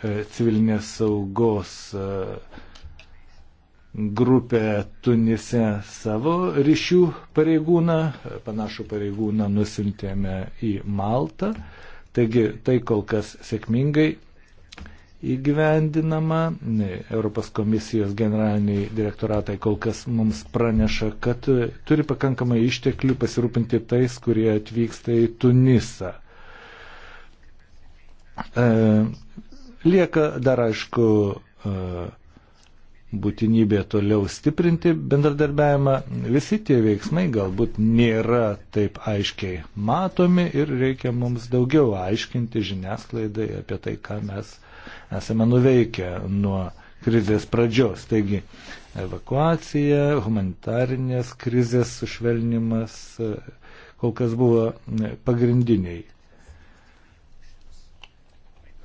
e, civilinės saugos e, grupę Tunise savo ryšių pareigūną, e, panašų pareigūną nusintėme į Maltą. Taigi tai kol kas sėkmingai įgyvendinama. Europos komisijos generaliniai direktoratai kol kas mums praneša, kad turi pakankamai išteklių pasirūpinti tais, kurie atvyksta į Tunisą. E, lieka dar aišku e, būtinybė toliau stiprinti bendradarbiavimą. Visi tie veiksmai galbūt nėra taip aiškiai matomi ir reikia mums daugiau aiškinti žiniasklaidai apie tai, ką mes esame nuveikę nuo krizės pradžios. Taigi evakuacija, humanitarinės krizės sušvelnimas e, kol kas buvo pagrindiniai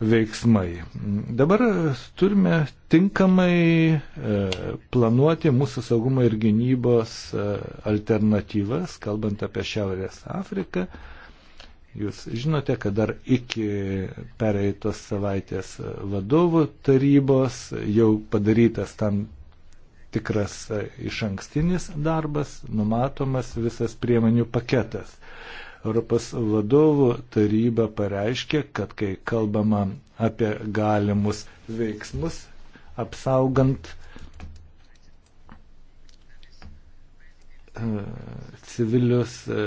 veiksmai. Dabar turime tinkamai e, planuoti mūsų saugumo ir gynybos e, alternatyvas, kalbant apie Šiaurės Afriką. Jūs žinote, kad dar iki pereitos savaitės vadovų tarybos jau padarytas tam tikras e, iš ankstinis darbas, numatomas visas priemonių paketas. Europos vadovų taryba pareiškė, kad kai kalbama apie galimus veiksmus apsaugant e, civilius e,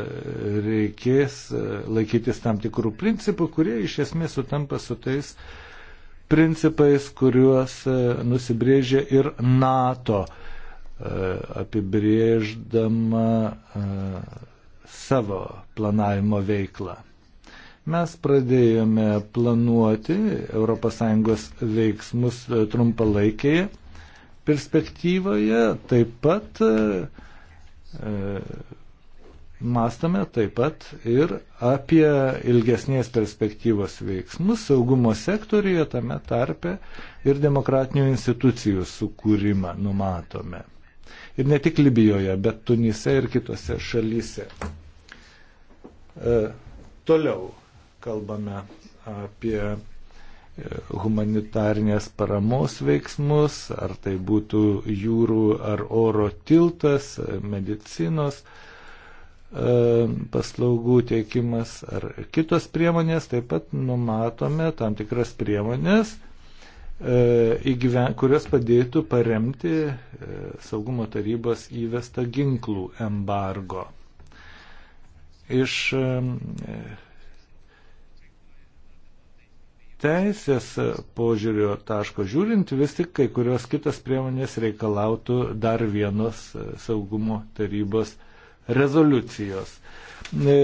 reikės e, laikytis tam tikrų principų, kurie iš esmės sutampa su tais principais, kuriuos nusibrėžė ir NATO apibrėždama savo planavimo veiklą. Mes pradėjome planuoti ES veiksmus e, trumpalaikėje perspektyvoje, taip pat e, e mastome taip pat ir apie ilgesnės perspektyvos veiksmus saugumo sektorijoje, tame tarpe ir demokratinių institucijų sukūrimą numatome. Ir ne tik Libijoje, bet Tunise ir kitose šalyse. E, toliau kalbame apie e, humanitarnės paramos veiksmus, ar tai būtų jūrų ar oro tiltas, e, medicinos paslaugų teikimas ar kitos priemonės, taip pat numatome tam tikras priemonės, kurios padėtų paremti saugumo tarybos įvestą ginklų embargo iš teisės požiūrio taško žiūrint, vis tik kai kurios kitas priemonės reikalautų dar vienos e, saugumo tarybos rezoliucijos. E,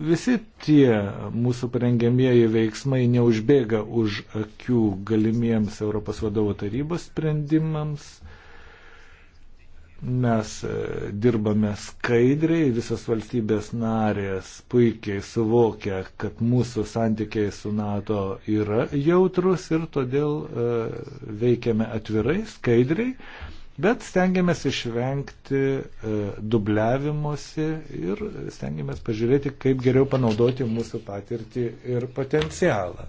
visi tie mūsų parengėmieji veiksmai neužbėga už akių galimiems Europos vadovų tarybos sprendimams Mes e, dirbame skaidriai, visas valstybės narės puikiai suvokia, kad mūsų santykiai su NATO yra jautrus ir todėl e, veikiame atvirai, skaidriai, bet stengiamės išvengti e, dubliavimuose ir stengiamės pažiūrėti, kaip geriau panaudoti mūsų patirtį ir potencialą.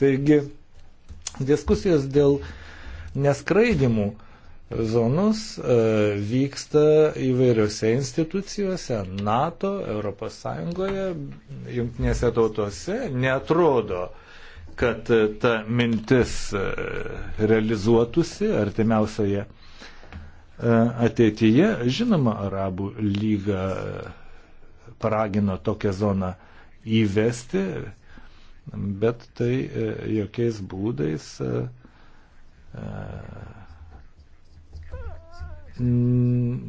Taigi, diskusijos dėl neskraidimų zonus e, vyksta įvairiose institucijose, NATO, ES, jungtinėse tautose. Netrodo, kad ta mintis e, realizuotųsi artimiausioje e, ateityje. Žinoma, Arabų lyga paragino tokią zoną įvesti, bet tai jokiais būdais Mm,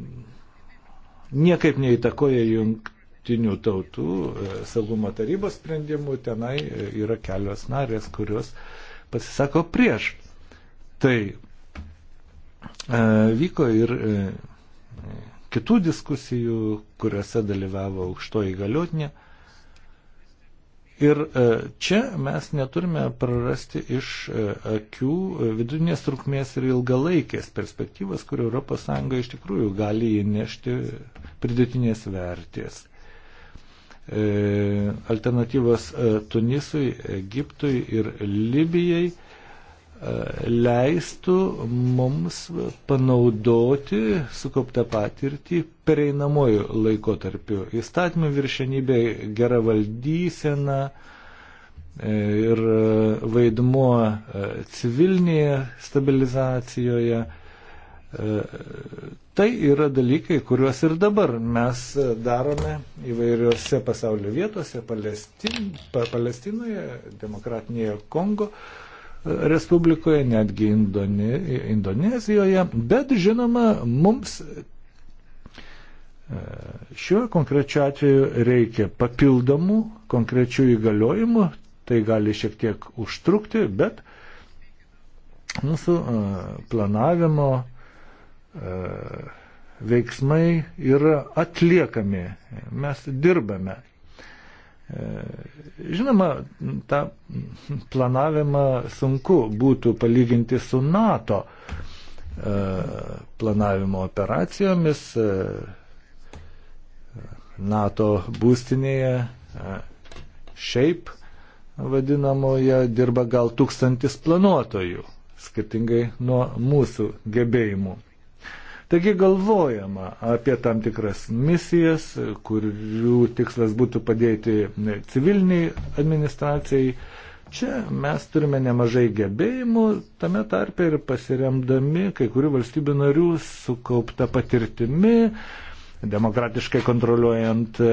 niekaip neįtakoja jungtinių tautų e, saugumo tarybos sprendimų, tenai e, yra kelios narės, kurios pasisako prieš. Tai e, vyko ir kitų diskusijų, kuriuose dalyvavo aukštoji galiotinė. Ir e, čia mes neturime prarasti iš e, akių e, vidurinės trukmės ir ilgalaikės perspektyvas, kur ES iš tikrųjų gali įnešti pridėtinės vertės. Alternatyvos Tunisui, Egiptui ir Libijai leistų mums panaudoti sukauptą patirtį pereinamojų laikotarpių. Įstatymų viršenybė, gera valdysena e, ir vaidmuo e, civilinėje stabilizacijoje. E, tai yra dalykai, kuriuos ir dabar mes darome įvairiose pasaulio vietose, Palestin, Palestinoje, Demokratinėje Kongo. Uh, Respublikoje, netgi Indone, Indonezijoje, bet žinoma, mums e, šiuo konkrečiu atveju reikia papildomų konkrečių įgaliojimų, tai gali šiek tiek užtrukti, bet mūsų e, planavimo e, veiksmai yra atliekami, mes dirbame E, žinoma, tą planavimą sunku būtų palyginti su NATO e, planavimo operacijomis. E, NATO būstinėje šiaip vadinamoje dirba gal tūkstantis planuotojų, skirtingai nuo mūsų gebėjimų. Taigi galvojama apie tam tikras misijas, kurių tikslas būtų padėti civiliniai administracijai. Čia mes turime nemažai gebėjimų, tame tarpe ir pasiremdami kai kurių valstybių narių sukaupta patirtimi, demokratiškai kontroliuojant e,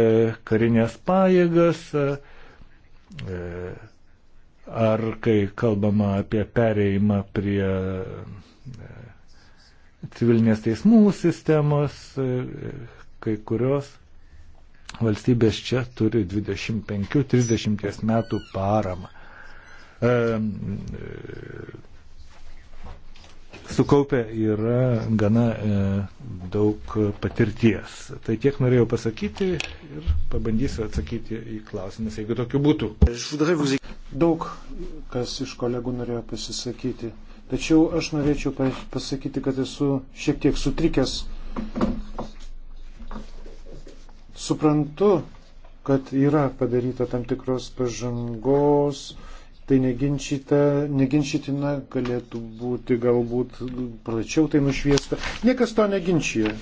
karinės pajėgas, e, ar kai kalbama apie pereimą prie civilinės teismų sistemos, kai kurios valstybės čia turi 25-30 metų paramą. E, sukaupę yra gana e, daug patirties. Tai tiek norėjau pasakyti ir pabandysiu atsakyti į klausimus, jeigu tokių
būtų. Daug kas iš kolegų norėjo pasisakyti. Tačiau aš norėčiau pasakyti, kad esu šiek tiek sutrikęs. Suprantu, kad yra padaryta tam tikros pažangos, tai neginčytina, galėtų būti galbūt plačiau tai nušviesta. Niekas to neginčia.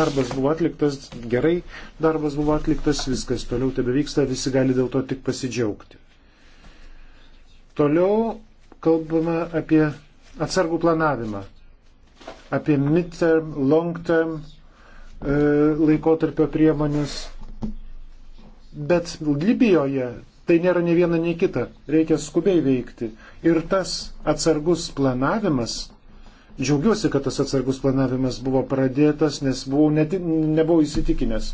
Darbas buvo atliktas gerai, darbas buvo atliktas, viskas toliau tebe vyksta, visi gali dėl to tik pasidžiaugti. Toliau kalbame apie atsargų planavimą, apie midterm, long term e, laikotarpio priemonės. Bet Libijoje tai nėra ne viena, ne kita. Reikia skubiai veikti. Ir tas atsargus planavimas, džiaugiuosi, kad tas atsargus planavimas buvo pradėtas, nes buvau net, nebuvau įsitikinęs.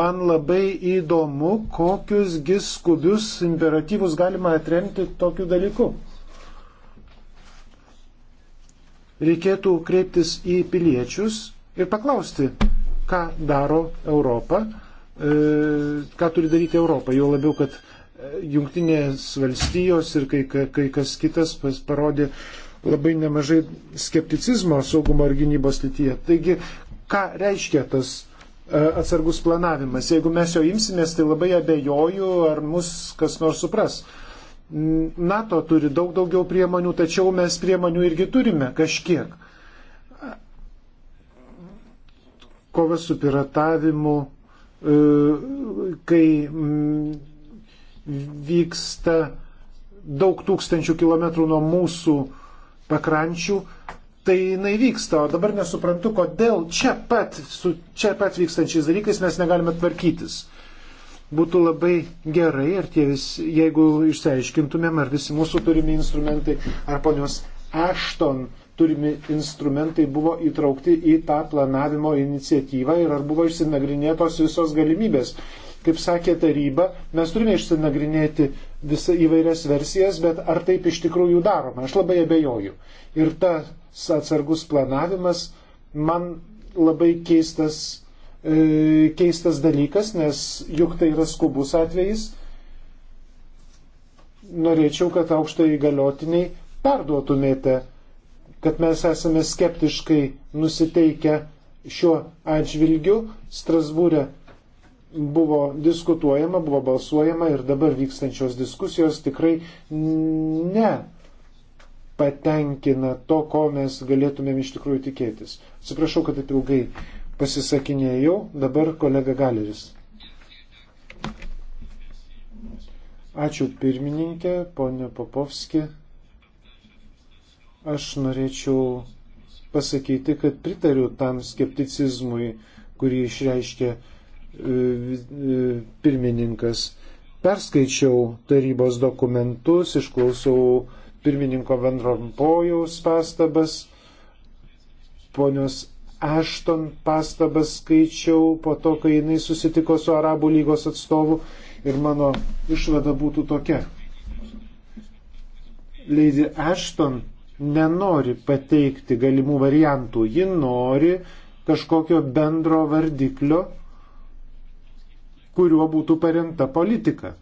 Man labai įdomu, kokius gis skubius imperatyvus galima atremti tokiu dalyku. reikėtų kreiptis į piliečius ir paklausti, ką daro Europa, e, ką turi daryti Europa. Jau labiau, kad e, jungtinės valstijos ir kai, kai kas kitas parodė labai nemažai skepticizmo saugumo ir gynybos lytyje. Taigi, ką reiškia tas e, atsargus planavimas? Jeigu mes jo imsimės, tai labai abejoju, ar mus kas nors supras. NATO turi daug daugiau priemonių, tačiau mes priemonių irgi turime kažkiek. Kova su piratavimu, e, kai mm, vyksta daug tūkstančių kilometrų nuo mūsų pakrančių, tai jinai vyksta. O dabar nesuprantu, kodėl čia pat, su čia pat vykstančiais dalykais mes negalime tvarkytis būtų labai gerai, ar tie visi, jeigu išsiaiškintumėm, ar visi mūsų turimi instrumentai, ar ponios Ashton turimi instrumentai buvo įtraukti į tą planavimo iniciatyvą ir ar buvo išsinagrinėtos visos galimybės. Kaip sakė taryba, mes turime išsinagrinėti visą įvairias versijas, bet ar taip iš tikrųjų daroma, aš labai abejoju. Ir tas atsargus planavimas man labai keistas e, keistas dalykas, nes juk tai yra skubus atvejis. Norėčiau, kad aukštai įgaliotiniai perduotumėte, kad mes esame skeptiškai nusiteikę šiuo atžvilgiu. Strasbūrė buvo diskutuojama, buvo balsuojama ir dabar vykstančios diskusijos tikrai ne patenkina to, ko mes galėtumėm iš tikrųjų tikėtis. Atsiprašau, kad taip ilgai pasisakinėjau, dabar kolega Galeris. Ačiū pirmininkė, ponė Popovski. Aš norėčiau pasakyti, kad pritariu tam skepticizmui, kurį išreiškė e, e, pirmininkas. Perskaičiau tarybos dokumentus, išklausiau pirmininko Vendrompojaus pastabas, ponios Ashton pastabas skaičiau po to, kai jinai susitiko su Arabų lygos atstovu ir mano išvada būtų tokia. Lady Ashton nenori pateikti galimų variantų, ji nori kažkokio bendro vardiklio, kuriuo būtų paremta politika.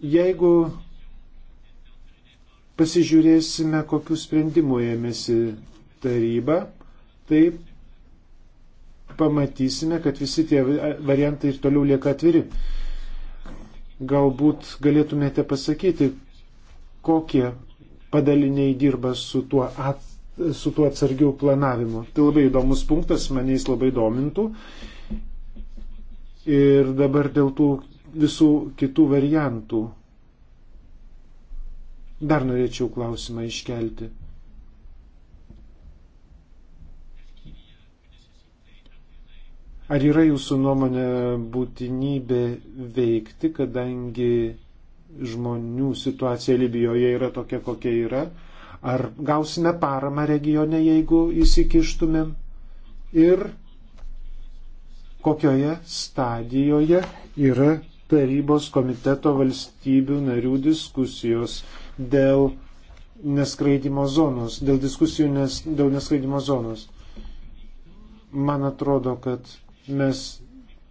Jeigu Pasižiūrėsime, kokiu sprendimu ėmėsi taryba. Taip pamatysime, kad visi tie variantai ir toliau lieka atviri. Galbūt galėtumėte pasakyti, kokie padaliniai dirba su tuo, at, su tuo atsargiau planavimu. Tai labai įdomus punktas, mane jis labai domintų. Ir dabar dėl tų visų kitų variantų Dar norėčiau klausimą iškelti. Ar yra jūsų nuomonė būtinybė veikti, kadangi žmonių situacija Libijoje yra tokia, kokia yra? Ar gausime paramą regione, jeigu įsikištumėm? Ir kokioje stadijoje yra tarybos komiteto valstybių narių diskusijos? dėl neskraidimo zonos, dėl diskusijų nes, dėl neskraidimo zonos. Man atrodo, kad mes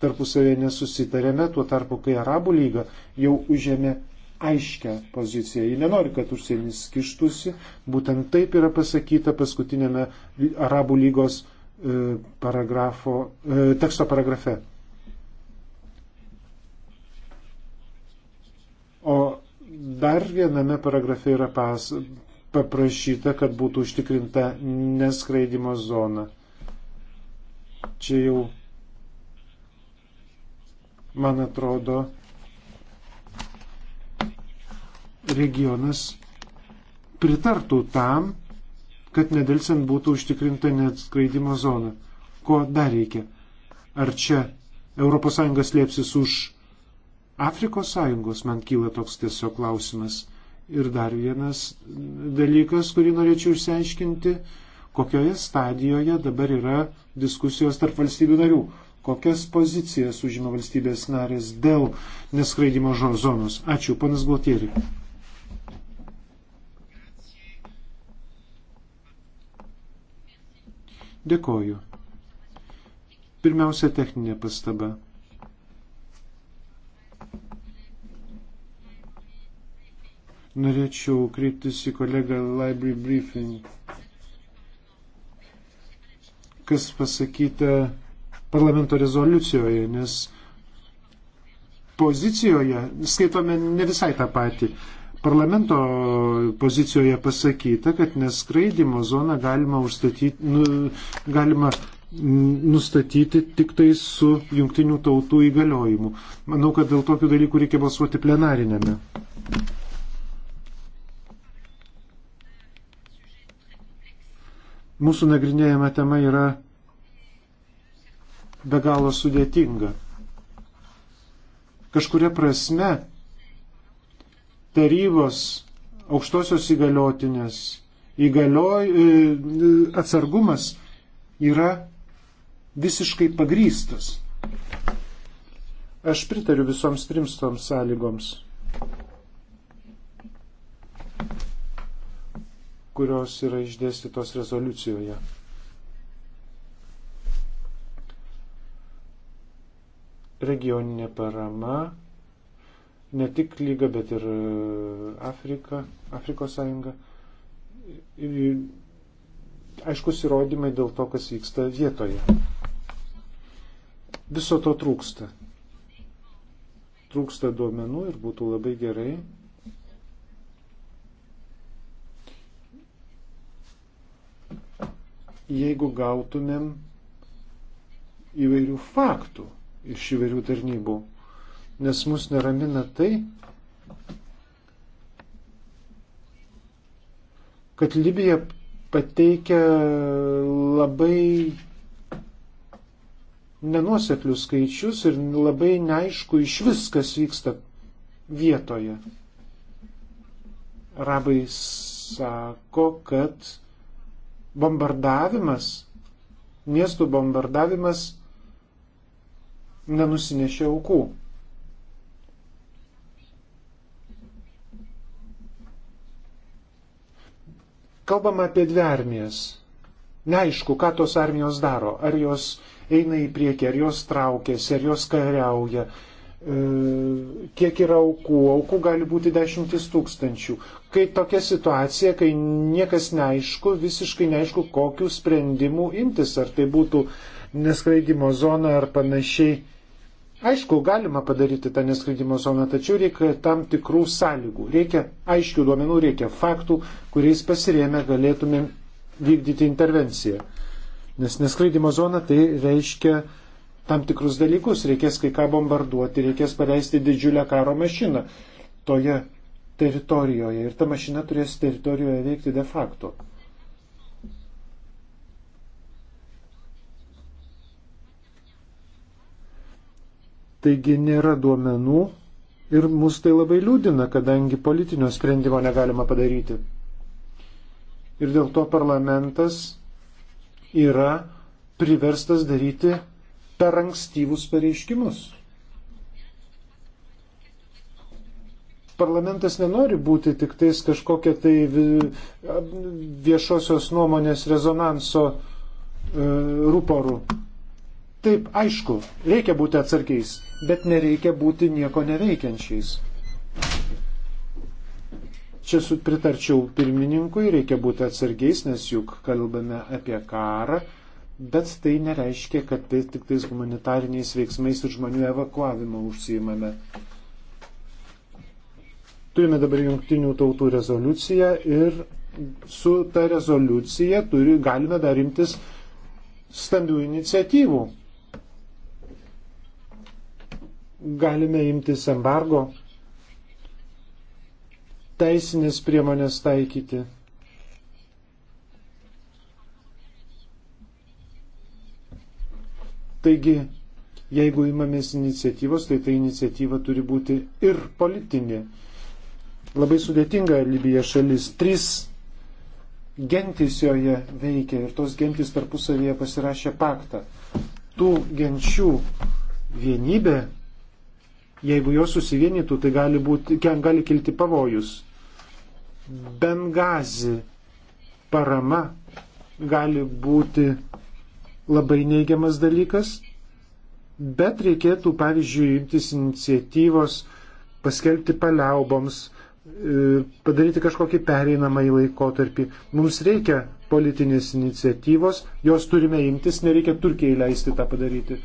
tarpusavėje nesusitarėme, tuo tarpu, kai Arabų lyga jau užėmė aiškę poziciją. Ji nenori, kad užsienis kištusi. Būtent taip yra pasakyta paskutinėme Arabų lygos e, paragrafo, e, teksto paragrafe. dar viename paragrafe yra pas, paprašyta, kad būtų užtikrinta neskraidimo zona. Čia jau, man atrodo, regionas pritartų tam, kad nedelsiant būtų užtikrinta neskraidimo zona. Ko dar reikia? Ar čia ES lėpsis už Afrikos sąjungos man kyla toks tiesiog klausimas. Ir dar vienas dalykas, kurį norėčiau išsiaiškinti, kokioje stadijoje dabar yra diskusijos tarp valstybių narių, kokias pozicijas užima valstybės narės dėl neskraidimo zonos. Ačiū, panas Gautieri. Dėkoju. Pirmiausia, techninė pastaba. Norėčiau kreiptis į kolegą Library Briefing. Kas pasakyta parlamento rezoliucijoje, nes pozicijoje skaitome ne visai tą patį. Parlamento pozicijoje pasakyta, kad neskraidimo zoną galima, užstatyti, nu, galima nustatyti tik tai su jungtinių tautų įgaliojimu. Manau, kad dėl tokių dalykų reikia balsuoti plenarinėme. Mūsų nagrinėjama tema yra be galo sudėtinga. Kažkuria prasme tarybos aukštosios įgaliotinės įgalioj, e, atsargumas yra visiškai pagrystas. Aš pritariu visoms trims toms sąlygoms. kurios yra išdėstytos rezoliucijoje. Regioninė parama ne tik lyga, bet ir e, Afrika, Afrikos sąjunga. Aiškus įrodymai dėl to, kas vyksta vietoje. Viso to trūksta. Trūksta duomenų ir būtų labai gerai, jeigu gautumėm įvairių faktų iš įvairių tarnybų. Nes mus neramina tai, kad Libija pateikia labai nenuoseklius skaičius ir labai neaišku iš viskas vyksta vietoje. Rabai sako, kad bombardavimas, miestų bombardavimas nenusinešė aukų. Kalbam apie dvi armijas. Neaišku, ką tos armijos daro. Ar jos eina į priekį, ar jos traukiasi, ar jos kariauja, E, kiek yra aukų. Aukų gali būti dešimtis tūkstančių. Kai tokia situacija, kai niekas neaišku, visiškai neaišku, kokių sprendimų imtis, ar tai būtų neskraidimo zona ar panašiai. Aišku, galima padaryti tą neskraidimo zoną, tačiau reikia tam tikrų sąlygų. Reikia aiškių duomenų, reikia faktų, kuriais pasirėmę galėtumėm vykdyti intervenciją. Nes neskraidimo zona tai reiškia uh, tam tikrus dalykus, reikės kai ką bombarduoti, reikės paleisti didžiulę karo mašiną toje teritorijoje ir ta mašina turės teritorijoje veikti de facto. Taigi nėra duomenų ir mus tai labai liūdina, kadangi politinio sprendimo negalima padaryti. Ir dėl to parlamentas yra priverstas daryti per ankstyvus pareiškimus. Parlamentas nenori būti tik tais kažkokia tai viešosios nuomonės rezonanso e, ruporų. Taip, aišku, reikia būti atsargiais, bet nereikia būti nieko neveikiančiais. Čia pritarčiau pirmininkui, reikia būti atsargiais, nes juk kalbame apie karą, bet tai nereiškia, kad tai tik tais humanitariniais veiksmais ir žmonių evakuavimo užsijimame. Turime dabar jungtinių tautų rezoliuciją ir su ta rezoliucija turi, galime dar imtis stambių iniciatyvų. Galime imtis embargo, teisinės priemonės taikyti. Taigi, jeigu imamės iniciatyvos, tai ta iniciatyva turi būti ir politinė. Labai sudėtinga Libija šalis. Trys gentys joje veikia ir tos gentys tarpusavėje pasirašė paktą. Tų genčių vienybė, jeigu jos susivienytų, tai gali, būti, gali kilti pavojus. Bengazi parama gali būti labai neigiamas dalykas, bet reikėtų, pavyzdžiui, imtis iniciatyvos, paskelbti paliauboms, e, padaryti kažkokį pereinamąjį laikotarpį. Mums reikia politinės iniciatyvos, jos turime imtis, nereikia Turkijai leisti tą padaryti.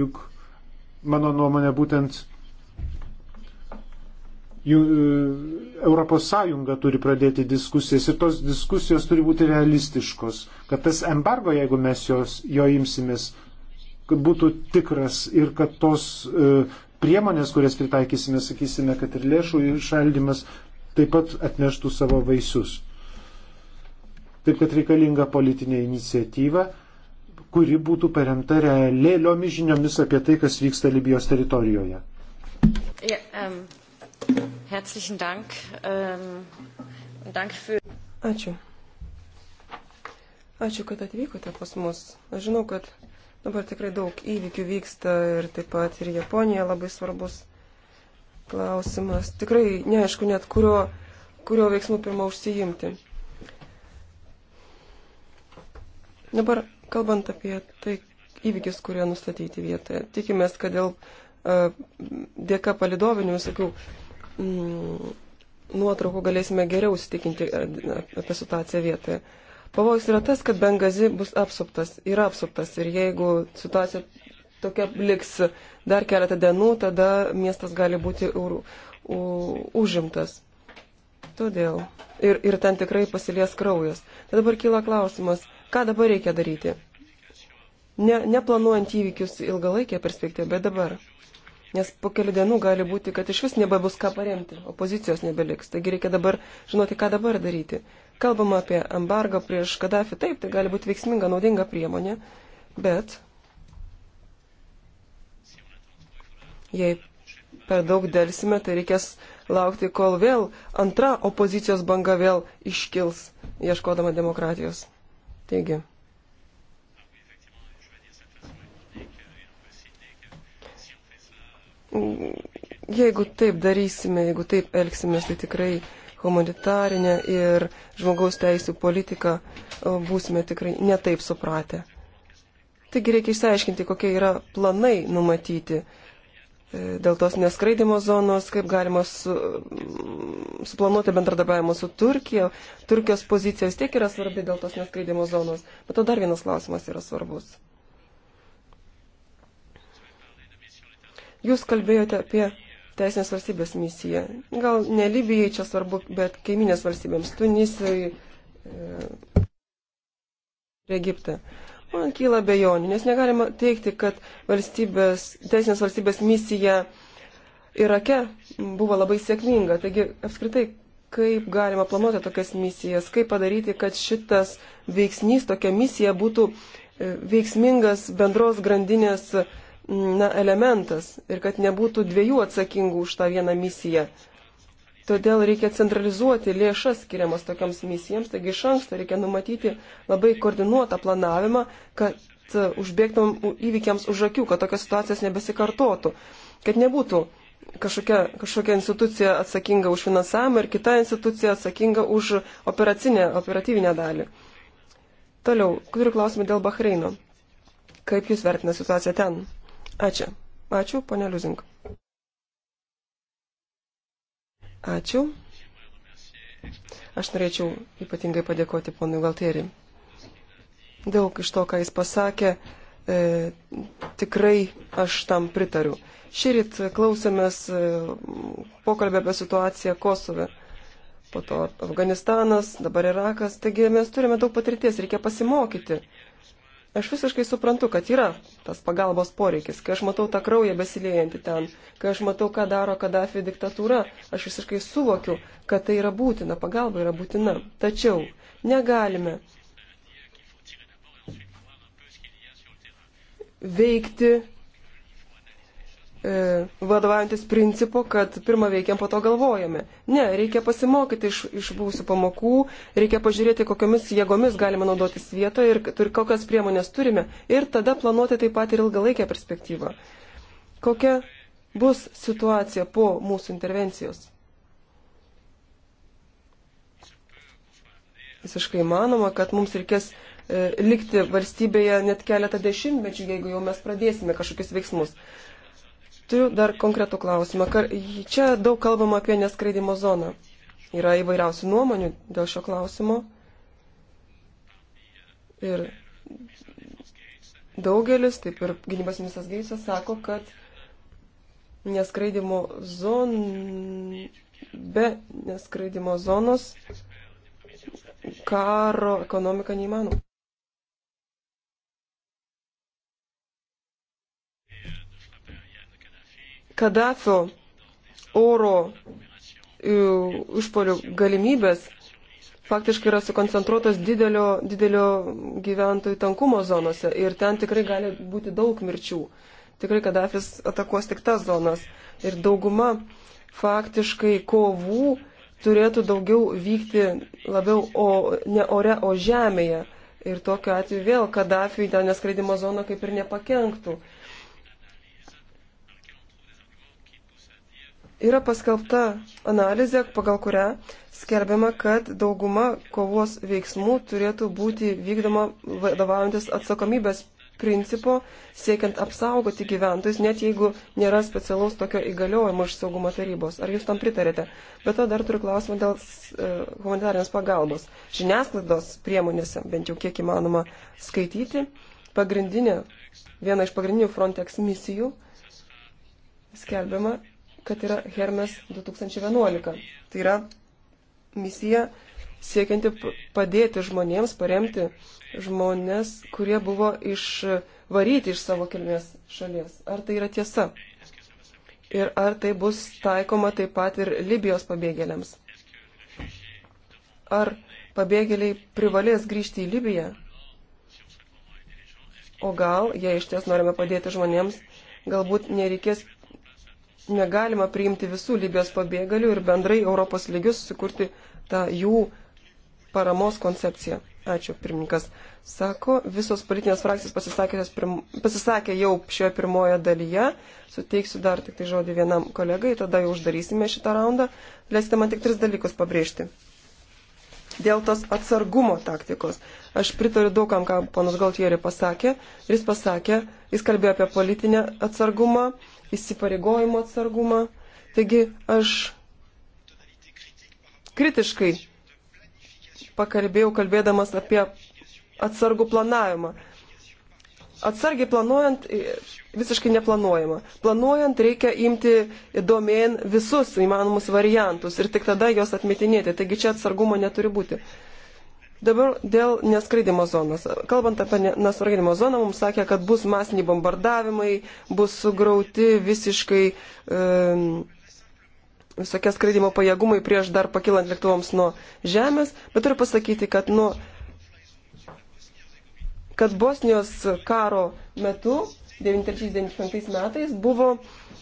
Juk mano nuomonė būtent jų, e, Europos Sąjunga turi pradėti diskusijas ir tos diskusijos turi būti realistiškos, kad tas embargo, jeigu mes jos, jo imsimės, kad būtų tikras ir kad tos e, priemonės, kurias pritaikysime, sakysime, kad ir lėšų išaldymas taip pat atneštų savo vaisius. Taip kad reikalinga politinė iniciatyva, kuri būtų paremta realėliomis žiniomis apie tai, kas vyksta Libijos teritorijoje.
Yeah, um... Herzlichen Dank. Ähm, dank für... Ačiū. Ačiū, kad atvykote pas mus. Aš žinau, kad dabar tikrai daug įvykių vyksta ir taip pat ir Japonija labai svarbus klausimas. Tikrai neaišku net, kurio, kurio veiksmų pirmą užsijimti. Dabar kalbant apie tai įvykis, kurie nustatyti vietoje. Tikimės, kad dėl e, dėka palidovinių visokių Mm, nuotraukų galėsime geriau įsitikinti e, apie situaciją vietoje. Pavojus yra tas, kad Bengazi bus apsuptas, yra apsuptas ir jeigu situacija tokia liks dar keletą dienų, tada miestas gali būti ur, u, užimtas. Todėl. Ir, ir ten tikrai pasilies kraujas. Tai dabar kyla klausimas, ką dabar reikia daryti? Ne, neplanuojant įvykius ilgalaikėje perspektyvoje, bet dabar. Nes po kelių dienų gali būti, kad iš vis nebebus ką paremti, opozicijos nebeliks. Taigi reikia dabar žinoti, ką dabar daryti. Kalbama apie embargo prieš Kadafį, taip, tai gali būti veiksminga, naudinga priemonė, bet jei per daug dėlsime, tai reikės laukti, kol vėl antra opozicijos banga vėl iškils, ieškodama demokratijos. Taigi. jeigu taip darysime, jeigu taip elgsime, tai tikrai humanitarinę ir žmogaus teisų politiką būsime tikrai netaip supratę. Taigi reikia išsiaiškinti, kokie yra planai numatyti e, dėl tos neskraidimo zonos, kaip galima su, suplanuoti bendradarbiavimą su Turkija. Turkijos pozicija vis tiek yra svarbi dėl tos neskraidimo zonos. Bet to dar vienas klausimas yra svarbus. Jūs kalbėjote apie teisinės valstybės misiją. Gal ne Libijai čia svarbu, bet kaiminės valstybėms, Tunisijai, e, Egipte. Man kyla bejonių, nes negalima teikti, kad valstybės, teisinės valstybės misija Irake buvo labai sėkminga. Taigi, apskritai, kaip galima planuoti tokias misijas, kaip padaryti, kad šitas veiksnys, tokia misija būtų e, veiksmingas bendros grandinės na, elementas ir kad nebūtų dviejų atsakingų už tą vieną misiją. Todėl reikia centralizuoti lėšas skiriamas tokiams misijams, taigi iš anksto reikia numatyti labai koordinuotą planavimą, kad e, užbėgtum įvykiams už akių, kad tokios situacijos nebesikartotų, kad nebūtų kažkokia, kažkokia institucija atsakinga už finansavimą ir kita institucija atsakinga už operacinę, operatyvinę dalį. Toliau, turiu klausimą dėl Bahreino. Kaip Jūs vertina situaciją ten? Ačiū. Ačiū, ponė Liuzink. Ačiū. Aš norėčiau ypatingai padėkoti ponui Galtieri. Daug iš to, ką jis pasakė, e, tikrai aš tam pritariu. Šįryt klausėmės e, pokalbę apie situaciją Kosove, po to Afganistanas, dabar Irakas, taigi mes turime daug patirties, reikia pasimokyti. Aš visiškai suprantu, kad yra tas pagalbos poreikis. Kai aš matau tą kraują besiliejantį ten, kai aš matau, ką daro Kadafi diktatūra, aš visiškai suvokiu, kad tai yra būtina, pagalba yra būtina. Tačiau negalime veikti E, vadovaujantis principu, kad pirmą veikiam, po to galvojame. Ne, reikia pasimokyti iš, iš buvusių pamokų, reikia pažiūrėti, kokiamis jėgomis galime naudotis vietoje ir, ir kokias priemonės turime. Ir tada planuoti taip pat ir ilgalaikę perspektyvą. Kokia bus situacija po mūsų intervencijos? Visiškai manoma, kad mums reikės e, likti valstybėje net keletą dešimtmečių, jeigu jau mes pradėsime kažkokius veiksmus. Turiu dar konkretų klausimą. Čia daug kalbama apie neskraidimo zoną. Yra įvairiausių nuomonių dėl šio klausimo. Ir daugelis, taip ir gynybos ministras Geisas sako, kad neskraidimo zonų, be neskraidimo zonos karo ekonomika neįmanoma. Kadafio oro išpolių e, galimybės faktiškai yra sukoncentruotos didelio, didelio gyventojų tankumo zonose ir ten tikrai gali būti daug mirčių. Tikrai Kadafis atakuos tik tas zonas ir dauguma faktiškai kovų turėtų daugiau vykti labiau o, ne ore, o žemėje. Ir tokiu atveju vėl Kadafijui ta neskraidimo zona kaip ir nepakenktų. Yra paskelbta analizė, pagal kurią skelbiama, kad dauguma kovos veiksmų turėtų būti vykdoma vadovaujantis atsakomybės principo, siekiant apsaugoti gyventojus, net jeigu nėra specialaus tokio įgaliojimo iš saugumo tarybos. Ar jūs tam pritarėte? Bet to dar turiu klausimą dėl e, humanitarinės pagalbos. Žiniasklaidos priemonėse, bent jau kiek įmanoma skaityti, pagrindinė, viena iš pagrindinių Frontex misijų skelbiama kad yra Hermes 2011. Tai yra misija siekianti padėti žmonėms, paremti žmonės, kurie buvo išvaryti iš savo kilmės šalies. Ar tai yra tiesa? Ir ar tai bus taikoma taip pat ir Libijos pabėgėliams? Ar pabėgėliai privalės grįžti į Libiją? O gal, jei iš ties norime padėti žmonėms, galbūt nereikės negalima priimti visų Libijos pabėgalių ir bendrai Europos lygius sukurti tą jų paramos koncepciją. Ačiū, pirmininkas. Sako, visos politinės frakcijas pirm... pasisakė jau šioje pirmoje dalyje. Suteiksiu dar tik tai žodį vienam kolegai, tada jau uždarysime šitą raundą. Leisite man tik tris dalykus pabrėžti. Dėl tos atsargumo taktikos. Aš pritariu daugam, ką ponas Galtieri pasakė. Jis pasakė, jis kalbėjo apie politinę atsargumą, įsipareigojimo atsargumą. Taigi aš kritiškai pakalbėjau, kalbėdamas apie atsargų planavimą. Atsargiai planuojant, visiškai neplanuojama. Planuojant reikia imti domėn visus įmanomus variantus ir tik tada juos atmetinėti. Taigi čia atsargumo neturi būti. Dabar dėl neskraidimo zonos. Kalbant apie neskraidimo zoną, mums sakė, kad bus masiniai bombardavimai, bus sugrauti visiškai e, visokie skraidimo pajėgumai prieš dar pakilant lėktuvams nuo žemės, bet turiu pasakyti, kad nuo kad Bosnijos karo metu 93-95 metais buvo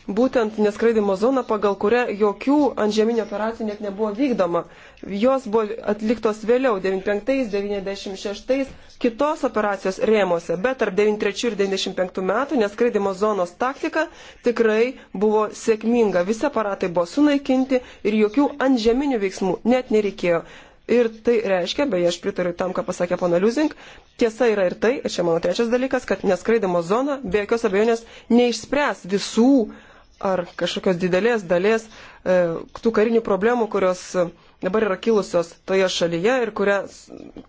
būtent neskraidimo zoną, pagal kurią jokių antžeminių operacijų net nebuvo vykdoma. Jos buvo atliktos vėliau, 95-96, kitos operacijos rėmose, bet tarp 93 ir 95 metų neskraidimo zonos taktika tikrai buvo sėkminga. Visi aparatai buvo sunaikinti ir jokių antžeminių veiksmų net nereikėjo. Ir tai reiškia, beje, aš pritariu tam, ką pasakė pana Liuzink, tiesa yra ir tai, ir čia mano trečias dalykas, kad neskraidimo zona be jokios abejonės neišspręs visų uh, ar kažkokios didelės dalies e, tų karinių problemų, kurios e, dabar yra kilusios toje šalyje ir kurias,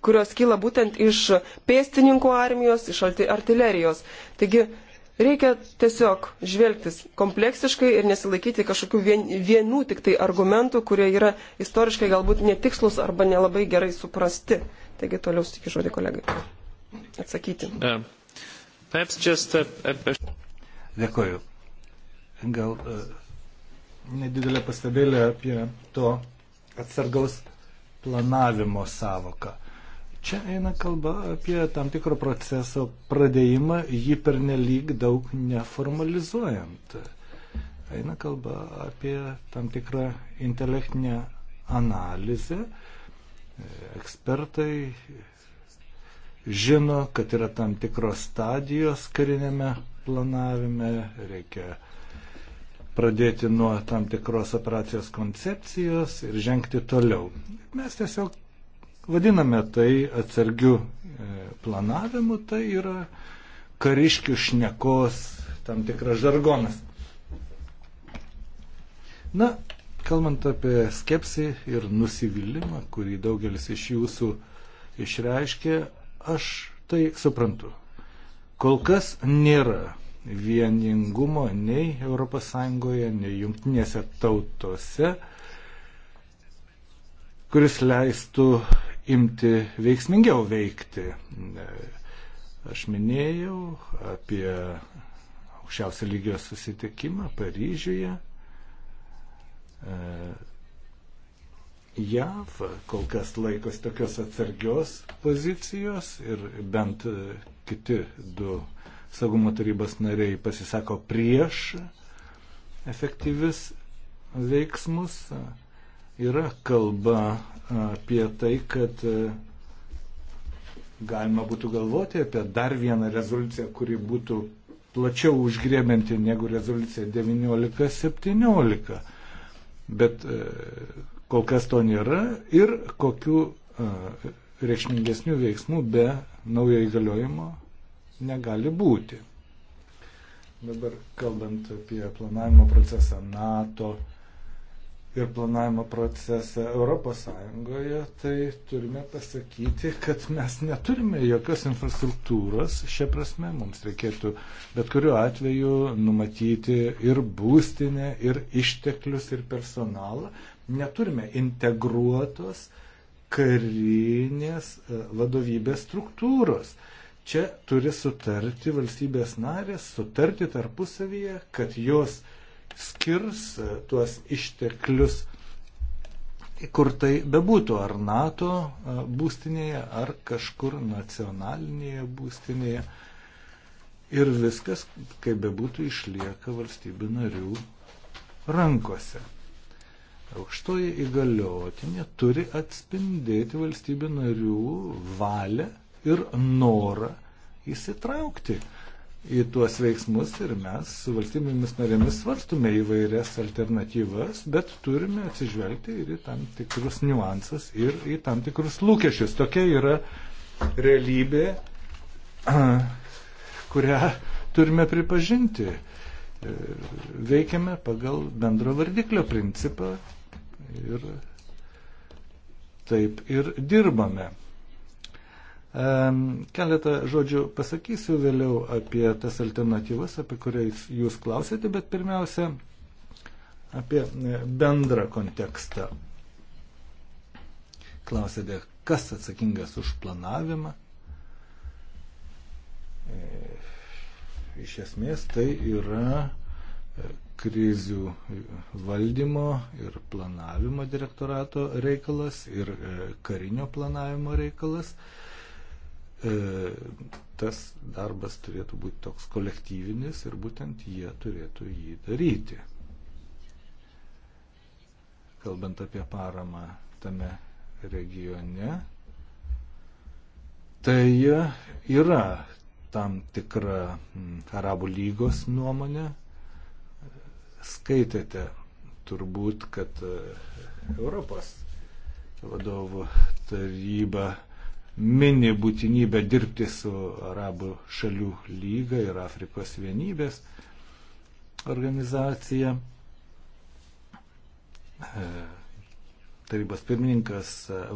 kurios kyla būtent iš pėstininkų armijos, iš artilerijos. Taigi reikia tiesiog žvelgtis kompleksiškai ir nesilaikyti kažkokių vien, vienų tik tai argumentų, kurie yra istoriškai galbūt netikslus arba nelabai gerai suprasti. Taigi toliau sutikiu žodį kolegai. Atsakyti.
Um, Dėkoju gal e, nedidelė pastabėlė apie to atsargaus planavimo savoką. Čia eina kalba apie tam tikro proceso pradėjimą, jį pernelyg daug neformalizuojant. Eina kalba apie tam tikrą intelektinę analizę. E, ekspertai žino, kad yra tam tikros stadijos karinėme planavime, reikia pradėti nuo tam tikros operacijos koncepcijos ir žengti toliau. Mes tiesiog vadiname tai atsargiu e, planavimu, tai yra kariškių šnekos tam tikras žargonas. Na, kalbant apie skepsį ir nusivylimą, kurį daugelis iš jūsų išreiškė, aš tai suprantu. Kol kas nėra vieningumo nei ES, nei jungtinėse tautose, kuris leistų imti veiksmingiau veikti. Aš minėjau apie aukščiausio lygio susitikimą Paryžiuje. JAV kol kas laikosi tokios atsargios pozicijos ir bent kiti du uh, saugumo tarybos nariai pasisako prieš efektyvius veiksmus. Yra kalba apie tai, kad galima būtų galvoti apie dar vieną rezoliuciją, kuri būtų plačiau užgrėbinti negu rezoliucija 1917. Bet e, kol kas to nėra ir kokiu e, reikšmingesnių veiksmų be naujo įgaliojimo negali būti. Dabar kalbant apie planavimo procesą NATO ir planavimo procesą ES, tai turime pasakyti, kad mes neturime jokios infrastruktūros. Šia prasme mums reikėtų bet kuriuo atveju numatyti ir būstinę, ir išteklius, ir personalą. Neturime integruotos karinės e, vadovybės struktūros. Uh, Čia turi sutarti valstybės narės, sutarti tarpusavyje, kad jos skirs e, tuos išteklius, kur tai bebūtų, ar NATO e, būstinėje, ar kažkur nacionalinėje būstinėje. Ir viskas, kaip bebūtų, išlieka valstybių narių rankose. Aukštoji įgaliotinė turi atspindėti valstybių narių valią ir norą įsitraukti į tuos veiksmus ir mes su valstybėmis narėmis svarstume įvairias alternatyvas, bet turime atsižvelgti ir į tam tikrus niuansus ir į tam tikrus lūkesčius. Tokia yra realybė, kurią turime pripažinti. Veikiame pagal bendro vardiklio principą ir taip ir dirbame. Keletą žodžių pasakysiu vėliau apie tas alternatyvas, apie kuriais jūs klausėte, bet pirmiausia apie e, bendrą kontekstą. Klausėte, kas atsakingas už planavimą. E, iš esmės tai yra e, krizių valdymo ir planavimo direktorato reikalas ir karinio planavimo reikalas. E, tas darbas turėtų būti toks kolektyvinis ir būtent jie turėtų jį daryti. Kalbant apie paramą tame regione, tai yra tam tikra Arabų lygos nuomonė. Skaitėte turbūt, kad e, Europos vadovų taryba mini būtinybę dirbti su Arabų šalių lyga ir Afrikos vienybės organizacija. E, tarybos pirmininkas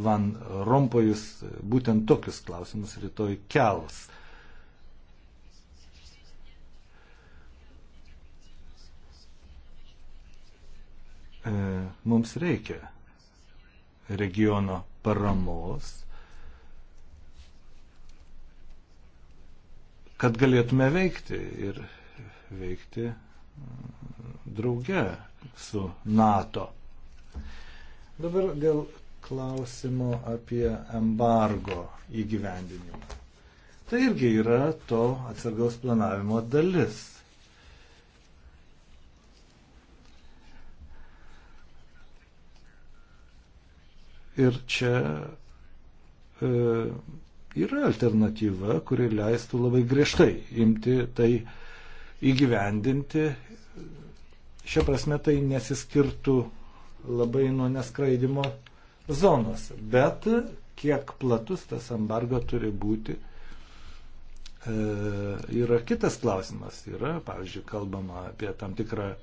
Van Rompojus būtent tokius klausimus rytoj kels. E, mums reikia regiono paramos kad galėtume veikti ir veikti drauge su NATO. Dabar dėl klausimo apie embargo įgyvendinimą. Tai irgi yra to atsargaus planavimo dalis. Ir čia e, yra alternatyva, kuri leistų labai griežtai imti tai įgyvendinti. Šia prasme tai nesiskirtų labai nuo neskraidimo zonos, bet kiek platus tas embargo turi būti, e, yra kitas klausimas. Yra, pavyzdžiui, kalbama apie tam tikrą e,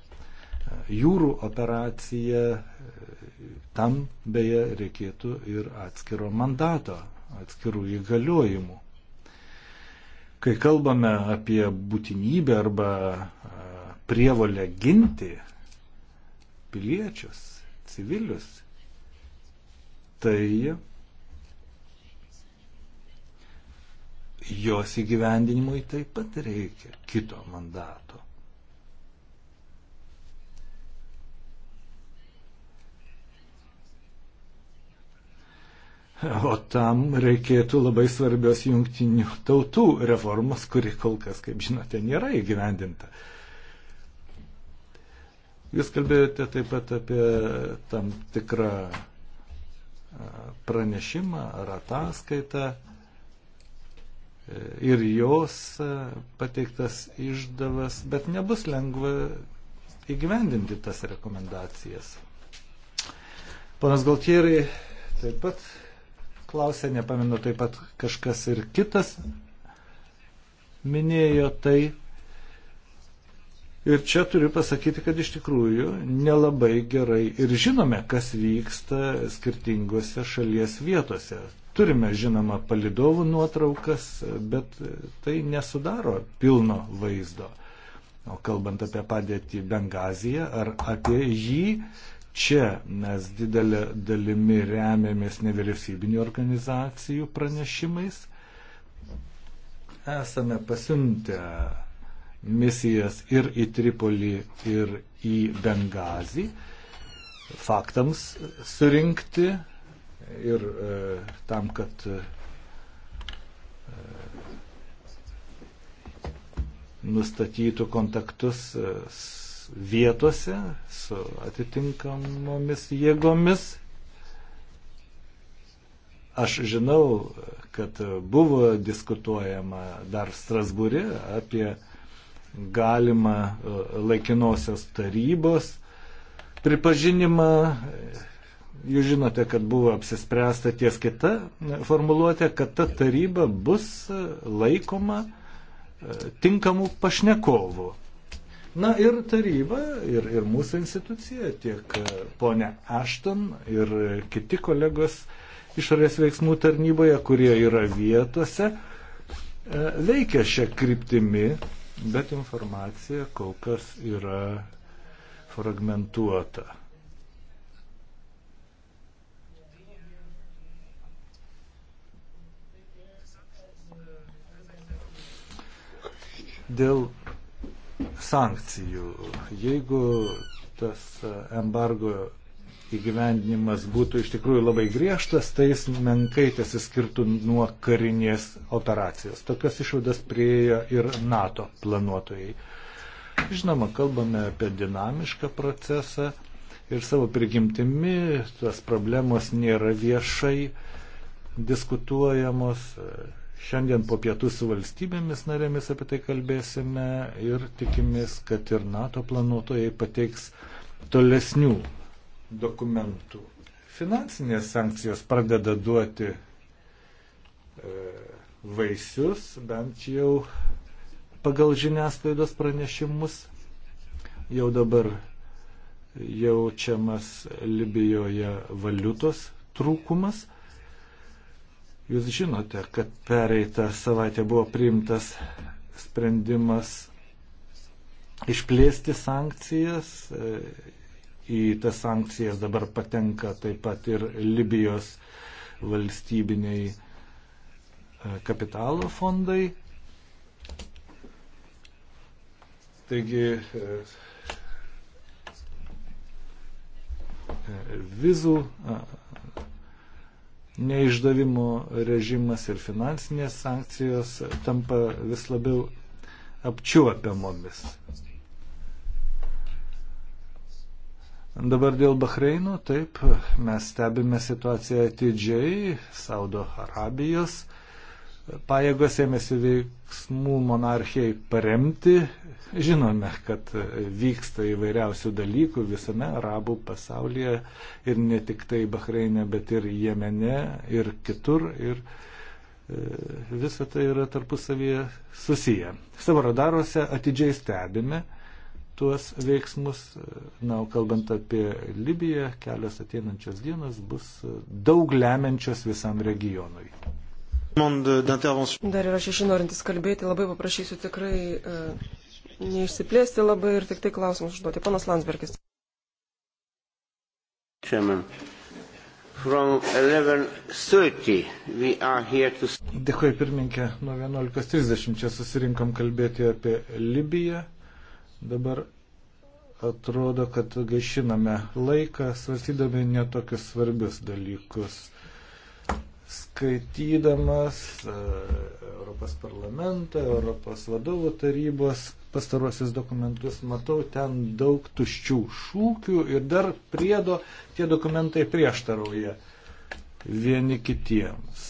jūrų operaciją, e, tam beje reikėtų ir atskiro mandato atskirų įgaliojimų. Kai kalbame apie būtinybę arba prievalę ginti piliečius, civilius, tai jos įgyvendinimui taip pat reikia kito mandato. O tam reikėtų labai svarbios jungtinių tautų reformos, kuri kol kas, kaip žinote, nėra įgyvendinta. Jūs kalbėjote taip pat apie tam tikrą pranešimą ar ataskaitą e, ir jos pateiktas išdavas, bet nebus lengva įgyvendinti tas rekomendacijas. Panas Galtieriai taip pat klausė, nepamenu taip pat kažkas ir kitas minėjo tai. Ir čia turiu pasakyti, kad iš tikrųjų nelabai gerai ir žinome, kas vyksta skirtingose šalies vietose. Turime, žinoma, palidovų nuotraukas, bet tai nesudaro pilno vaizdo. O kalbant apie padėtį Bengaziją ar apie jį, čia mes didelę dalimi remiamės nevyriausybinio organizacijų pranešimais. Esame pasiuntę misijas ir į Tripolį, ir į Bengazį faktams surinkti ir e, tam, kad e, nustatytų kontaktus e, vietose su atitinkamomis jėgomis. Aš žinau, kad buvo diskutuojama dar Strasbūri apie galimą e, laikinosios tarybos pripažinimą jūs žinote, kad buvo apsispręsta ties kita formuluotė, kad ta taryba bus laikoma e, tinkamų pašnekovų. Na ir taryba, ir, ir mūsų institucija, tiek e, ponė Ashton ir kiti kolegos išorės veiksmų tarnyboje, kurie yra vietose, e, veikia šią kryptimį, bet informacija kol kas yra fragmentuota. Dėl sankcijų. Jeigu tas embargo įgyvendinimas būtų iš tikrųjų labai griežtas, tai jis menkai tiesiskirtų nuo karinės operacijos. Tokios išvadas priejo ir NATO planuotojai. Žinoma, kalbame apie dinamišką procesą ir savo prigimtimi tas problemos nėra viešai diskutuojamos, Šiandien po pietų su valstybėmis narėmis apie tai kalbėsime ir tikimės, kad ir NATO planuotojai pateiks tolesnių dokumentų. Finansinės sankcijos pradeda duoti e, vaisius, bent jau pagal žiniasklaidos pranešimus. Jau dabar jaučiamas Libijoje valiutos trūkumas – Jūs žinote, kad pereitą savaitę buvo priimtas sprendimas išplėsti sankcijas. Į tas sankcijas dabar patenka taip pat ir Libijos valstybiniai e, kapitalo fondai. Taigi e, e, vizų neišdavimo režimas ir finansinės sankcijos tampa vis labiau apčiuopiamomis. Dabar dėl Bahreino, taip, mes stebime situaciją atidžiai, Saudo Arabijos pajėgos ėmėsi veiksmų monarchijai paremti. Žinome, kad vyksta įvairiausių dalykų visame arabų pasaulyje ir ne tik tai Bahreine, bet ir Jemene ir kitur. Ir e, visa tai yra tarpusavyje susiję. Savo radaruose atidžiai stebime tuos veiksmus. Na, o kalbant apie Libiją, kelios ateinančios dienos bus daug lemiančios visam regionui. Dar
yra šeši norintys kalbėti, labai paprašysiu tikrai e, neišsiplėsti labai ir tik tai klausimus užduoti. Panas Landsbergis. To...
Dėkuoju pirmininkė, nuo 11.30 čia susirinkam kalbėti apie Libiją. Dabar atrodo, kad gaišiname laiką, svarstydami netokius svarbius dalykus skaitydamas e, Europos parlamento, Europos vadovų tarybos pastarosius dokumentus, matau ten daug tuščių šūkių ir dar priedo tie dokumentai prieštarauja vieni kitiems.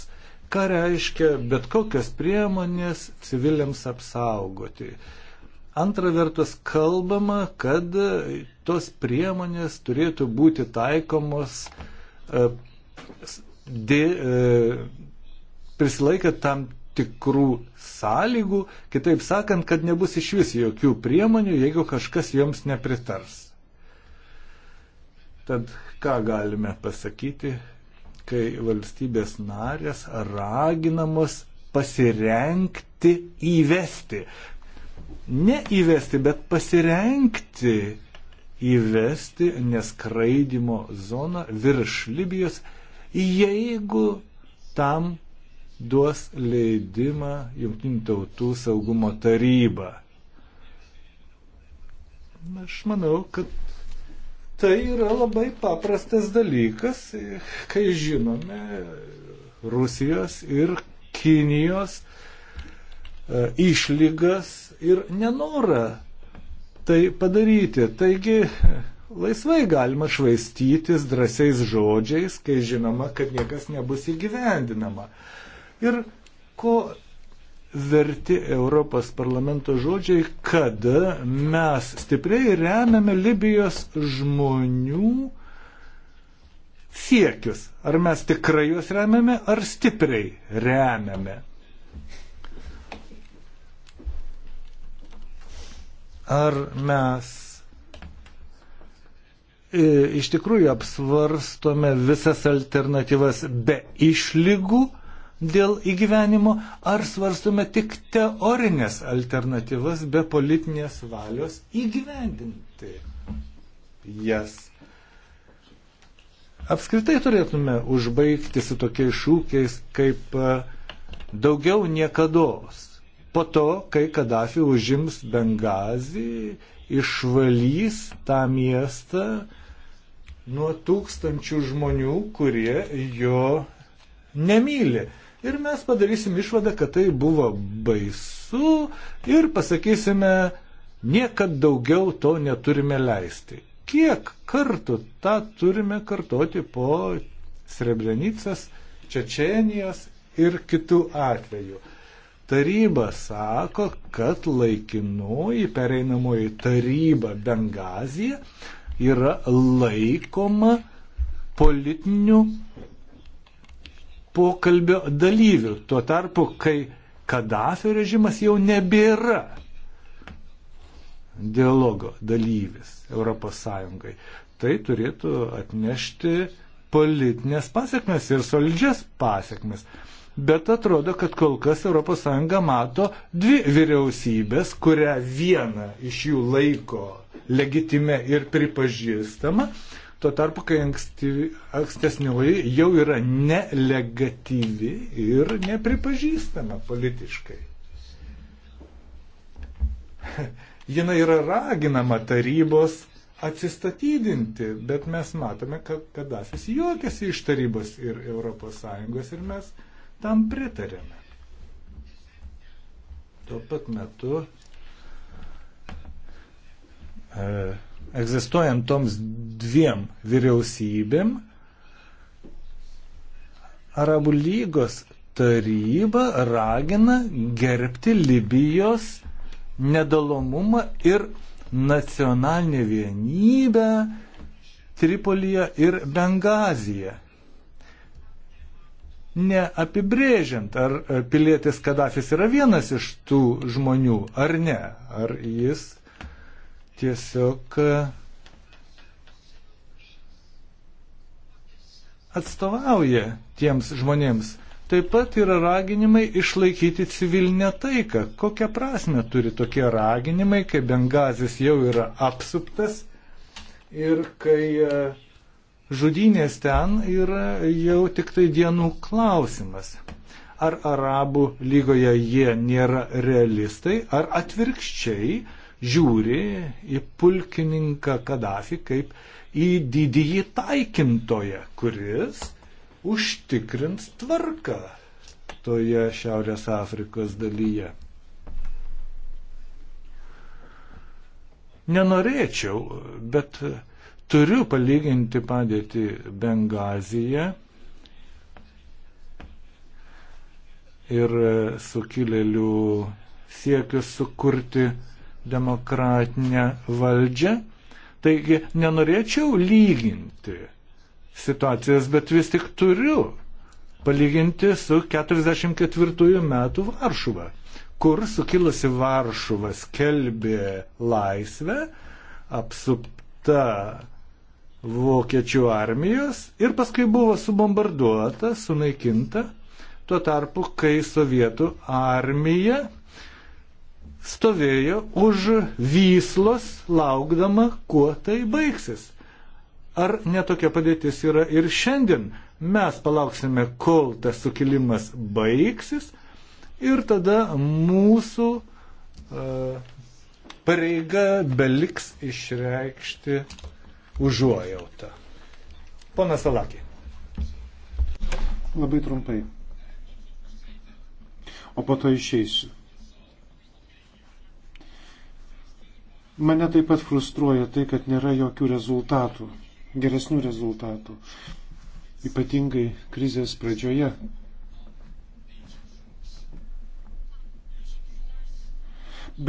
Ką reiškia bet kokios priemonės civiliams apsaugoti? Antra vertus, kalbama, kad tos priemonės turėtų būti taikomos e, dė, e, prisilaikė tam tikrų sąlygų, kitaip sakant, kad nebus iš vis jokių priemonių, jeigu kažkas joms nepritars. Tad ką galime pasakyti, kai valstybės narės raginamos pasirenkti įvesti. Ne įvesti, bet pasirenkti įvesti neskraidimo zoną virš Libijos jeigu tam duos leidimą Junktinių tautų saugumo taryba. Aš manau, kad tai yra labai paprastas dalykas, kai žinome Rusijos ir Kinijos e, išlygas ir nenorą tai padaryti. Taigi Laisvai galima švaistytis drąsiais žodžiais, kai žinoma, kad niekas nebus įgyvendinama. Ir ko verti Europos parlamento žodžiai, kad mes stipriai remiame Libijos žmonių siekius. Ar mes tikrai juos remiame, ar stipriai remiame. Ar mes E, iš tikrųjų apsvarstome visas alternatyvas be išlygų dėl įgyvenimo, ar svarstome tik teorinės alternatyvas be politinės valios įgyvendinti jas. Yes. Apskritai turėtume užbaigti su tokiais šūkiais kaip e, daugiau niekados po to, kai Kadafi užims Bengazį, išvalys tą miestą nuo tūkstančių žmonių, kurie jo nemyli. Ir mes padarysim išvadą, kad tai buvo baisu ir pasakysime, niekad daugiau to neturime leisti. Kiek kartų tą turime kartoti po Srebrenicas, Čečenijos ir kitų atvejų. Taryba sako, kad laikinoji pereinamoji taryba Bengazija yra laikoma politinių pokalbio dalyvių. Tuo tarpu, kai Kadafio režimas jau nebėra dialogo dalyvis ES, tai turėtų atnešti politinės pasiekmes ir solidžias pasiekmes bet atrodo, kad kol kas ES mato dvi vyriausybės, kurią vieną iš jų laiko legitime ir pripažįstama, tuo tarpu, kai ankstesnioji jau yra nelegatyvi ir nepripažįstama politiškai. Jina yra raginama tarybos atsistatydinti, bet mes matome, kad Kadafis juokiasi iš tarybos ir ES ir mes Tam pritarėme. Tuo pat metu e, egzistuojant toms dviem vyriausybėm, Arabų lygos taryba ragina gerbti Libijos nedalomumą ir nacionalinę vienybę Tripolyje ir Bengazijoje neapibrėžiant, ar e, pilietis Kadafis yra vienas iš tų žmonių ar ne, ar jis tiesiog e, atstovauja tiems žmonėms. Taip pat yra raginimai išlaikyti civilinę taiką. Kokią prasme turi tokie raginimai, kai Bengazis jau yra apsuptas ir kai uh, Žudynės ten yra jau tik tai dienų klausimas. Ar Arabų lygoje jie nėra realistai, ar atvirkščiai žiūri į pulkininką Kadafį kaip į didįjį taikintoją, kuris užtikrins tvarką toje Šiaurės Afrikos dalyje. Nenorėčiau, bet Turiu palyginti padėtį Bengaziją ir sukilėlių siekius sukurti demokratinę valdžią. Taigi nenorėčiau lyginti situacijos, bet vis tik turiu palyginti su 44 metų Varšuva, kur sukilusi Varšuva skelbė laisvę, apsupta vokiečių armijos ir paskui buvo subombarduota, sunaikinta, tuo tarpu, kai sovietų armija stovėjo už Vyslos, laukdama, kuo tai baigsis. Ar netokia padėtis yra ir šiandien? Mes palauksime, kol tas sukilimas baigsis ir tada mūsų uh, pareiga beliks išreikšti
užuojautą. Ponas Alakė. Labai trumpai. O po to išeisiu. Mane taip pat frustruoja tai, kad nėra jokių rezultatų, geresnių rezultatų, ypatingai krizės pradžioje.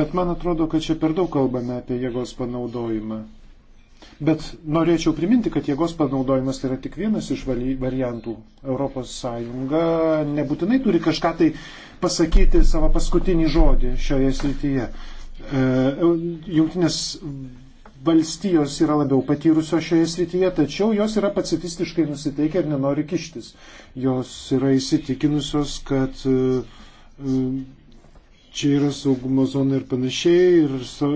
Bet man atrodo, kad čia per daug kalbame apie jėgos panaudojimą. Bet norėčiau priminti, kad jėgos panaudojimas tai yra tik vienas iš variantų. ES nebūtinai turi kažką tai pasakyti savo paskutinį žodį šioje srityje. E, Jungtinės valstijos yra labiau patyrusios šioje srityje, tačiau jos yra pacifistiškai nusiteikę ir nenori kištis. Jos yra įsitikinusios, kad e, čia yra saugumo zona ir panašiai, ir so,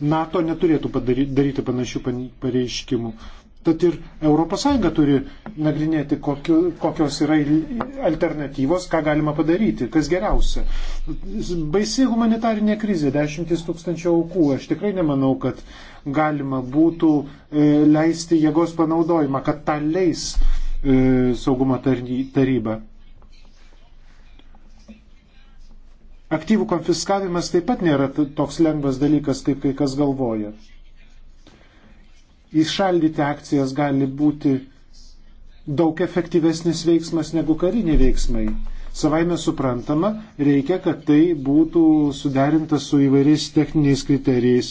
NATO neturėtų padaryti, daryti panašių pareiškimų. Tad ir ES turi nagrinėti, kokio, kokios yra alternatyvos, ką galima padaryti, kas geriausia. Baisi humanitarinė krizė, dešimtis tūkstančių aukų. Aš tikrai nemanau, kad galima būtų e, leisti jėgos panaudojimą, kad tą leis e, saugumo taryba. Aktyvų konfiskavimas taip pat nėra toks lengvas dalykas, kaip kai kas galvoja. Įšaldyti akcijas gali būti daug efektyvesnis veiksmas negu kariniai veiksmai. Savaime suprantama, reikia, kad tai būtų suderinta su įvairiais techniniais kriterijais.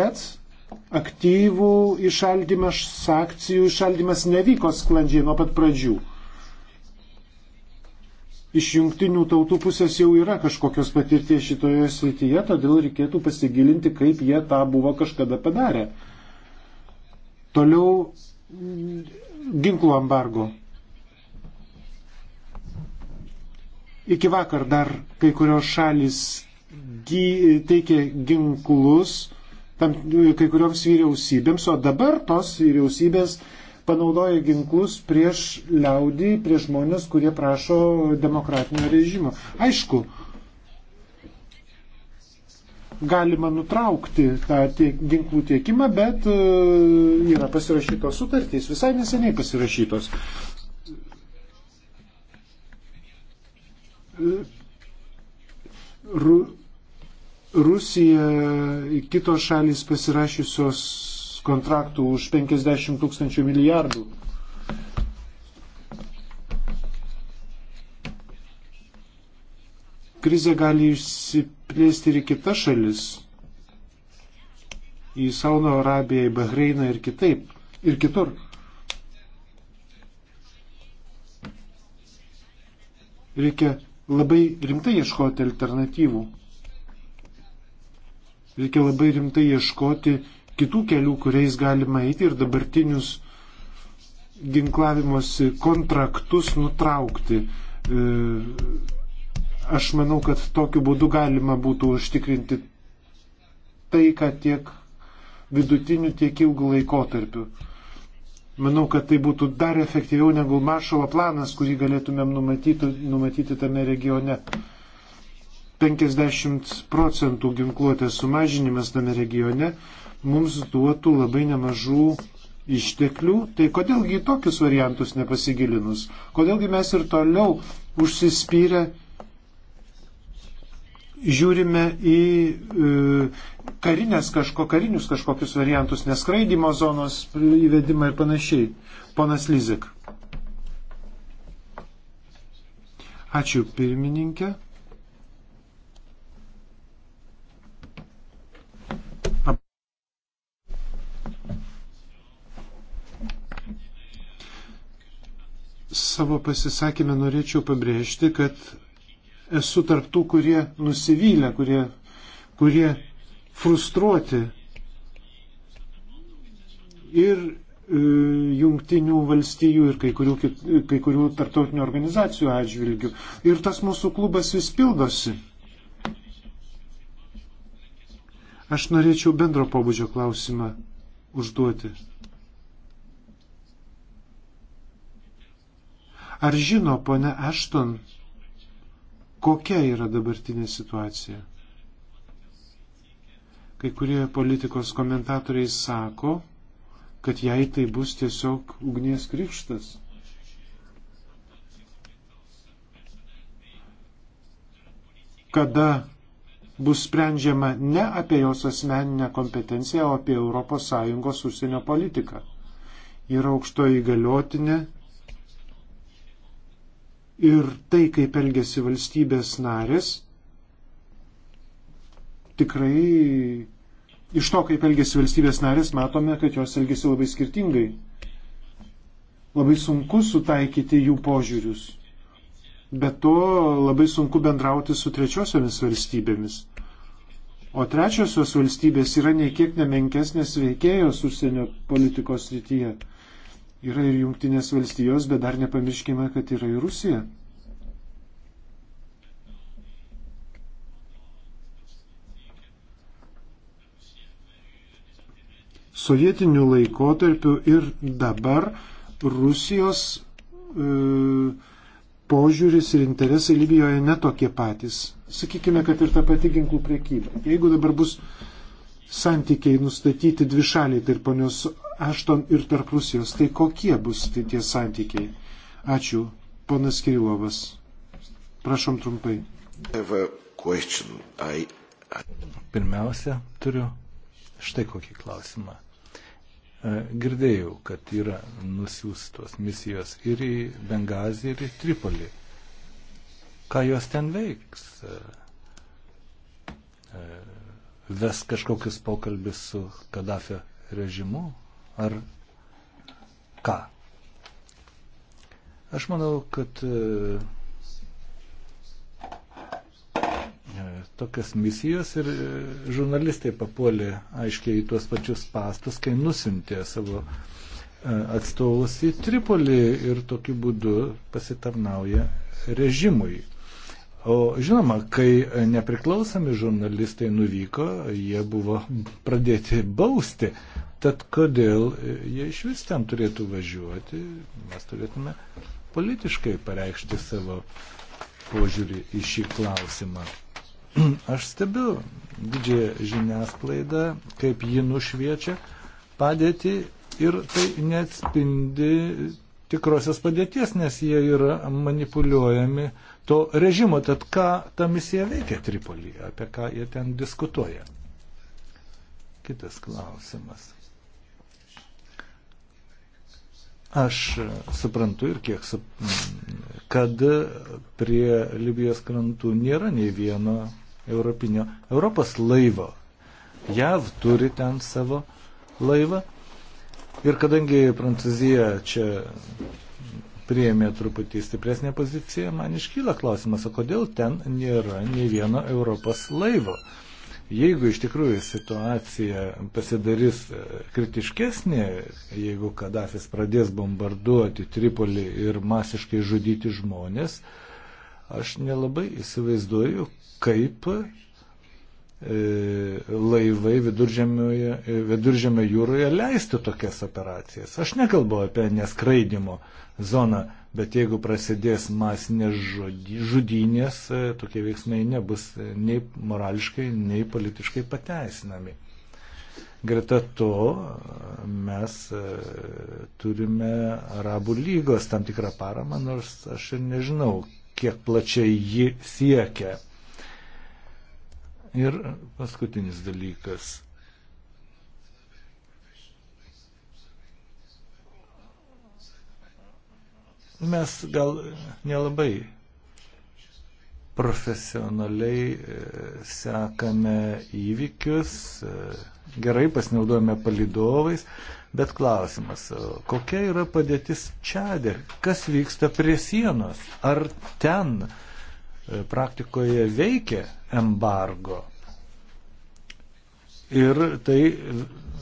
Bet aktyvų išaldymas, akcijų išaldymas nevyko sklandžiai nuo pat pradžių iš jungtinių tautų pusės jau yra kažkokios patirties šitoje srityje, todėl reikėtų pasigilinti, kaip jie tą buvo kažkada padarę. Toliau mm, ginklų embargo. Iki vakar dar kai kurios šalis gy, teikė ginklus tam, kai kurioms vyriausybėms, o dabar tos vyriausybės uh, panaudoja ginklus prieš liaudį, prieš žmonės, kurie prašo demokratinio režimo. Aišku, galima nutraukti tą tiek, ginklų tiekimą, bet e, yra pasirašytos sutartys, visai neseniai pasirašytos. E, Ru Rusija, kitos šalys pasirašysios kontraktų už 50 tūkstančių milijardų. Krizė gali išsiplėsti ir į kitas šalis, į Saudo Arabiją, į Bahreiną ir kitaip, ir kitur. Reikia labai rimtai ieškoti alternatyvų reikia labai rimtai ieškoti kitų kelių, kuriais galima eiti ir dabartinius ginklavimosi kontraktus nutraukti. E, aš manau, kad tokiu būdu galima būtų užtikrinti taiką tiek vidutiniu, tiek ilgu laikotarpiu. Manau, kad tai būtų dar efektyviau negu maršalo planas, kurį galėtumėm numatyti, numatyti tame regione. 50 procentų ginkluotės sumažinimas tame regione mums duotų labai nemažų išteklių, tai kodėlgi į tokius variantus nepasigilinus? Kodėlgi mes ir toliau užsispyrę žiūrime į e, karinės kažko, karinius kažkokius variantus, neskraidimo zonos įvedimą ir panašiai. Ponas Lizik. Ačiū pirmininkė. savo pasisakymę norėčiau pabrėžti, kad esu tarptų, kurie nusivylę, kurie, kurie frustruoti ir e, jungtinių valstijų ir kai kurių, kai kurių tarptautinių organizacijų atžvilgių. Ir tas mūsų klubas vis pildosi. Aš norėčiau bendro pobūdžio klausimą užduoti. Ar žino ponia Ashton, kokia yra dabartinė situacija? Kai kurie politikos komentatoriai sako, kad jai tai bus tiesiog ugnies krikštas. Kada bus sprendžiama ne apie jos asmeninę kompetenciją, o apie ES užsienio politiką. Yra aukšto įgaliotinė ir tai, kaip elgesi valstybės narės, tikrai iš to, kaip elgesi valstybės narės, matome, kad jos elgesi labai skirtingai. Labai sunku sutaikyti jų požiūrius. Be to labai sunku bendrauti su trečiosiomis valstybėmis. O trečiosios valstybės yra nei kiek nemenkesnės veikėjos užsienio politikos rytyje. Yra ir Junktinės valstijos, bet dar nepamirškime, kad yra ir Rusija. Sovietiniu laikotarpiu ir dabar Rusijos e, požiūris ir interesai Libijoje netokie patys. Sakykime, kad ir ta pati ginklų priekyba. Jeigu dabar bus e, santykiai nustatyti dvi šaliai tarp ponios Ašton ir tarp Rusijos. Tai kokie bus tai tie santykiai? Ačiū. Ponas Kirilovas. Prašom trumpai. I...
Pirmiausia, turiu štai kokį klausimą. E, girdėjau, kad yra nusiųstos misijos ir į Bengazį, ir į Tripolį. Ką jos ten veiks? E, ves kažkokius pokalbius su Kadafio režimu ar ką? Aš manau, kad e, tokias misijos ir e, žurnalistai papuolė aiškiai į tuos pačius pastus, kai nusintė savo e, atstovus į Tripolį ir tokiu būdu pasitarnauja režimui. O žinoma, kai nepriklausomi žurnalistai nuvyko, jie buvo pradėti bausti. Tad kodėl jie iš vis ten turėtų važiuoti, mes turėtume politiškai pareikšti savo požiūrį į šį klausimą. Aš stebiu didžiąją žiniasklaidą, kaip ji nušviečia padėti ir tai neatspindi tikrosios padėties, nes jie yra manipuliuojami uh, to režimo. Tad ką ta misija veikia Tripolyje, apie ką jie ten diskutuoja? Kitas klausimas. Aš suprantu ir kiek, sup... kad prie Libijos krantų nėra nei vieno europinio Europos laivo. JAV turi ten savo laivą. Ir kadangi Prancūzija čia priėmė truputį stipresnę poziciją, man iškyla klausimas, o kodėl ten nėra nei vieno Europos laivo. Jeigu iš tikrųjų situacija pasidarys e, kritiškesnė, jeigu Kadafis pradės bombarduoti Tripolį ir masiškai žudyti žmonės, aš nelabai įsivaizduoju, kaip E, laivai e, viduržėmio jūroje leisti tokias operacijas. Aš nekalbu apie neskraidimo zoną, bet jeigu prasidės masinės žudynės, e, tokie veiksmai nebus nei morališkai, nei politiškai pateisinami. Greta to mes turime Arabų lygos tam tikrą paramą, nors aš ir nežinau, kiek plačiai ji siekia. Ir paskutinis dalykas. Mes gal nelabai profesionaliai e, sekame įvykius, e, gerai pasinaudojame palidovais, bet klausimas, e, kokia yra padėtis čia, kas vyksta prie sienos, ar ten uh, E, praktikoje veikia embargo. Ir tai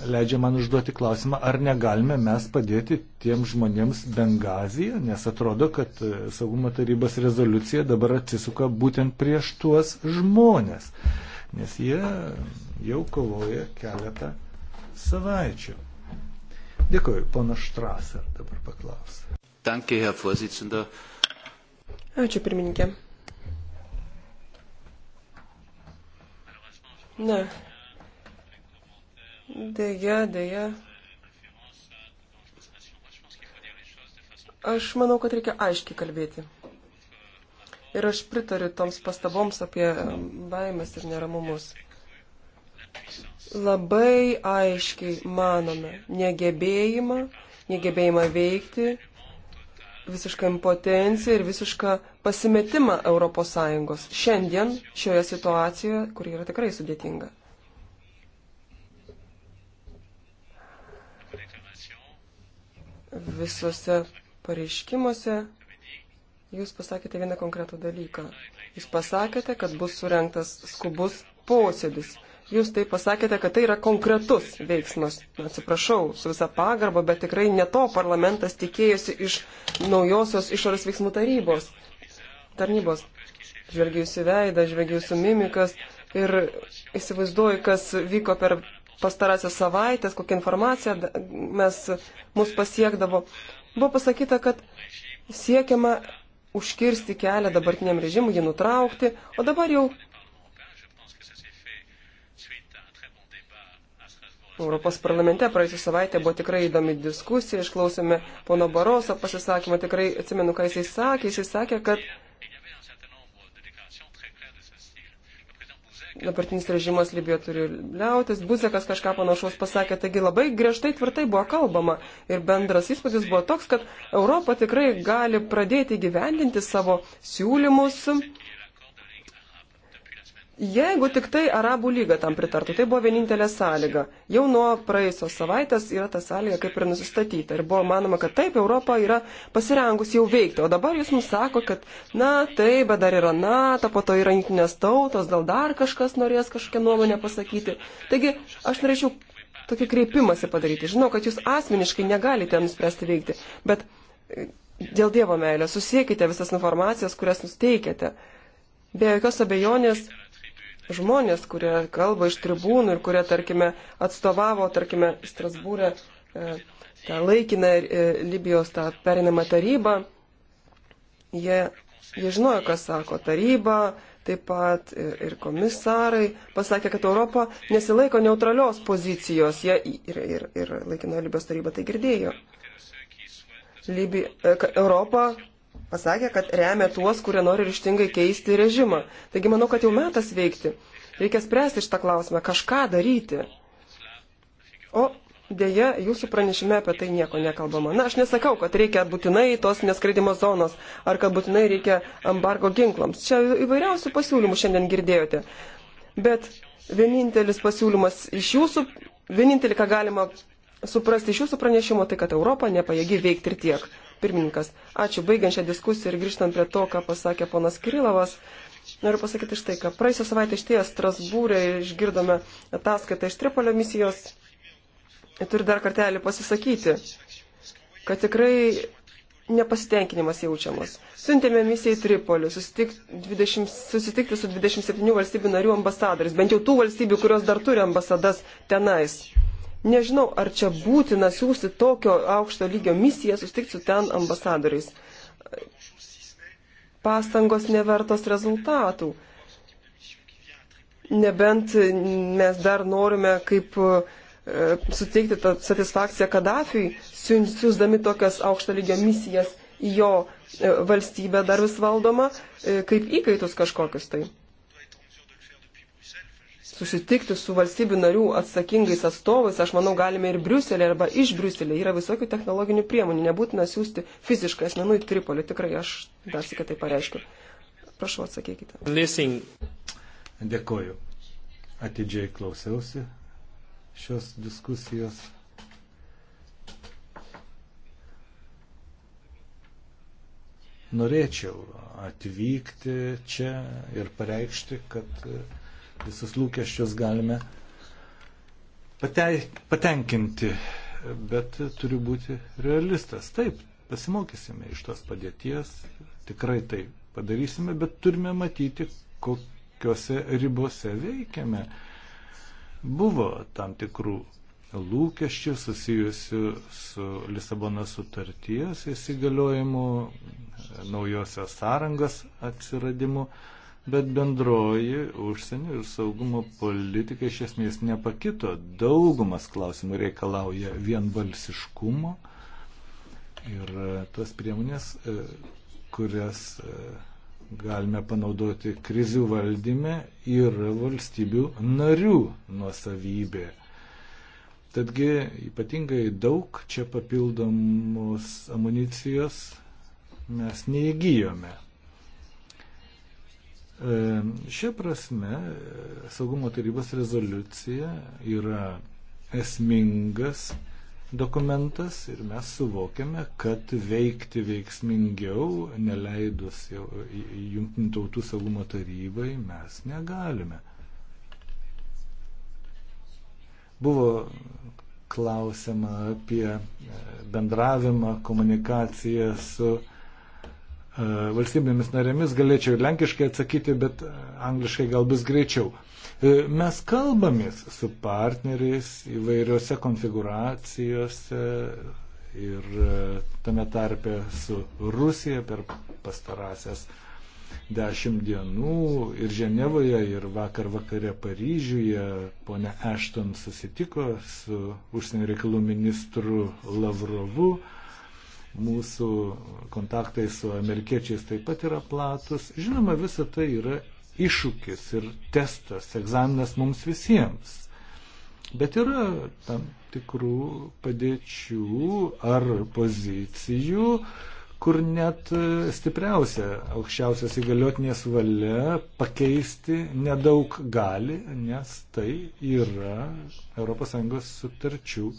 leidžia man užduoti klausimą, ar negalime mes padėti tiem žmonėms Bengazija, nes atrodo, kad e, saugumo tarybos rezoliucija dabar atsisuka būtent prieš tuos žmonės, nes jie jau kovoja keletą savaičių. Dėkuoju, pana Štraser dabar paklausė. Danke, Herr Vorsitzender.
Ačiū, pirmininkė. Ne. Deja, deja. Aš manau, kad reikia aiškiai kalbėti. Ir aš pritariu toms pastaboms apie baimės ir neramumus. Labai aiškiai manome negebėjimą, negebėjimą veikti visišką impotenciją ir visišką pasimetimą ES šiandien šioje situacijoje, kuri yra tikrai sudėtinga. Visose pareiškimuose jūs pasakėte vieną konkretų dalyką. Jūs pasakėte, kad bus surinktas skubus posėdis jūs tai pasakėte, kad tai yra konkretus veiksmas. Atsiprašau, su visa pagarba, bet tikrai ne to parlamentas tikėjosi iš naujosios išorės veiksmų tarybos. Tarnybos. Žvelgiu jūsų veidą, žvelgiu jūsų mimikas ir įsivaizduoju, kas vyko per pastarąsias savaitės, kokią informaciją mes, mus pasiekdavo. Buvo pasakyta, kad siekiama užkirsti kelią dabartiniam režimui, jį nutraukti, o dabar jau Europos parlamente praėjusią savaitę buvo tikrai įdomi diskusija, išklausėme pono Baroso pasisakymą, tikrai atsimenu, ką jisai sakė, jisai sakė, kad dabartinis režimas Libijoje turi liautis, Buzekas kažką panašaus pasakė, taigi labai griežtai tvirtai buvo kalbama ir bendras įspūdis buvo toks, kad Europa tikrai gali pradėti gyvendinti savo siūlymus Jeigu tik tai Arabų lyga tam pritartų, tai buvo vienintelė sąlyga. Jau nuo praėjusios savaitės yra ta sąlyga kaip ir nusistatyta. Ir buvo manoma, kad taip, Europa yra pasirengus jau veikti. O dabar jūs mums sako, kad na taip, bet dar yra NATO, po to yra jungtinės tautos, gal dar kažkas norės kažkokią nuomonę pasakyti. Taigi aš norėčiau tokį kreipimąsi padaryti. Žinau, kad jūs asmeniškai negalite nuspręsti veikti, bet e, dėl Dievo meilės susiekite visas informacijas, kurias nusteikėte. Be jokios abejonės žmonės, kurie kalba iš tribūnų ir kurie, tarkime, atstovavo, tarkime, Strasbūrė e, tą laikiną e, Libijos tą perinamą tarybą, jie, jie žinojo, kas sako taryba, taip pat ir, ir komisarai pasakė, kad Europa nesilaiko neutralios pozicijos, jie ir, ir, ir laikinojo Libijos taryba tai girdėjo. Libi, e, Europa pasakė, kad remia tuos, kurie nori ryštingai keisti režimą. Taigi manau, kad jau metas veikti. Reikia spręsti šitą klausimą, kažką daryti. O dėja, jūsų pranešime apie tai nieko nekalbama. Na, aš nesakau, kad reikia būtinai tos neskraidimo zonos ar kad būtinai reikia embargo ginklams. Čia įvairiausių pasiūlymų šiandien girdėjote. Bet vienintelis pasiūlymas iš jūsų, vienintelį, ką galima suprasti iš jūsų pranešimo, tai kad Europa nepajėgi veikti ir tiek. Pirmininkas, ačiū. Baigiant šią diskusiją ir grįžtant prie to, ką pasakė ponas Kirilovas, noriu pasakyti štai ką. Praėjusią savaitę iš ties Strasbūrė išgirdome ataskaitą iš Tripolio misijos. Turiu dar kartelį pasisakyti, kad tikrai nepasitenkinimas jaučiamas. Siuntėme misiją į Tripolį, susitik, 20, susitikti su 27 valstybių narių ambasadoriais, bent jau tų valstybių, kurios dar turi ambasadas tenais. Nežinau, ar čia būtina siūsti tokio aukšto lygio misiją, sustikti su ten ambasadoriais. Pastangos nevertos rezultatų. Nebent mes dar norime kaip e, suteikti tą satisfakciją Kadafiui, siūsdami tokias aukšto lygio misijas į jo e, valstybę dar vis valdomą, e, kaip įkaitus kažkokius tai susitikti su valstybių narių atsakingais atstovais, aš manau, galime ir Briuselė arba iš Briuselė. Yra visokių technologinių priemonių, nebūtina siūsti fiziškai asmenų į Tripolį. Tikrai aš dar sėkiai tai pareiškiu. Prašau, atsakykite. Listen.
Dėkoju. Atidžiai klausiausi šios diskusijos. Norėčiau atvykti čia ir pareikšti, kad visus lūkesčius galime patei, patenkinti, bet turiu būti realistas. Taip, pasimokysime iš tos padėties, tikrai tai padarysime, bet turime matyti, kokiuose ribose veikiame. Buvo tam tikrų lūkesčių susijusių su Lisabono sutarties įsigaliojimu, naujosios sąrangos atsiradimu bet bendroji užsienio ir saugumo politika iš esmės nepakito. Daugumas klausimų reikalauja vienbalsiškumo ir e, tas priemonės, e, kurias e, galime panaudoti krizių valdyme, yra valstybių narių nuosavybė. Tadgi ypatingai daug čia papildomos amunicijos mes neįgyjome. E, šia prasme, saugumo tarybos rezoliucija yra esmingas dokumentas ir mes suvokiame, kad veikti veiksmingiau, neleidus jungtinių tautų saugumo tarybai, mes negalime. Buvo klausima apie e, bendravimą, komunikaciją su E, valstybėmis narėmis, galėčiau ir lenkiškai atsakyti, bet angliškai gal bus greičiau. E, mes kalbamės su partneriais įvairiose konfiguracijose ir e, tame tarpe su Rusija per pastarąsias dešimt dienų ir Ženevoje, ir vakar vakare Paryžiuje ponia Ešton susitiko su užsienio reikalų ministru Lavrovu mūsų kontaktai su amerikiečiais taip pat yra platus. Žinoma, visa tai yra iššūkis ir testas, egzaminas mums visiems. Bet yra tam tikrų padėčių ar pozicijų, kur net stipriausia aukščiausias įgaliotinės valia pakeisti nedaug gali, nes tai yra ES sutarčių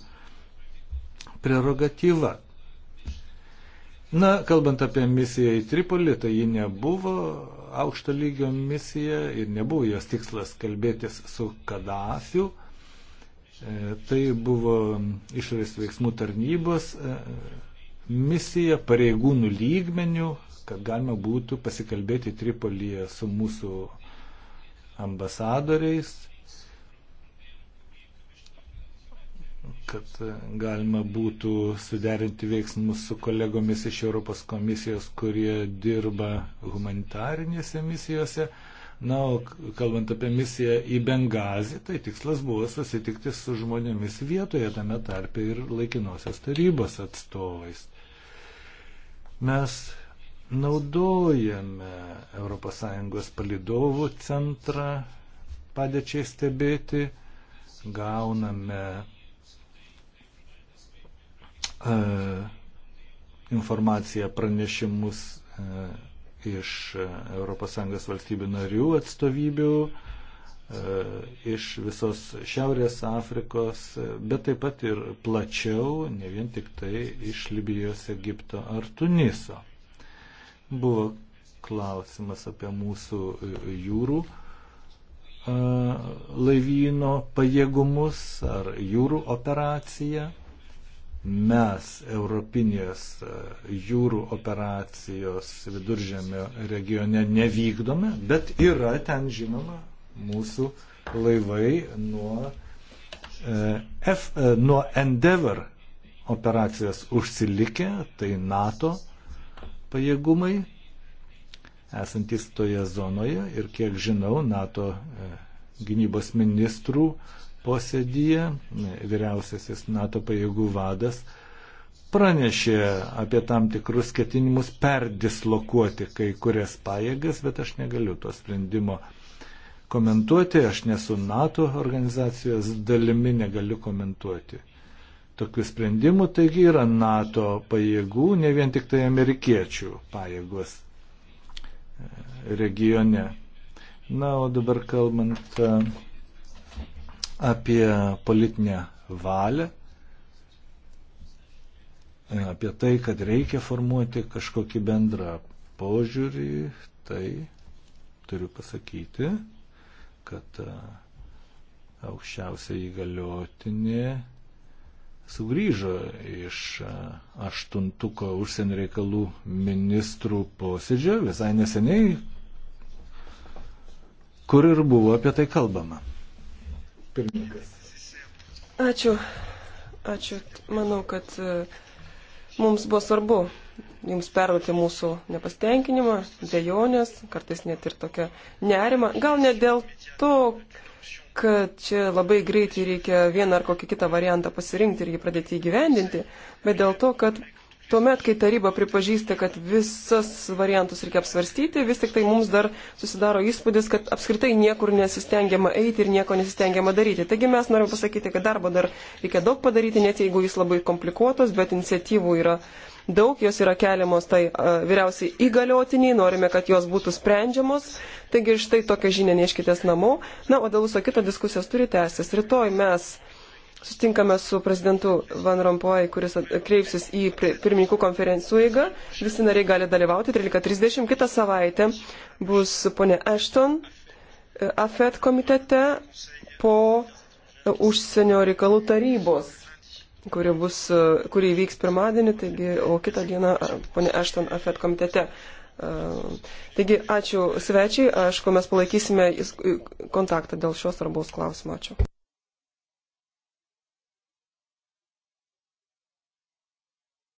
prerogatyva. Na, kalbant apie misiją į Tripolį, tai ji nebuvo aukšto lygio misija ir nebuvo jos tikslas kalbėtis su Kadafiu. E, tai buvo išorės veiksmų tarnybos e, misija pareigūnų lygmenių, kad galima būtų pasikalbėti Tripolyje su mūsų ambasadoriais kad galima būtų suderinti veiksmus su kolegomis iš Europos komisijos, kurie dirba humanitarinėse misijose. Na, o kalbant apie misiją į Bengazį, tai tikslas buvo susitikti su žmonėmis vietoje, tame tarpe ir laikinosios tarybos atstovais. Mes naudojame ES palidovų centrą padėčiai stebėti, gauname E, informaciją pranešimus e, iš ES valstybių narių atstovybių, e, iš visos Šiaurės Afrikos, bet taip pat ir plačiau, ne vien tik tai iš Libijos, Egipto ar Tuniso. Buvo klausimas apie mūsų jūrų laivyno pajėgumus ar jūrų operaciją mes, Europinės e, jūrų operacijos viduržėmio regione nevykdome, bet yra ten žinoma mūsų laivai nuo, e, F, e, nuo Endeavour operacijos užsilikę, tai NATO pajėgumai esantis toje zonoje ir kiek žinau, NATO gynybos ministrų posėdyje vyriausiasis NATO pajėgų vadas pranešė apie tam tikrus ketinimus perdislokuoti kai kurias pajėgas, bet aš negaliu to sprendimo komentuoti, aš nesu NATO organizacijos dalimi, negaliu komentuoti tokių sprendimų, taigi yra NATO pajėgų, ne vien tik tai amerikiečių pajėgos e, regione. Na, o dabar kalbant e, apie politinę valią, apie tai, kad reikia formuoti kažkokį bendrą požiūrį, tai turiu pasakyti, kad e, aukščiausia įgaliotinė sugrįžo iš e, aštuntuko užsienio reikalų ministrų posėdžio visai neseniai, kur ir buvo apie tai kalbama. Pirmininkas.
Ačiū. Ačiū. Manau, kad e, mums buvo svarbu jums perduoti mūsų nepasitenkinimą, dėjonės, kartais net ir tokią nerimą. Gal ne dėl to, kad čia labai greitai reikia vieną ar kokį kitą variantą pasirinkti ir jį pradėti įgyvendinti, bet dėl to, kad Tuomet, kai taryba pripažįsta, kad visas variantus reikia apsvarstyti, vis tik tai mums dar susidaro įspūdis, kad apskritai niekur nesistengiama eiti ir nieko nesistengiama daryti. Taigi mes norime pasakyti, kad darbo dar reikia daug padaryti, net jeigu jis labai komplikuotas, bet iniciatyvų yra daug, jos yra keliamos tai a, vyriausiai įgaliotiniai, norime, kad jos būtų sprendžiamos. Taigi štai tokią žinią neškitės namo. Na, o dėl viso kito diskusijos turi tęstis. Rytoj mes Sustinkame su prezidentu Van Rompuy, kuris kreipsis į pirmininkų konferencijų eigą. Visi nariai gali dalyvauti 13.30. Kitą savaitę bus ponė Ashton e, AFET komitete po e, užsienio reikalų tarybos, kuri, bus, e, kuri vyks pirmadienį, taigi, o kitą dieną ponė Ashton AFET komitete. Taigi, ačiū svečiai, aišku, mes palaikysime kontaktą dėl šios svarbaus klausimo. Ačiū.